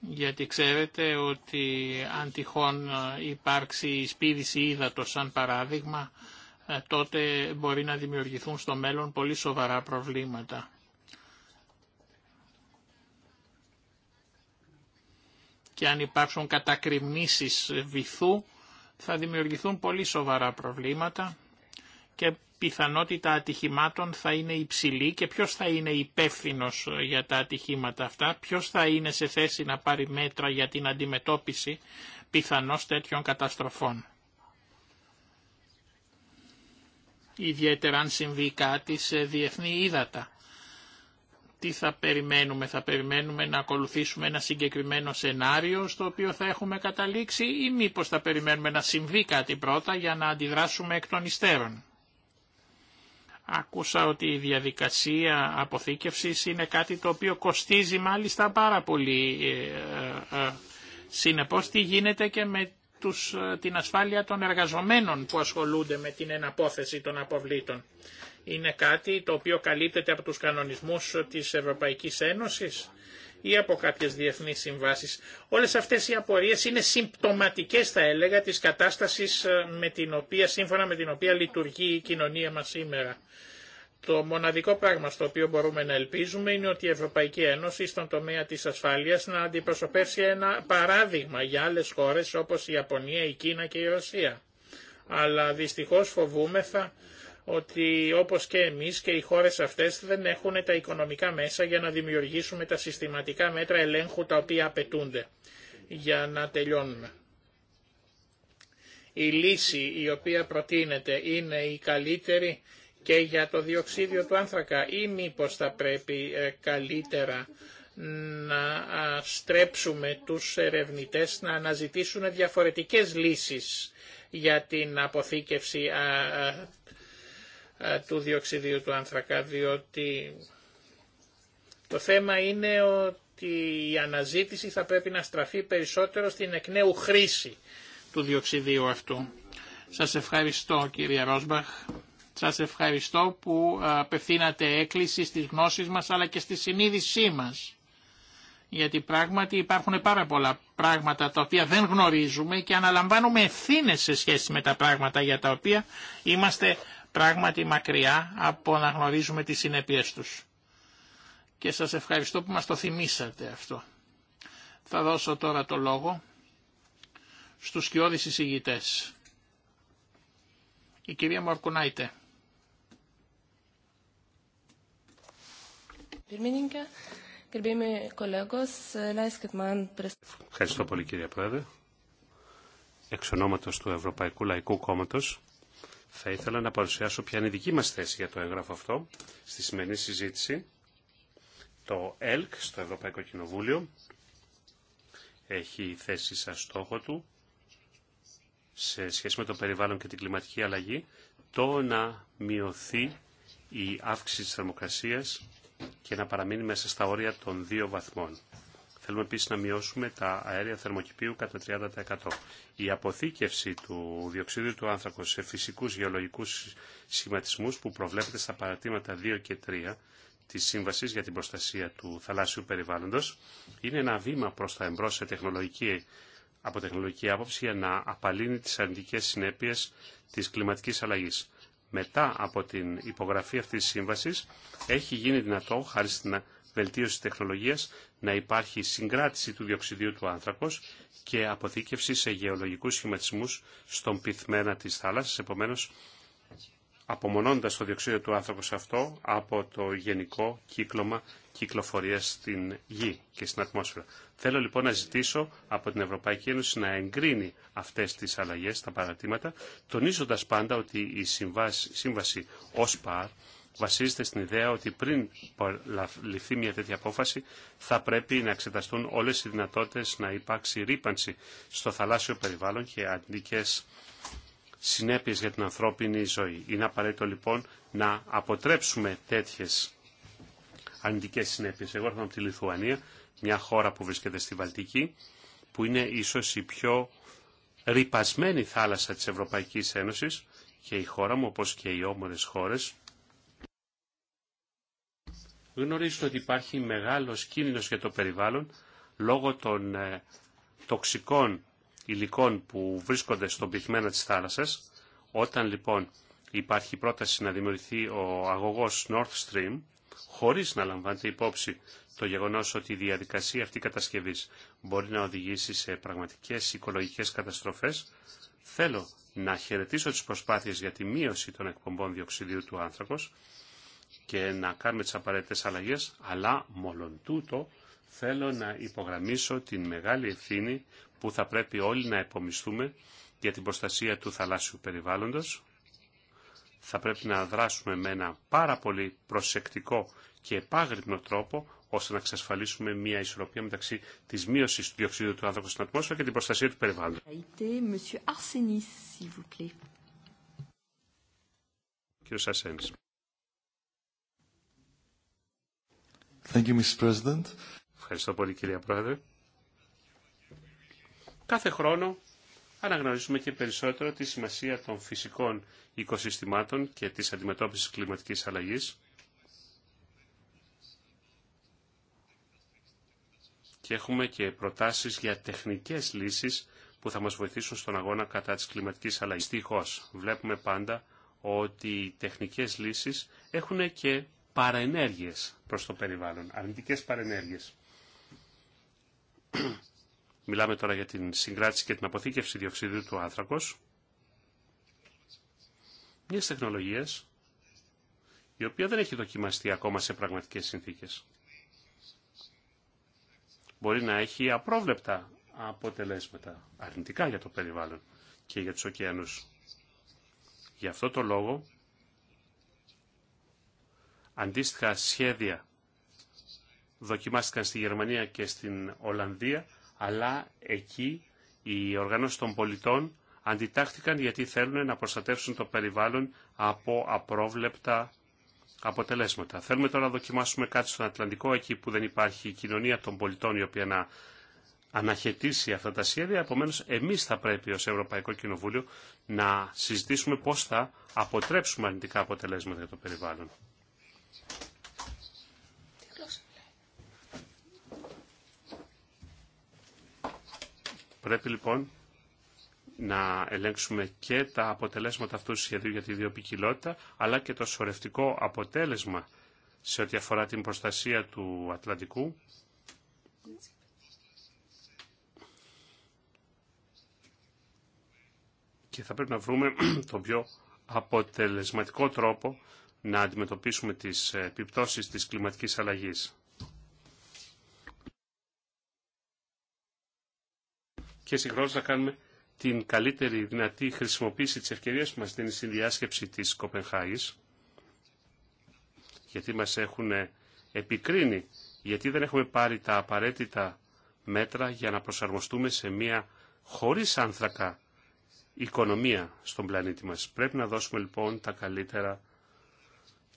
γιατί ξέρετε ότι αν τυχόν ε, υπάρξει η σπίδηση ύδατος σαν παράδειγμα, ε, τότε μπορεί να δημιουργηθούν στο μέλλον πολύ σοβαρά προβλήματα. Και αν υπάρξουν κατακριμνήσεις βυθού, θα δημιουργηθούν πολύ σοβαρά προβλήματα και πιθανότητα ατυχημάτων θα είναι υψηλή και ποιος θα είναι υπεύθυνο ε, για τα ατυχήματα αυτά, ποιος θα είναι σε θέση να πάρει μέτρα για την αντιμετώπιση πιθανώς τέτοιων καταστροφών. Ιδιαίτερα αν συμβεί κάτι σε διεθνή ύδατα. Τι θα περιμένουμε, θα περιμένουμε να ακολουθήσουμε ένα συγκεκριμένο σενάριο στο οποίο θα έχουμε καταλήξει ή μήπως θα περιμένουμε να συμβεί κάτι πρώτα για να αντιδράσουμε εκ των υστέρων. Άκουσα ότι η διαδικασία αποθήκευσης είναι κάτι το οποίο κοστίζει μάλιστα πάρα πολύ. Ε, ε, ε. Συνεπώς τι γίνεται και με τους, την ασφάλεια των εργαζομένων που ασχολούνται με την εναπόθεση των αποβλήτων. Είναι κάτι το οποίο καλύπτεται από τους κανονισμούς της Ευρωπαϊκής Ένωσης ή από κάποιε διεθνείς συμβάσει. Όλες αυτές οι απορίες είναι συμπτωματικές θα έλεγα τη κατάστασης ε, με την οποία, σύμφωνα με την οποία λειτουργεί η κοινωνία μας σήμερα. Το μοναδικό πράγμα στο οποίο μπορούμε να ελπίζουμε είναι ότι η Ευρωπαϊκή Ένωση στον τομέα της ασφάλειας να αντιπροσωπεύσει ένα παράδειγμα για άλλες χώρες όπως η Ιαπωνία, η Κίνα και η Ρωσία. Αλλά δυστυχώς φοβούμεθα ότι όπως και εμείς και οι χώρες αυτές δεν έχουν τα οικονομικά μέσα για να δημιουργήσουμε τα συστηματικά μέτρα ελέγχου τα οποία απαιτούνται για να τελειώνουμε. Η λύση η οποία προτείνεται είναι η καλύτερη και για το διοξίδιο του άνθρακα ή μήπως θα πρέπει ε, καλύτερα να στρέψουμε τους ερευνητές να αναζητήσουν διαφορετικές λύσεις για την αποθήκευση ε, του διοξιδίου του άνθρακα, διότι το θέμα είναι ότι η αναζήτηση θα πρέπει να στραφεί περισσότερο στην εκ νέου χρήση του διοξιδίου αυτού. Σας ευχαριστώ κύριε Ρόσμπαχ. Σας ευχαριστώ που απευθύνατε έκκληση στις γνώσεις μας αλλά και στη συνείδησή μας. Γιατί πράγματι υπάρχουν πάρα πολλά πράγματα τα οποία δεν γνωρίζουμε και αναλαμβάνουμε ευθύνε σε σχέση με τα πράγματα για τα οποία είμαστε πράγματι μακριά από να γνωρίζουμε τις συνέπειες τους. Και σας ευχαριστώ που μας το θυμήσατε αυτό. Θα δώσω τώρα το λόγο στους σκιώδεις εισηγητές. Η κυρία Μορκουνάιτε. Ευχαριστώ πολύ κύριε Πρόεδρε. Εξ ονόματος του Ευρωπαϊκού Λαϊκού Κόμματος θα ήθελα να παρουσιάσω ποια είναι η δική μας θέση για το έγγραφο αυτό στη σημερινή συζήτηση. Το ΕΛΚ στο Ευρωπαϊκό Κοινοβούλιο έχει θέση σαν στόχο του σε σχέση με το περιβάλλον και την κλιματική αλλαγή το να μειωθεί η αύξηση της θερμοκρασίας και να παραμείνει μέσα στα όρια των δύο βαθμών. Θέλουμε επίση να μειώσουμε τα αέρια θερμοκηπίου κατά 30%. Η αποθήκευση του διοξίδιου του άνθρακο σε φυσικούς γεωλογικούς σχηματισμούς που προβλέπεται στα παρατήματα 2 και 3 της Σύμβασης για την Προστασία του Θαλάσσιου Περιβάλλοντος είναι ένα βήμα προς τα εμπρός σε τεχνολογική, από τεχνολογική άποψη για να απαλύνει τις αρνητικές συνέπειες της κλιματικής αλλαγής. Μετά από την υπογραφή αυτής της σύμβασης έχει γίνει δυνατό, χάρη στην βελτίωση τεχνολογίας, να υπάρχει συγκράτηση του διοξιδίου του άνθρακος και αποθήκευση σε γεωλογικούς σχηματισμούς στον πυθμένα της θάλασσας. Επομένως, απομονώντας το διοξίδιο του άνθρακος αυτό από το γενικό κύκλωμα κυκλοφορίας στην γη και στην ατμόσφαιρα. Θέλω λοιπόν να ζητήσω από την Ευρωπαϊκή Ένωση να εγκρίνει αυτές τις αλλαγές, τα παρατήματα, τονίζοντας πάντα ότι η σύμβαση, σύμβαση βασίζεται στην ιδέα ότι πριν ληφθεί μια τέτοια απόφαση θα πρέπει να εξεταστούν όλες οι δυνατότητες να υπάρξει ρήπανση στο θαλάσσιο περιβάλλον και αντικές συνέπειες για την ανθρώπινη ζωή. Είναι απαραίτητο λοιπόν να αποτρέψουμε τέτοιες αντικές συνέπειες. Εγώ έρχομαι από τη Λιθουανία, μια χώρα που βρίσκεται στη Βαλτική, που είναι ίσως η πιο ρηπασμένη θάλασσα της Ευρωπαϊκής Ένωσης και η χώρα μου, όπως και οι όμορες χώρες, γνωρίζουν ότι υπάρχει μεγάλος κίνδυνος για το περιβάλλον λόγω των ε, τοξικών υλικών που βρίσκονται στον πυθμένα της θάλασσας. Όταν λοιπόν υπάρχει πρόταση να δημιουργηθεί ο αγωγός North Stream, χωρίς να λαμβάνεται υπόψη το γεγονός ότι η διαδικασία αυτή κατασκευής μπορεί να οδηγήσει σε πραγματικές οικολογικές καταστροφές, θέλω να χαιρετήσω τις προσπάθειες για τη μείωση των εκπομπών διοξιδίου του άνθρακος, και να κάνουμε τις απαραίτητες αλλαγές, αλλά μόλον τούτο θέλω να υπογραμμίσω την μεγάλη ευθύνη που θα πρέπει όλοι να επομιστούμε για την προστασία του θαλάσσιου περιβάλλοντος. Θα πρέπει να δράσουμε με ένα πάρα πολύ προσεκτικό και επάγρυπνο τρόπο ώστε να εξασφαλίσουμε μια ισορροπία μεταξύ τη μείωση του διοξιδίου του άνθρακα στην ατμόσφαιρα και την προστασία του περιβάλλοντο. Κύριε Σασένης. Ευχαριστώ πολύ κυρία Πρόεδρε. Κάθε χρόνο αναγνωρίζουμε και περισσότερο τη σημασία των φυσικών οικοσυστημάτων και της αντιμετώπισης κλιματικής αλλαγής. Και έχουμε και προτάσεις για τεχνικές λύσεις που θα μας βοηθήσουν στον αγώνα κατά της κλιματικής αλλαγής. Στοιχώς, βλέπουμε πάντα ότι οι τεχνικές λύσεις έχουν και παρενέργειες προς το περιβάλλον, αρνητικές παρενέργειες. Μιλάμε τώρα για την συγκράτηση και την αποθήκευση διοξιδίου του άνθρακος. Μιας τεχνολογίας η οποία δεν έχει δοκιμαστεί ακόμα σε πραγματικές συνθήκες. Μπορεί να έχει απρόβλεπτα αποτελέσματα, αρνητικά για το περιβάλλον και για τους ωκεανούς. Γι' αυτό το λόγο Αντίστοιχα σχέδια δοκιμάστηκαν στη Γερμανία και στην Ολλανδία, αλλά εκεί οι οργανώσεις των πολιτών αντιτάχθηκαν γιατί θέλουν να προστατεύσουν το περιβάλλον από απρόβλεπτα αποτελέσματα. Θέλουμε τώρα να δοκιμάσουμε κάτι στον Ατλαντικό, εκεί που δεν υπάρχει η κοινωνία των πολιτών η οποία να αναχαιτήσει αυτά τα σχέδια. Επομένως, εμείς θα πρέπει ως Ευρωπαϊκό Κοινοβούλιο να συζητήσουμε πώς θα αποτρέψουμε αρνητικά αποτελέσματα για το περιβάλλον. Πρέπει λοιπόν να ελέγξουμε και τα αποτελέσματα αυτού του σχεδίου για τη βιοπικιλότητα, αλλά και το σωρευτικό αποτέλεσμα σε ό,τι αφορά την προστασία του Ατλαντικού. Και θα πρέπει να βρούμε *clears throat* τον πιο αποτελεσματικό τρόπο να αντιμετωπίσουμε τις ε, επιπτώσεις της κλιματικής αλλαγής. Και συγχρόνως να κάνουμε την καλύτερη δυνατή χρησιμοποίηση της ευκαιρίας που μας δίνει στη της Κοπενχάγης, γιατί μας έχουν επικρίνει, γιατί δεν έχουμε πάρει τα απαραίτητα μέτρα για να προσαρμοστούμε σε μια χωρίς άνθρακα οικονομία στον πλανήτη μας. Πρέπει να δώσουμε λοιπόν τα καλύτερα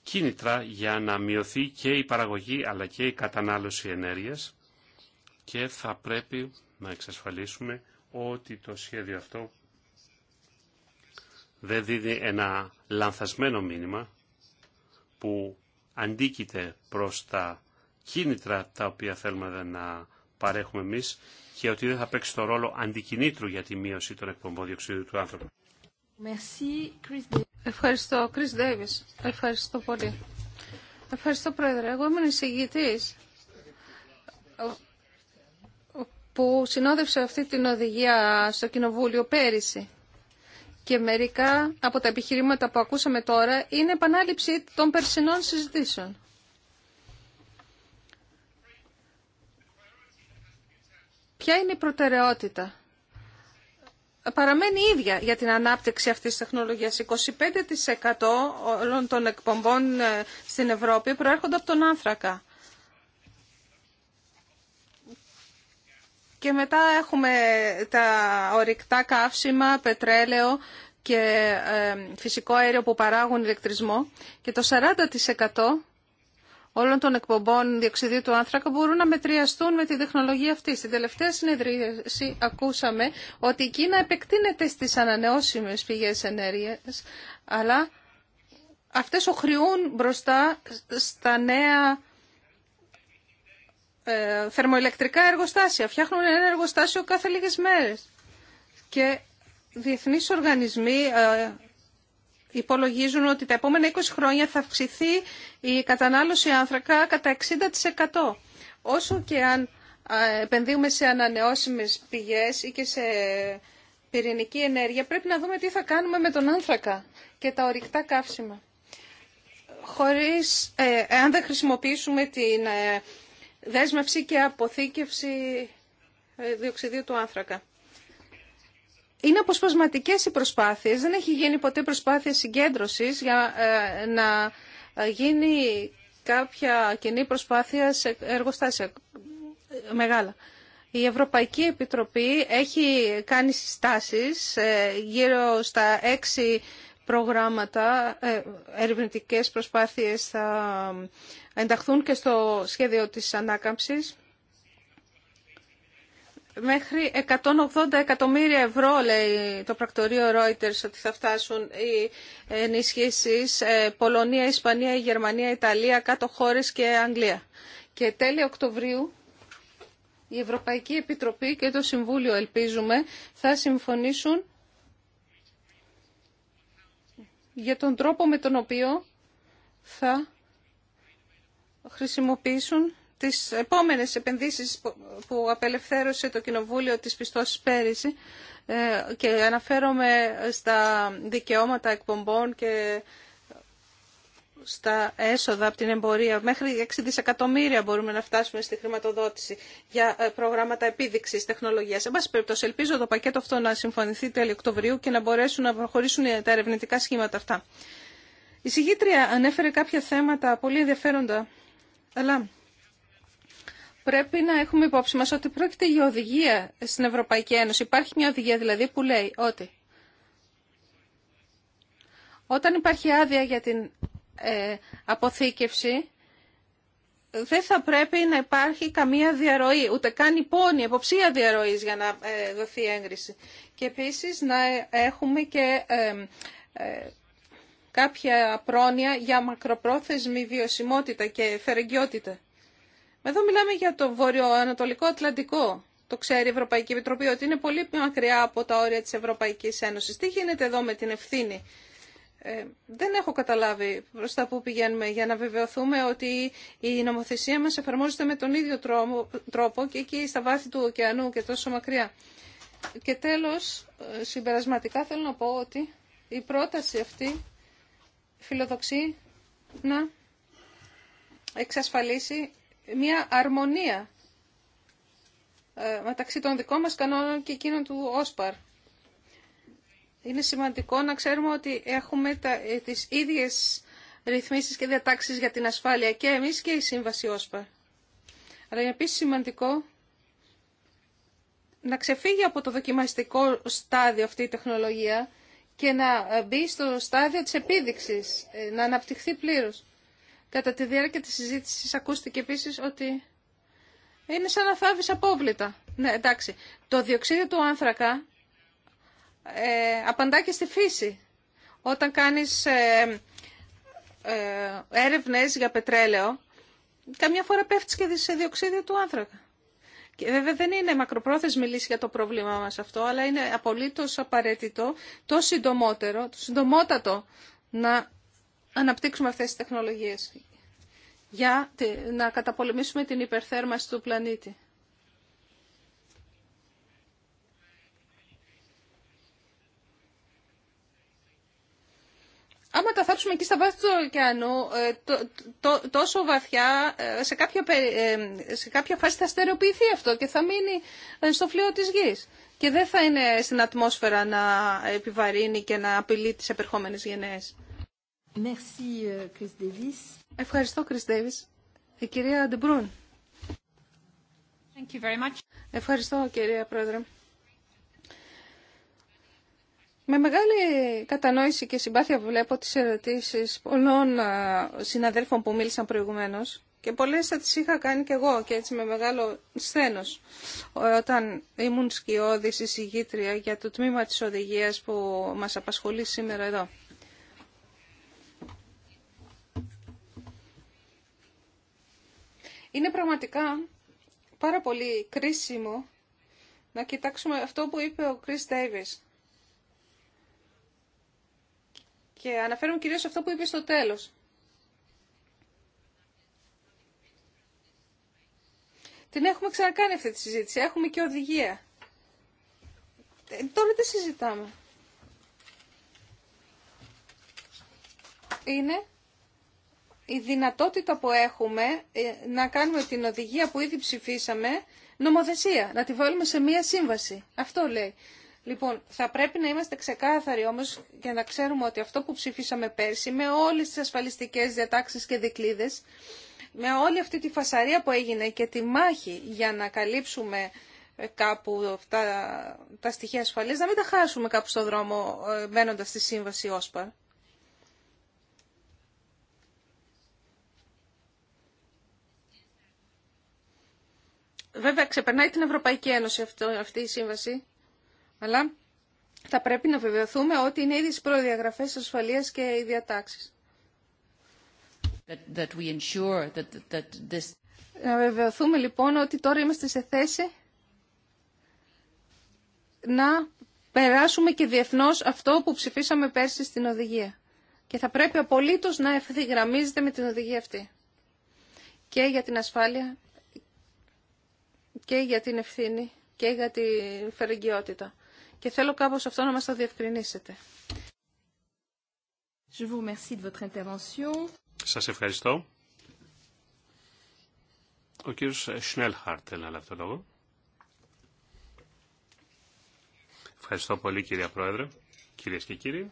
κίνητρα για να μειωθεί και η παραγωγή αλλά και η κατανάλωση ενέργειας και θα πρέπει να εξασφαλίσουμε ότι το σχέδιο αυτό δεν δίνει ένα λανθασμένο μήνυμα που αντίκειται προς τα κίνητρα τα οποία θέλουμε να παρέχουμε εμείς και ότι δεν θα παίξει το ρόλο αντικινήτρου για τη μείωση των εκπομπών διοξιδίου του άνθρωπου. Ευχαριστώ, Chris Ευχαριστώ πολύ. Ευχαριστώ, Πρόεδρε. Εγώ ήμουν εισηγητής που συνόδευσε αυτή την οδηγία στο Κοινοβούλιο πέρυσι. Και μερικά από τα επιχειρήματα που ακούσαμε τώρα είναι επανάληψη των περσινών συζητήσεων. Ποια είναι η προτεραιότητα παραμένει ίδια για την ανάπτυξη αυτής της τεχνολογίας. 25% όλων των εκπομπών ε, στην Ευρώπη προέρχονται από τον άνθρακα. Και μετά έχουμε τα ορυκτά καύσιμα, πετρέλαιο και ε, φυσικό αέριο που παράγουν ηλεκτρισμό. Και το 40% όλων των εκπομπών διοξιδίου του άνθρακα μπορούν να μετριαστούν με τη τεχνολογία αυτή. Στην τελευταία συνεδρίαση ακούσαμε ότι η Κίνα επεκτείνεται στις ανανεώσιμες πηγές ενέργειας, αλλά αυτές οχριούν μπροστά στα νέα ε, θερμοηλεκτρικά εργοστάσια. Φτιάχνουν ένα εργοστάσιο κάθε λίγες μέρες. Και διεθνείς οργανισμοί, ε, υπολογίζουν ότι τα επόμενα 20 χρόνια θα αυξηθεί η κατανάλωση άνθρακα κατά 60%. Όσο και αν επενδύουμε σε ανανεώσιμες πηγές ή και σε πυρηνική ενέργεια, πρέπει να δούμε τι θα κάνουμε με τον άνθρακα και τα ορυκτά καύσιμα. Χωρίς, αν ε, δεν χρησιμοποιήσουμε την ε, δέσμευση και αποθήκευση ε, διοξιδίου του άνθρακα είναι αποσπασματικέ οι προσπάθειες. Δεν έχει γίνει ποτέ προσπάθεια συγκέντρωσης για ε, να ε, γίνει κάποια κοινή προσπάθεια σε εργοστάσια μεγάλα. Η Ευρωπαϊκή Επιτροπή έχει κάνει συστάσεις ε, γύρω στα έξι προγράμματα, ερευνητικές προσπάθειες θα ενταχθούν και στο σχέδιο της ανάκαμψης. Μέχρι 180 εκατομμύρια ευρώ, λέει το πρακτορείο Reuters, ότι θα φτάσουν οι ενισχύσεις ε, Πολωνία, Ισπανία, Γερμανία, Ιταλία, κάτω χώρες και Αγγλία. Και τέλη Οκτωβρίου η Ευρωπαϊκή Επιτροπή και το Συμβούλιο, ελπίζουμε, θα συμφωνήσουν για τον τρόπο με τον οποίο θα χρησιμοποιήσουν τις επόμενες επενδύσεις που απελευθέρωσε το Κοινοβούλιο της Πιστώσης πέρυσι ε, και αναφέρομαι στα δικαιώματα εκπομπών και στα έσοδα από την εμπορία. Μέχρι 6 δισεκατομμύρια μπορούμε να φτάσουμε στη χρηματοδότηση για ε, προγράμματα επίδειξη τεχνολογία. Εν πάση περιπτώσει, ελπίζω το πακέτο αυτό να συμφωνηθεί τέλη Οκτωβρίου και να μπορέσουν να προχωρήσουν τα ερευνητικά σχήματα αυτά. Η συγγήτρια ανέφερε κάποια θέματα πολύ ενδιαφέροντα, αλλά πρέπει να έχουμε υπόψη μας ότι πρόκειται για οδηγία στην Ευρωπαϊκή Ένωση. Υπάρχει μια οδηγία δηλαδή που λέει ότι όταν υπάρχει άδεια για την ε, αποθήκευση δεν θα πρέπει να υπάρχει καμία διαρροή, ούτε καν υπόνη, υποψία διαρροής για να ε, δοθεί έγκριση. Και επίσης να έχουμε και ε, ε, κάποια πρόνοια για μακροπρόθεσμη βιωσιμότητα και φερεγγιότητα. Εδώ μιλάμε για το βορειοανατολικό Ατλαντικό. Το ξέρει η Ευρωπαϊκή Επιτροπή ότι είναι πολύ μακριά από τα όρια της Ευρωπαϊκής Ένωσης. Τι γίνεται εδώ με την ευθύνη. Ε, δεν έχω καταλάβει προς τα που πηγαίνουμε για να βεβαιωθούμε ότι η νομοθεσία μας εφαρμόζεται με τον ίδιο τρόπο και εκεί στα βάθη του ωκεανού και τόσο μακριά. Και τέλος, ε, συμπερασματικά θέλω να πω ότι η πρόταση αυτή φιλοδοξεί να εξασφαλίσει μια αρμονία ε, μεταξύ των δικών μας κανόνων και εκείνων του ΟΣΠΑΡ. Είναι σημαντικό να ξέρουμε ότι έχουμε τα, ε, τις ίδιες ρυθμίσεις και διατάξεις για την ασφάλεια και εμείς και η Σύμβαση ΟΣΠΑΡ. Αλλά είναι επίσης σημαντικό να ξεφύγει από το δοκιμαστικό στάδιο αυτή η τεχνολογία και να ε, μπει στο στάδιο της επίδειξης, να αναπτυχθεί πλήρως. Κατά τη διάρκεια της συζήτησης ακούστηκε επίσης ότι είναι σαν να θάβεις απόβλητα. Ναι, εντάξει. Το διοξείδιο του άνθρακα ε, απαντά και στη φύση. Όταν κάνεις ε, ε έρευνες για πετρέλαιο, καμιά φορά πέφτεις και σε διοξείδιο του άνθρακα. Και βέβαια δεν είναι μακροπρόθεσμη λύση για το πρόβλημά μας αυτό, αλλά είναι απολύτως απαραίτητο το συντομότερο, το συντομότατο να αναπτύξουμε αυτές τις τεχνολογίες για να καταπολεμήσουμε την υπερθέρμανση του πλανήτη. Άμα τα θάψουμε εκεί στα βάθη του ωκεανού, ε, τόσο βαθιά, ε, σε κάποια, ε, σε κάποια φάση θα στερεοποιηθεί αυτό και θα μείνει στο φλοιό της γης. Και δεν θα είναι στην ατμόσφαιρα να επιβαρύνει και να απειλεί τις επερχόμενες γενναίες. Euh, Ευχαριστώ, Chris Davis. Η κυρία Ντεμπρούν. Ευχαριστώ, κυρία Πρόεδρε. Με μεγάλη κατανόηση και συμπάθεια βλέπω τις ερωτήσεις πολλών συναδέλφων που μίλησαν προηγουμένως και πολλές θα τις είχα κάνει και εγώ και έτσι με μεγάλο σθένος όταν ήμουν σκιώδης εισηγήτρια για το τμήμα της οδηγίας που μας απασχολεί σήμερα εδώ. Είναι πραγματικά πάρα πολύ κρίσιμο να κοιτάξουμε αυτό που είπε ο Chris Davis. Και αναφέρουμε κυρίως αυτό που είπε στο τέλος. Την έχουμε ξανακάνει αυτή τη συζήτηση. Έχουμε και οδηγία. Ε, τώρα τι συζητάμε. Είναι η δυνατότητα που έχουμε ε, να κάνουμε την οδηγία που ήδη ψηφίσαμε νομοθεσία, να τη βάλουμε σε μία σύμβαση. Αυτό λέει. Λοιπόν, θα πρέπει να είμαστε ξεκάθαροι όμως για να ξέρουμε ότι αυτό που ψηφίσαμε πέρσι με όλες τις ασφαλιστικές διατάξεις και δικλίδες, με όλη αυτή τη φασαρία που έγινε και τη μάχη για να καλύψουμε ε, κάπου τα στοιχεία ασφαλής, να μην τα χάσουμε κάπου στον δρόμο ε, μένοντας στη σύμβαση Ωσπαρ. Βέβαια, ξεπερνάει την Ευρωπαϊκή Ένωση αυτό, αυτή η σύμβαση, αλλά θα πρέπει να βεβαιωθούμε ότι είναι ήδη στις προδιαγραφές ασφαλείας και οι διατάξεις. this... Να βεβαιωθούμε λοιπόν ότι τώρα είμαστε σε θέση να περάσουμε και διεθνώς αυτό που ψηφίσαμε πέρσι στην οδηγία. Και θα πρέπει απολύτως να ευθυγραμμίζεται με την οδηγία αυτή. Και για την ασφάλεια και για την ευθύνη και για την φερεγγιότητα. Και θέλω κάπως αυτό να μας το διευκρινίσετε. Je Σας ευχαριστώ. Ο κύριος Σνέλχαρτ έλαβε το λόγο. Ευχαριστώ πολύ κυρία Πρόεδρε, κυρίες και κύριοι.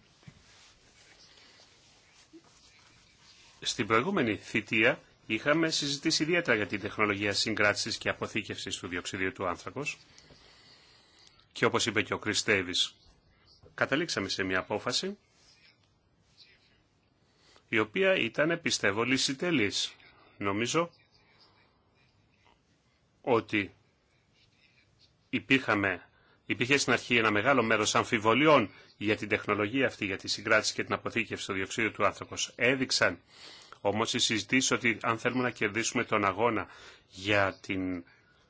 Στην προηγούμενη θητεία Είχαμε συζητήσει ιδιαίτερα για την τεχνολογία συγκράτησης και αποθήκευσης του διοξιδίου του άνθρακος και όπως είπε και ο Κριστέβη. καταλήξαμε σε μια απόφαση η οποία ήταν, πιστεύω, τελής. Νομίζω ότι υπήρχαμε, υπήρχε στην αρχή ένα μεγάλο μέρος αμφιβολιών για την τεχνολογία αυτή, για τη συγκράτηση και την αποθήκευση του διοξείδιου του άνθρακος. Έδειξαν όμως οι συζητήσει ότι αν θέλουμε να κερδίσουμε τον αγώνα για την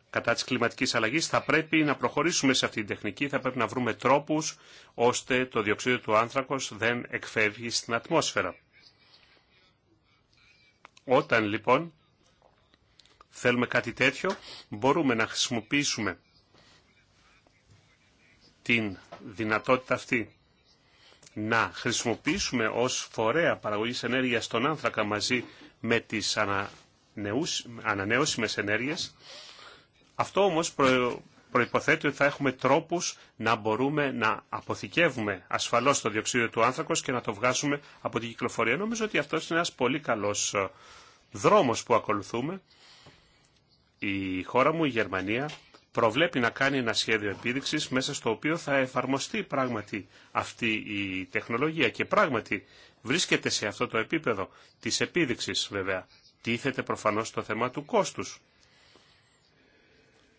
κατά της κλιματικής αλλαγής θα πρέπει να προχωρήσουμε σε αυτή την τεχνική, θα πρέπει να βρούμε τρόπους ώστε το διοξείδιο του άνθρακος δεν εκφεύγει στην ατμόσφαιρα. Όταν λοιπόν θέλουμε κάτι τέτοιο μπορούμε να χρησιμοποιήσουμε την δυνατότητα αυτή να χρησιμοποιήσουμε ως φορέα παραγωγής ενέργειας τον άνθρακα μαζί με τις ανανεώσιμες ενέργειες. Αυτό όμως προ... προϋποθέτει ότι θα έχουμε τρόπους να μπορούμε να αποθηκεύουμε ασφαλώς το διοξείδιο του άνθρακος και να το βγάζουμε από την κυκλοφορία. Νομίζω ότι αυτός είναι ένας πολύ καλός ε, δρόμος που ακολουθούμε. Η χώρα μου, η Γερμανία, προβλέπει να κάνει ένα σχέδιο επίδειξης μέσα στο οποίο θα εφαρμοστεί πράγματι αυτή η τεχνολογία και πράγματι βρίσκεται σε αυτό το επίπεδο της επίδειξης βέβαια. Τίθεται προφανώς το θέμα του κόστους.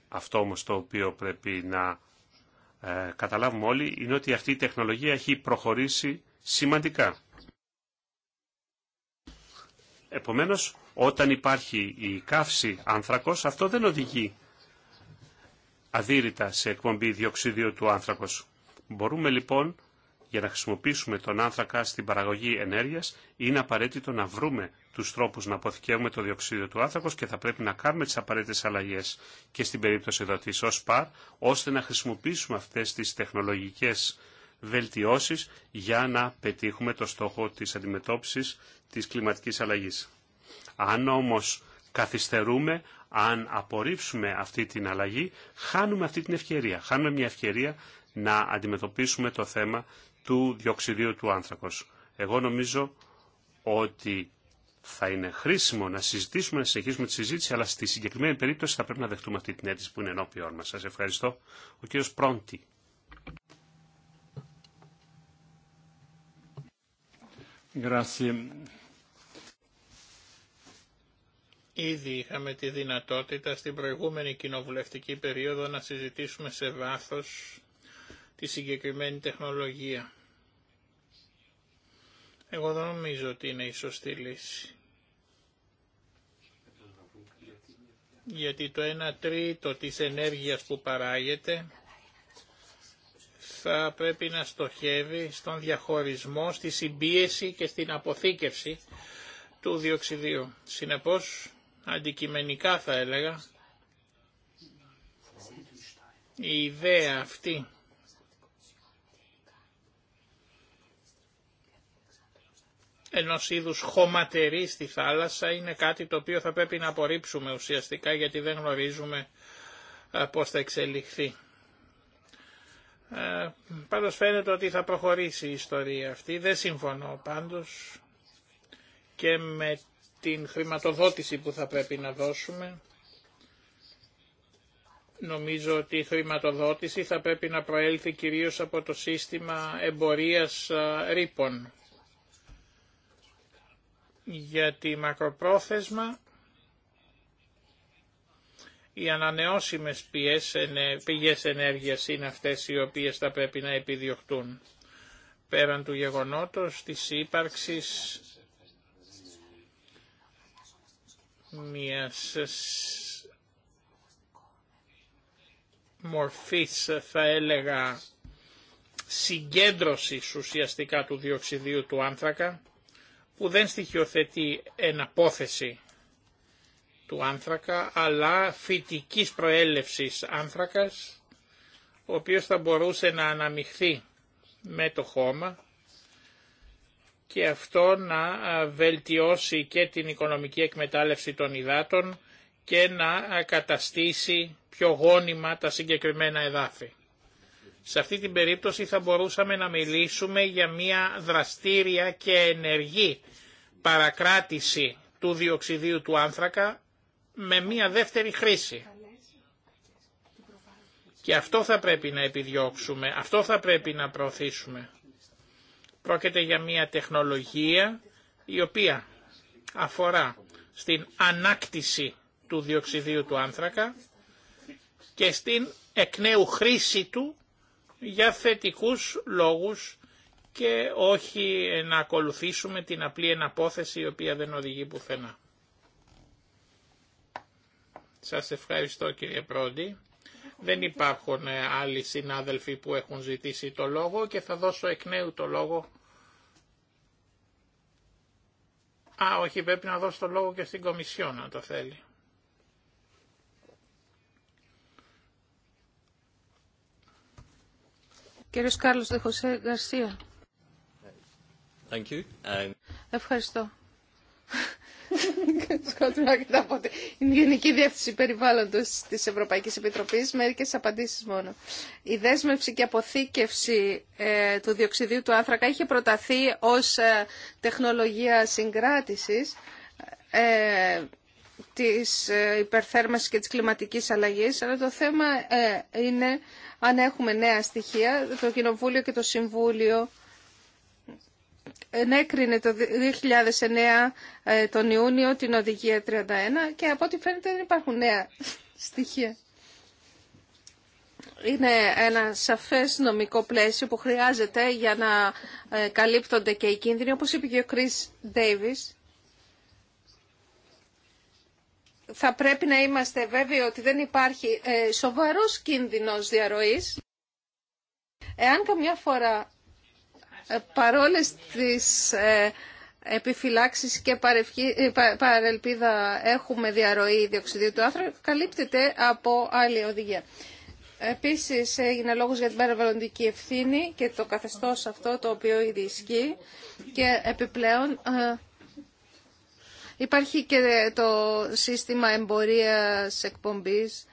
Αυτό όμως το οποίο πρέπει να ε, καταλάβουμε όλοι είναι ότι αυτή η τεχνολογία έχει προχωρήσει σημαντικά. Επομένως, όταν υπάρχει η καύση άνθρακος, αυτό δεν οδηγεί αδύρυτα σε εκπομπή διοξιδίου του άνθρακος. Μπορούμε λοιπόν για να χρησιμοποιήσουμε τον άνθρακα στην παραγωγή ενέργειας είναι απαραίτητο να βρούμε τους τρόπους να αποθηκεύουμε το διοξίδιο του άνθρακος και θα πρέπει να κάνουμε τις απαραίτητες αλλαγές και στην περίπτωση εδώ της ΟΣΠΑΡ ώστε να χρησιμοποιήσουμε αυτές τις τεχνολογικές βελτιώσεις για να πετύχουμε το στόχο της αντιμετώπισης της κλιματικής αλλαγής. Αν όμως καθυστερούμε, αν απορρίψουμε αυτή την αλλαγή, χάνουμε αυτή την ευκαιρία. Χάνουμε μια ευκαιρία να αντιμετωπίσουμε το θέμα του διοξιδίου του άνθρακος. Εγώ νομίζω ότι θα είναι χρήσιμο να συζητήσουμε, να συνεχίσουμε τη συζήτηση, αλλά στη συγκεκριμένη περίπτωση θα πρέπει να δεχτούμε αυτή την αίτηση που είναι ενώπιόν μας. Σας ευχαριστώ. Ο κύριος Πρόντι. Ήδη είχαμε τη δυνατότητα στην προηγούμενη κοινοβουλευτική περίοδο να συζητήσουμε σε βάθος τη συγκεκριμένη τεχνολογία. Εγώ δεν νομίζω ότι είναι η σωστή λύση. Γιατί το 1 τρίτο της ενέργειας που παράγεται θα πρέπει να στοχεύει στον διαχωρισμό, στη συμπίεση και στην αποθήκευση του διοξιδίου. Συνεπώς αντικειμενικά θα έλεγα, η ιδέα αυτή Ενό είδους χωματερή στη θάλασσα είναι κάτι το οποίο θα πρέπει να απορρίψουμε ουσιαστικά γιατί δεν γνωρίζουμε πώς θα εξελιχθεί. Ε, πάντως φαίνεται ότι θα προχωρήσει η ιστορία αυτή. Δεν συμφωνώ πάντως και με την χρηματοδότηση που θα πρέπει να δώσουμε. Νομίζω ότι η χρηματοδότηση θα πρέπει να προέλθει κυρίως από το σύστημα εμπορίας ρήπων. Γιατί μακροπρόθεσμα οι ανανεώσιμες πηγές ενέργειας είναι αυτές οι οποίες θα πρέπει να επιδιωχτούν. Πέραν του γεγονότος της ύπαρξης μιας μορφής θα έλεγα συγκέντρωσης ουσιαστικά του διοξιδίου του άνθρακα που δεν στοιχειοθετεί εναπόθεση του άνθρακα αλλά φυτικής προέλευσης άνθρακας ο οποίος θα μπορούσε να αναμειχθεί με το χώμα και αυτό να βελτιώσει και την οικονομική εκμετάλλευση των υδάτων και να καταστήσει πιο γόνιμα τα συγκεκριμένα εδάφη. Σε αυτή την περίπτωση θα μπορούσαμε να μιλήσουμε για μια δραστήρια και ενεργή παρακράτηση του διοξιδίου του άνθρακα με μια δεύτερη χρήση. Και αυτό θα πρέπει να επιδιώξουμε, αυτό θα πρέπει να προωθήσουμε. Πρόκειται για μια τεχνολογία η οποία αφορά στην ανάκτηση του διοξιδίου του άνθρακα και στην εκ νέου χρήση του για θετικούς λόγους και όχι να ακολουθήσουμε την απλή εναπόθεση η οποία δεν οδηγεί πουθενά. Σας ευχαριστώ κύριε Πρόντι. Δεν υπάρχουν ε, άλλοι συνάδελφοι που έχουν ζητήσει το λόγο και θα δώσω εκ νέου το λόγο. Α, όχι, πρέπει να δώσω το λόγο και στην Κομισιόν, αν το θέλει. Κύριος Κάρλος Δεχοσέ Γκαρσία. Thank you. Ευχαριστώ. Η Γενική Διεύθυνση περιβάλλοντο τη Ευρωπαϊκή Επιτροπή, μερικές απαντήσεις μόνο. Η δέσμευση και αποθήκευση ε, του διοξιδίου του άνθρακα είχε προταθεί ως ε, τεχνολογία συγκράτησης ε, της υπερθέρμανσης και της κλιματικής αλλαγής, αλλά το θέμα είναι αν έχουμε νέα στοιχεία, το Κοινοβούλιο και το Συμβούλιο ενέκρινε το 2009 ε, τον Ιούνιο την Οδηγία 31 και από ό,τι φαίνεται δεν υπάρχουν νέα *laughs* στοιχεία. Είναι ένα σαφές νομικό πλαίσιο που χρειάζεται για να ε, καλύπτονται και οι κίνδυνοι. Όπως είπε και ο Κρίς Ντέιβις. θα πρέπει να είμαστε βέβαιοι ότι δεν υπάρχει ε, σοβαρός κίνδυνος διαρροής. Εάν καμιά φορά ε, παρόλες τις ε, επιφυλάξεις και ε, παρελπίδα έχουμε διαρροή διοξιδίου του άνθρακα, καλύπτεται από άλλη οδηγία. Επίσης έγινε λόγος για την περιβαλλοντική ευθύνη και το καθεστώς αυτό το οποίο ήδη ισχύει και επιπλέον υπάρχει και το σύστημα εμπορίας εκπομπής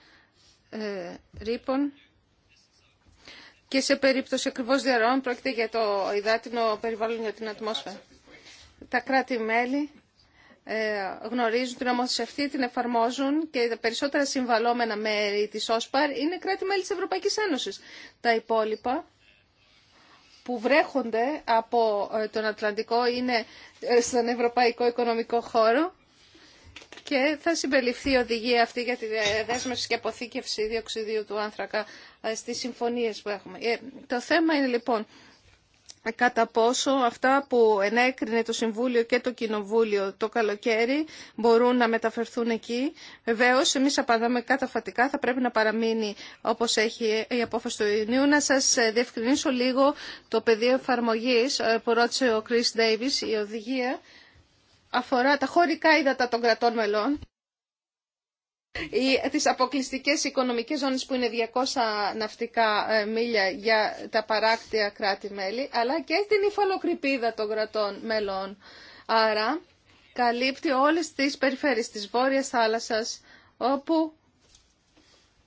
ρήπων και σε περίπτωση ακριβώ διαρροών πρόκειται για το υδάτινο περιβάλλον για την ατμόσφαιρα. Τα κράτη-μέλη ε, γνωρίζουν την νομοθεσία αυτή, την εφαρμόζουν και τα περισσότερα συμβαλόμενα μέρη της ΟΣΠΑΡ είναι κράτη-μέλη της Ευρωπαϊκής Ένωσης. Τα υπόλοιπα που βρέχονται από ε, τον Ατλαντικό είναι ε, στον Ευρωπαϊκό Οικονομικό Χώρο και θα συμπεριληφθεί η οδηγία αυτή για τη δέσμευση και αποθήκευση διοξιδίου του άνθρακα ε, στις συμφωνίες που έχουμε. Ε, το θέμα είναι λοιπόν κατά πόσο αυτά που ενέκρινε το Συμβούλιο και το Κοινοβούλιο το καλοκαίρι μπορούν να μεταφερθούν εκεί. Βεβαίω, εμείς απαντάμε καταφατικά, θα πρέπει να παραμείνει όπως έχει η απόφαση του Ιουνίου. Να σας ε, διευκρινίσω λίγο το πεδίο εφαρμογής που ρώτησε ο Κρις Ντέιβις, η οδηγία αφορά τα χωρικά ύδατα των κρατών μελών ή τις αποκλειστικές οικονομικές ζώνες που είναι 200 ναυτικά ε, μίλια για τα παράκτια κράτη-μέλη, αλλά και την υφαλοκρηπίδα των κρατών μελών. Άρα, καλύπτει όλες τις περιφέρειες της Βόρειας Θάλασσας, όπου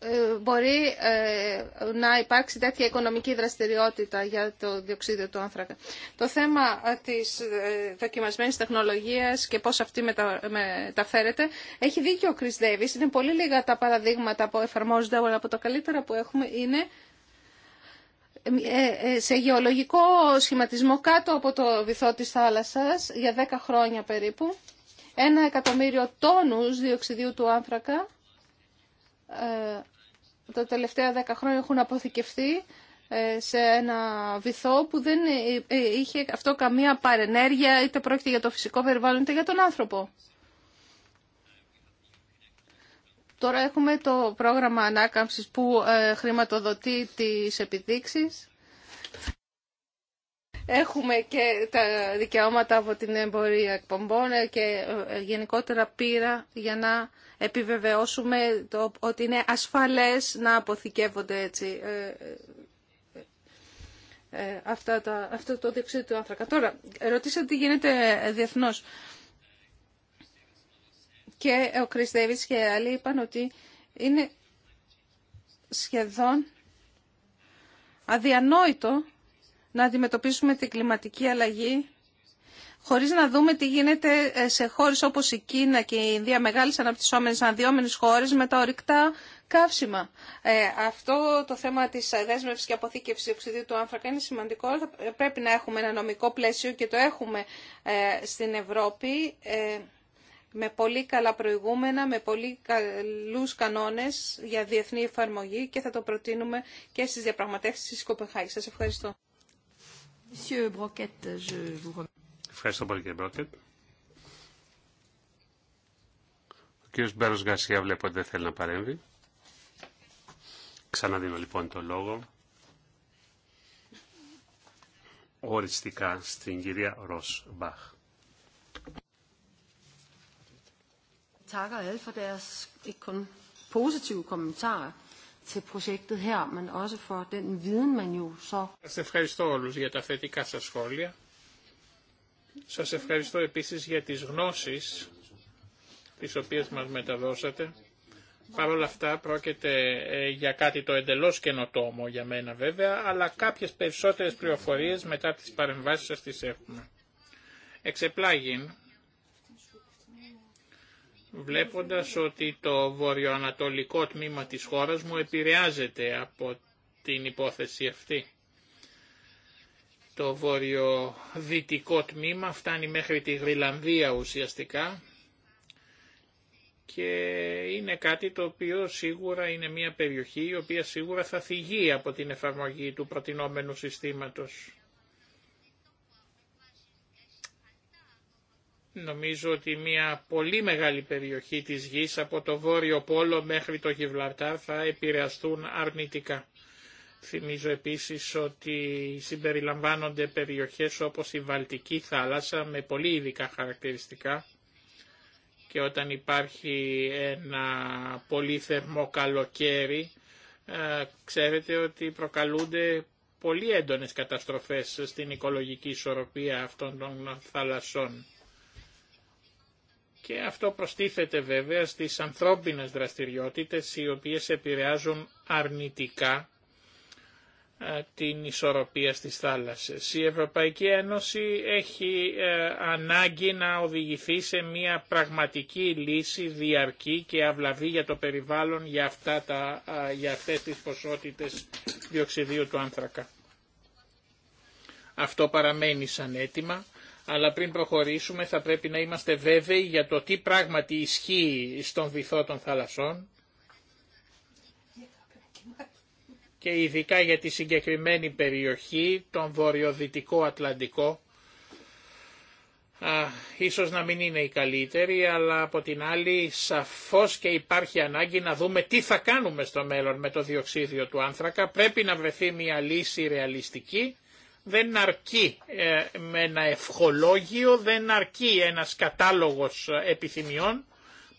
ε, μπορεί ε, να υπάρξει τέτοια οικονομική δραστηριότητα για το διοξίδιο του άνθρακα. Το θέμα ε, της δοκιμασμένης τεχνολογίας και πώς αυτή μεταφέρεται, έχει δίκιο ο Chris Davis. Είναι πολύ λίγα τα παραδείγματα που εφαρμόζονται, αλλά από τα καλύτερα που έχουμε είναι σε γεωλογικό σχηματισμό κάτω από το βυθό της θάλασσας για 10 χρόνια περίπου ένα εκατομμύριο τόνους διοξιδίου του άνθρακα τα τελευταία δέκα χρόνια έχουν αποθηκευτεί ε, σε ένα βυθό που δεν ε, ε, είχε αυτό καμία παρενέργεια, είτε πρόκειται για το φυσικό περιβάλλον, είτε για τον άνθρωπο. Τώρα έχουμε το πρόγραμμα ανάκαμψης που χρηματοδοτεί τις επιδείξεις. Έχουμε και τα δικαιώματα από την εμπορία εκπομπών και γενικότερα πείρα για να επιβεβαιώσουμε το, ότι είναι ασφαλές να αποθηκεύονται έτσι ε, ε, ε, αυτά τα, αυτό το διοξείδιο του άνθρακα. Τώρα, ρωτήσατε τι γίνεται διεθνώς. Και ο Chris και άλλοι είπαν ότι είναι σχεδόν αδιανόητο να αντιμετωπίσουμε την κλιματική αλλαγή χωρίς να δούμε τι γίνεται ε, σε χώρες όπως η Κίνα και η Ινδία, μεγάλες αναπτυσσόμενες αναδυόμενες χώρες με τα ορυκτά καύσιμα. Ε, αυτό το θέμα της δέσμευσης και αποθήκευσης οξυδίου του άνθρακα είναι σημαντικό. Ε, πρέπει να έχουμε ένα νομικό πλαίσιο και το έχουμε στην Ευρώπη με πολύ καλά προηγούμενα, με πολύ καλούς κανόνες για διεθνή εφαρμογή και θα το προτείνουμε και στις διαπραγματεύσεις της Κοπενχάγης. Σας ευχαριστώ. Ευχαριστώ Ο κύριο Μπέρο Γκαρσία βλέπω ότι δεν θέλει να παρέμβει. Ξαναδίνω λοιπόν το λόγο οριστικά στην κυρία Ρος Μπαχ. ευχαριστώ όλους για τα θετικά σας σχόλια. Σας ευχαριστώ επίσης για τις γνώσεις τις οποίες μας μεταδώσατε. Παρ' όλα αυτά πρόκειται ε, για κάτι το εντελώς καινοτόμο για μένα βέβαια, αλλά κάποιες περισσότερες πληροφορίες μετά τις παρεμβάσεις σας τις έχουμε. Εξεπλάγιν, βλέποντας ότι το βορειοανατολικό τμήμα της χώρας μου επηρεάζεται από την υπόθεση αυτή το βόρειο-δυτικό τμήμα, φτάνει μέχρι τη Γρυλανδία ουσιαστικά και είναι κάτι το οποίο σίγουρα είναι μια περιοχή η οποία σίγουρα θα θυγεί από την εφαρμογή του προτινόμενου συστήματος. Νομίζω ότι μια πολύ μεγάλη περιοχή της γης από το Βόρειο Πόλο μέχρι το Γιβλαρτάρ θα επηρεαστούν αρνητικά. Θυμίζω επίσης ότι συμπεριλαμβάνονται περιοχές όπως η Βαλτική θάλασσα με πολύ ειδικά χαρακτηριστικά και όταν υπάρχει ένα πολύ θερμό καλοκαίρι ε, ξέρετε ότι προκαλούνται πολύ έντονες καταστροφές στην οικολογική ισορροπία αυτών των θαλασσών. Και αυτό προστίθεται βέβαια στις ανθρώπινες δραστηριότητες οι οποίες επηρεάζουν αρνητικά την ισορροπία στις θάλασσες. Η Ευρωπαϊκή Ένωση έχει ε, ανάγκη να οδηγηθεί σε μια πραγματική λύση διαρκή και αυλαβή για το περιβάλλον για, αυτά τα, για αυτές τις ποσότητες διοξιδίου του άνθρακα. Αυτό παραμένει σαν αίτημα, αλλά πριν προχωρήσουμε θα πρέπει να είμαστε βέβαιοι για το τι πράγματι ισχύει στον βυθό των θαλασσών και ειδικά για τη συγκεκριμένη περιοχή, τον βορειοδυτικό Ατλαντικό, α, ίσως να μην είναι η καλύτερη, αλλά από την άλλη σαφώς και υπάρχει ανάγκη να δούμε τι θα κάνουμε στο μέλλον με το διοξίδιο του άνθρακα. Πρέπει να βρεθεί μια λύση ρεαλιστική. Δεν αρκεί ε, με ένα ευχολόγιο, δεν αρκεί ένας κατάλογος επιθυμιών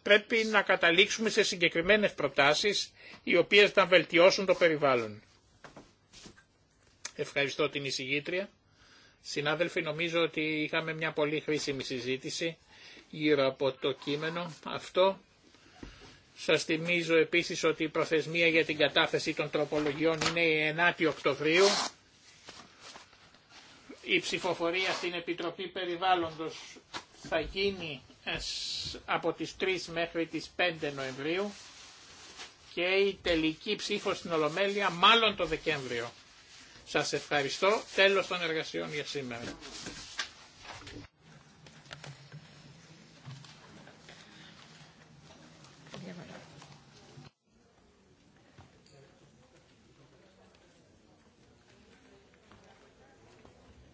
πρέπει να καταλήξουμε σε συγκεκριμένες προτάσεις οι οποίες θα βελτιώσουν το περιβάλλον. Ευχαριστώ την εισηγήτρια. Συνάδελφοι, νομίζω ότι είχαμε μια πολύ χρήσιμη συζήτηση γύρω από το κείμενο αυτό. Σας θυμίζω επίσης ότι η προθεσμία για την κατάθεση των τροπολογιών είναι η 9η Οκτωβρίου. Η ψηφοφορία στην Επιτροπή Περιβάλλοντος θα γίνει από τις 3 μέχρι τις 5 Νοεμβρίου και η τελική ψήφο στην Ολομέλεια μάλλον το Δεκέμβριο. Σας ευχαριστώ. Τέλος των εργασιών για σήμερα.